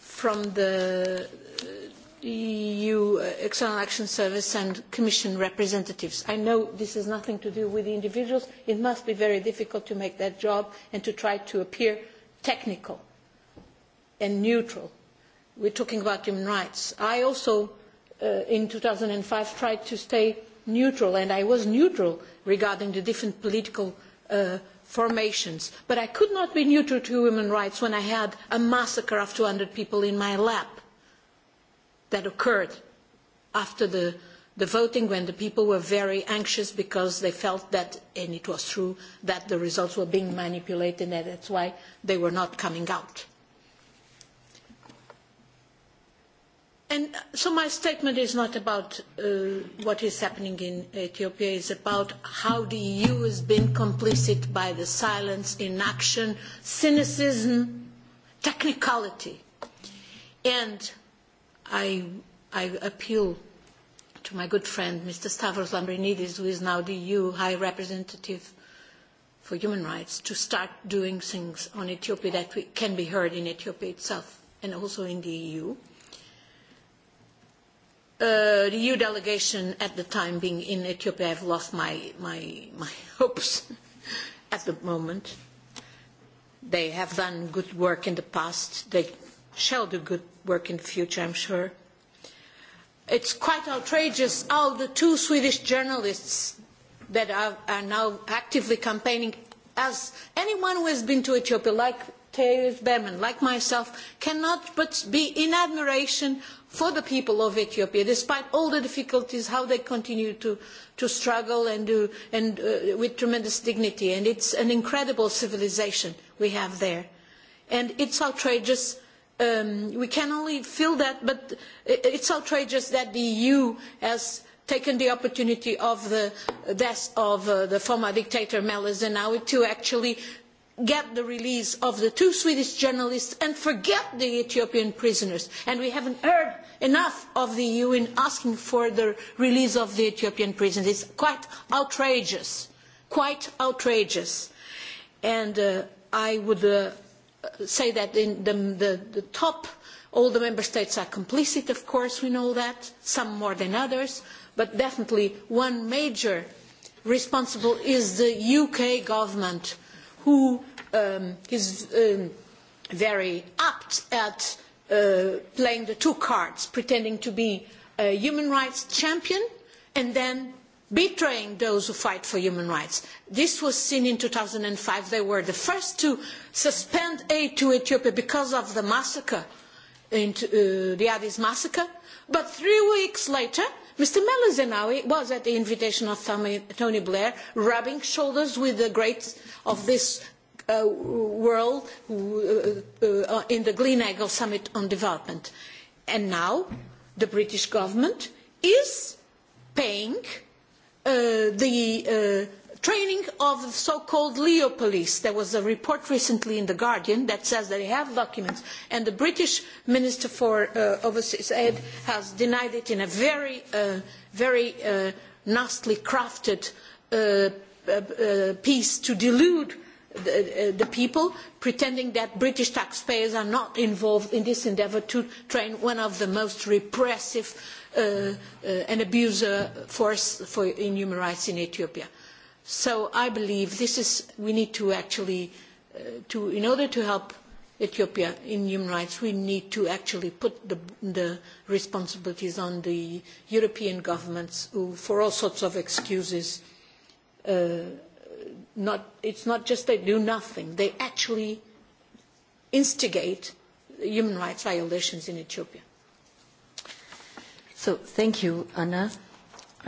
Speaker 4: from the EU uh, External Action Service and Commission representatives. I know this has nothing to do with the individuals. It must be very difficult to make that job and to try to appear technical and neutral. we are talking about human rights. I also, uh, in 2005, tried to stay neutral, and I was neutral regarding the different political uh, formations. But I could not be neutral to human rights when I had a massacre of 200 people in my lap that occurred after the, the voting when the people were very anxious because they felt that, and it was true, that the results were being manipulated and that's why they were not coming out. And uh, so my statement is not about uh, what is happening in Ethiopia, it's about how the EU has been complicit by the silence, inaction, cynicism, technicality. And i, I appeal to my good friend, Mr. Stavros Lambrinidis, who is now the EU High Representative for Human Rights, to start doing things on Ethiopia that we, can be heard in Ethiopia itself and also in the EU. Uh, the EU delegation at the time being in Ethiopia, I've lost my, my, my hopes at the moment. They have done good work in the past. They shall do good work in the future, I'm sure. It's quite outrageous how the two Swedish journalists that are, are now actively campaigning, as anyone who has been to Ethiopia, like Teres Berman, like myself, cannot but be in admiration for the people of Ethiopia, despite all the difficulties, how they continue to, to struggle and, do, and uh, with tremendous dignity. And it's an incredible civilization we have there. And it's outrageous um, we can only feel that, but it's outrageous that the EU has taken the opportunity of the death of uh, the former dictator Mel Zenawi to actually get the release of the two Swedish journalists and forget the Ethiopian prisoners. And we haven't heard enough of the EU in asking for the release of the Ethiopian prisoners. It's quite outrageous, quite outrageous. And uh, I would uh, say that in the, the, the top, all the member states are complicit, of course, we know that, some more than others, but definitely one major responsible is the UK government, who um, is um, very apt at uh, playing the two cards, pretending to be a human rights champion and then betraying those who fight for human rights. This was seen in 2005. They were the first to suspend aid to Ethiopia because of the massacre, uh, the Addis massacre. But three weeks later, Mr. Melo Zenawi was at the invitation of Tony Blair, rubbing shoulders with the greats of this uh, world uh, uh, in the Glenagle Summit on Development. And now the British government is paying Uh, the uh, training of the so-called Leo police. There was a report recently in The Guardian that says that they have documents, and the British Minister for uh, Overseas Aid has denied it in a very, uh, very uh, nastily crafted uh, piece to delude the, the, people, pretending that British taxpayers are not involved in this endeavour to train one of the most repressive Uh, uh, an abuser force for, in human rights in Ethiopia. So I believe this is, we need to actually, uh, to, in order to help Ethiopia in human rights, we need to actually put the, the responsibilities on the European governments who, for all sorts of excuses, uh, not, it's not just they do nothing, they actually instigate human rights violations in Ethiopia.
Speaker 3: So thank you, Anna.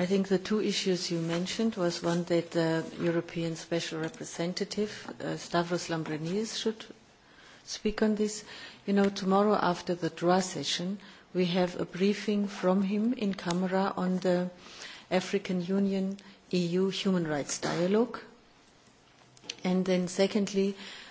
Speaker 3: I think the two issues you mentioned was one that the European Special Representative uh, Stavros Lambrinidis should speak on this. You know, tomorrow after the draw session, we have a briefing from him in camera on the African Union EU Human Rights Dialogue. And then secondly, uh,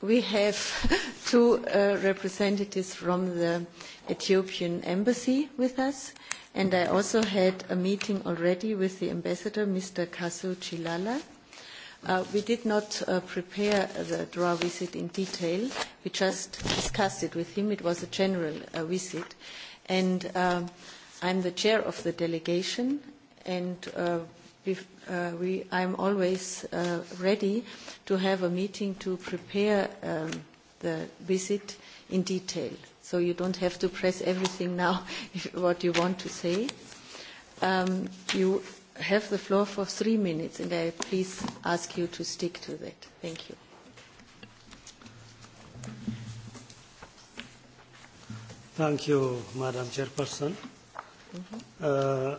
Speaker 3: we have two uh, representatives from the Ethiopian embassy with us, and I also had a meeting already with the ambassador, Mr. Kasu Chilala. Uh, we did not uh, prepare the draw visit in detail. We just discussed it with him. It was a general uh, visit. And uh, I'm the chair of the delegation, and uh, uh, we, I'm always uh, ready to have a meeting to prepare um, the visit in detail. So you don't have to press everything now, if, what you want to say. Um, you have the floor for three minutes, and I please ask you to stick to that. Thank you.
Speaker 8: Thank you, Madam Chairperson.
Speaker 3: Mm
Speaker 8: -hmm. uh,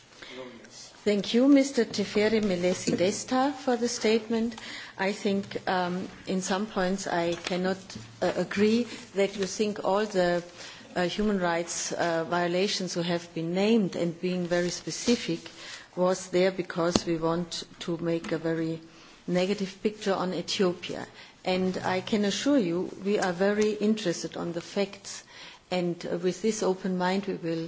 Speaker 3: Thank you, Mr. Teferi Melesi Desta, for the statement. I think um, in some points I cannot uh, agree that you think all the uh, human rights uh, violations who have been named and being very specific was there because we want to make a very negative picture on Ethiopia. And I can assure you we are very interested on the facts and uh, with this open mind we will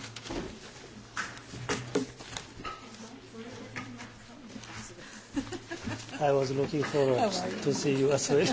Speaker 8: I was looking forward to see you as well.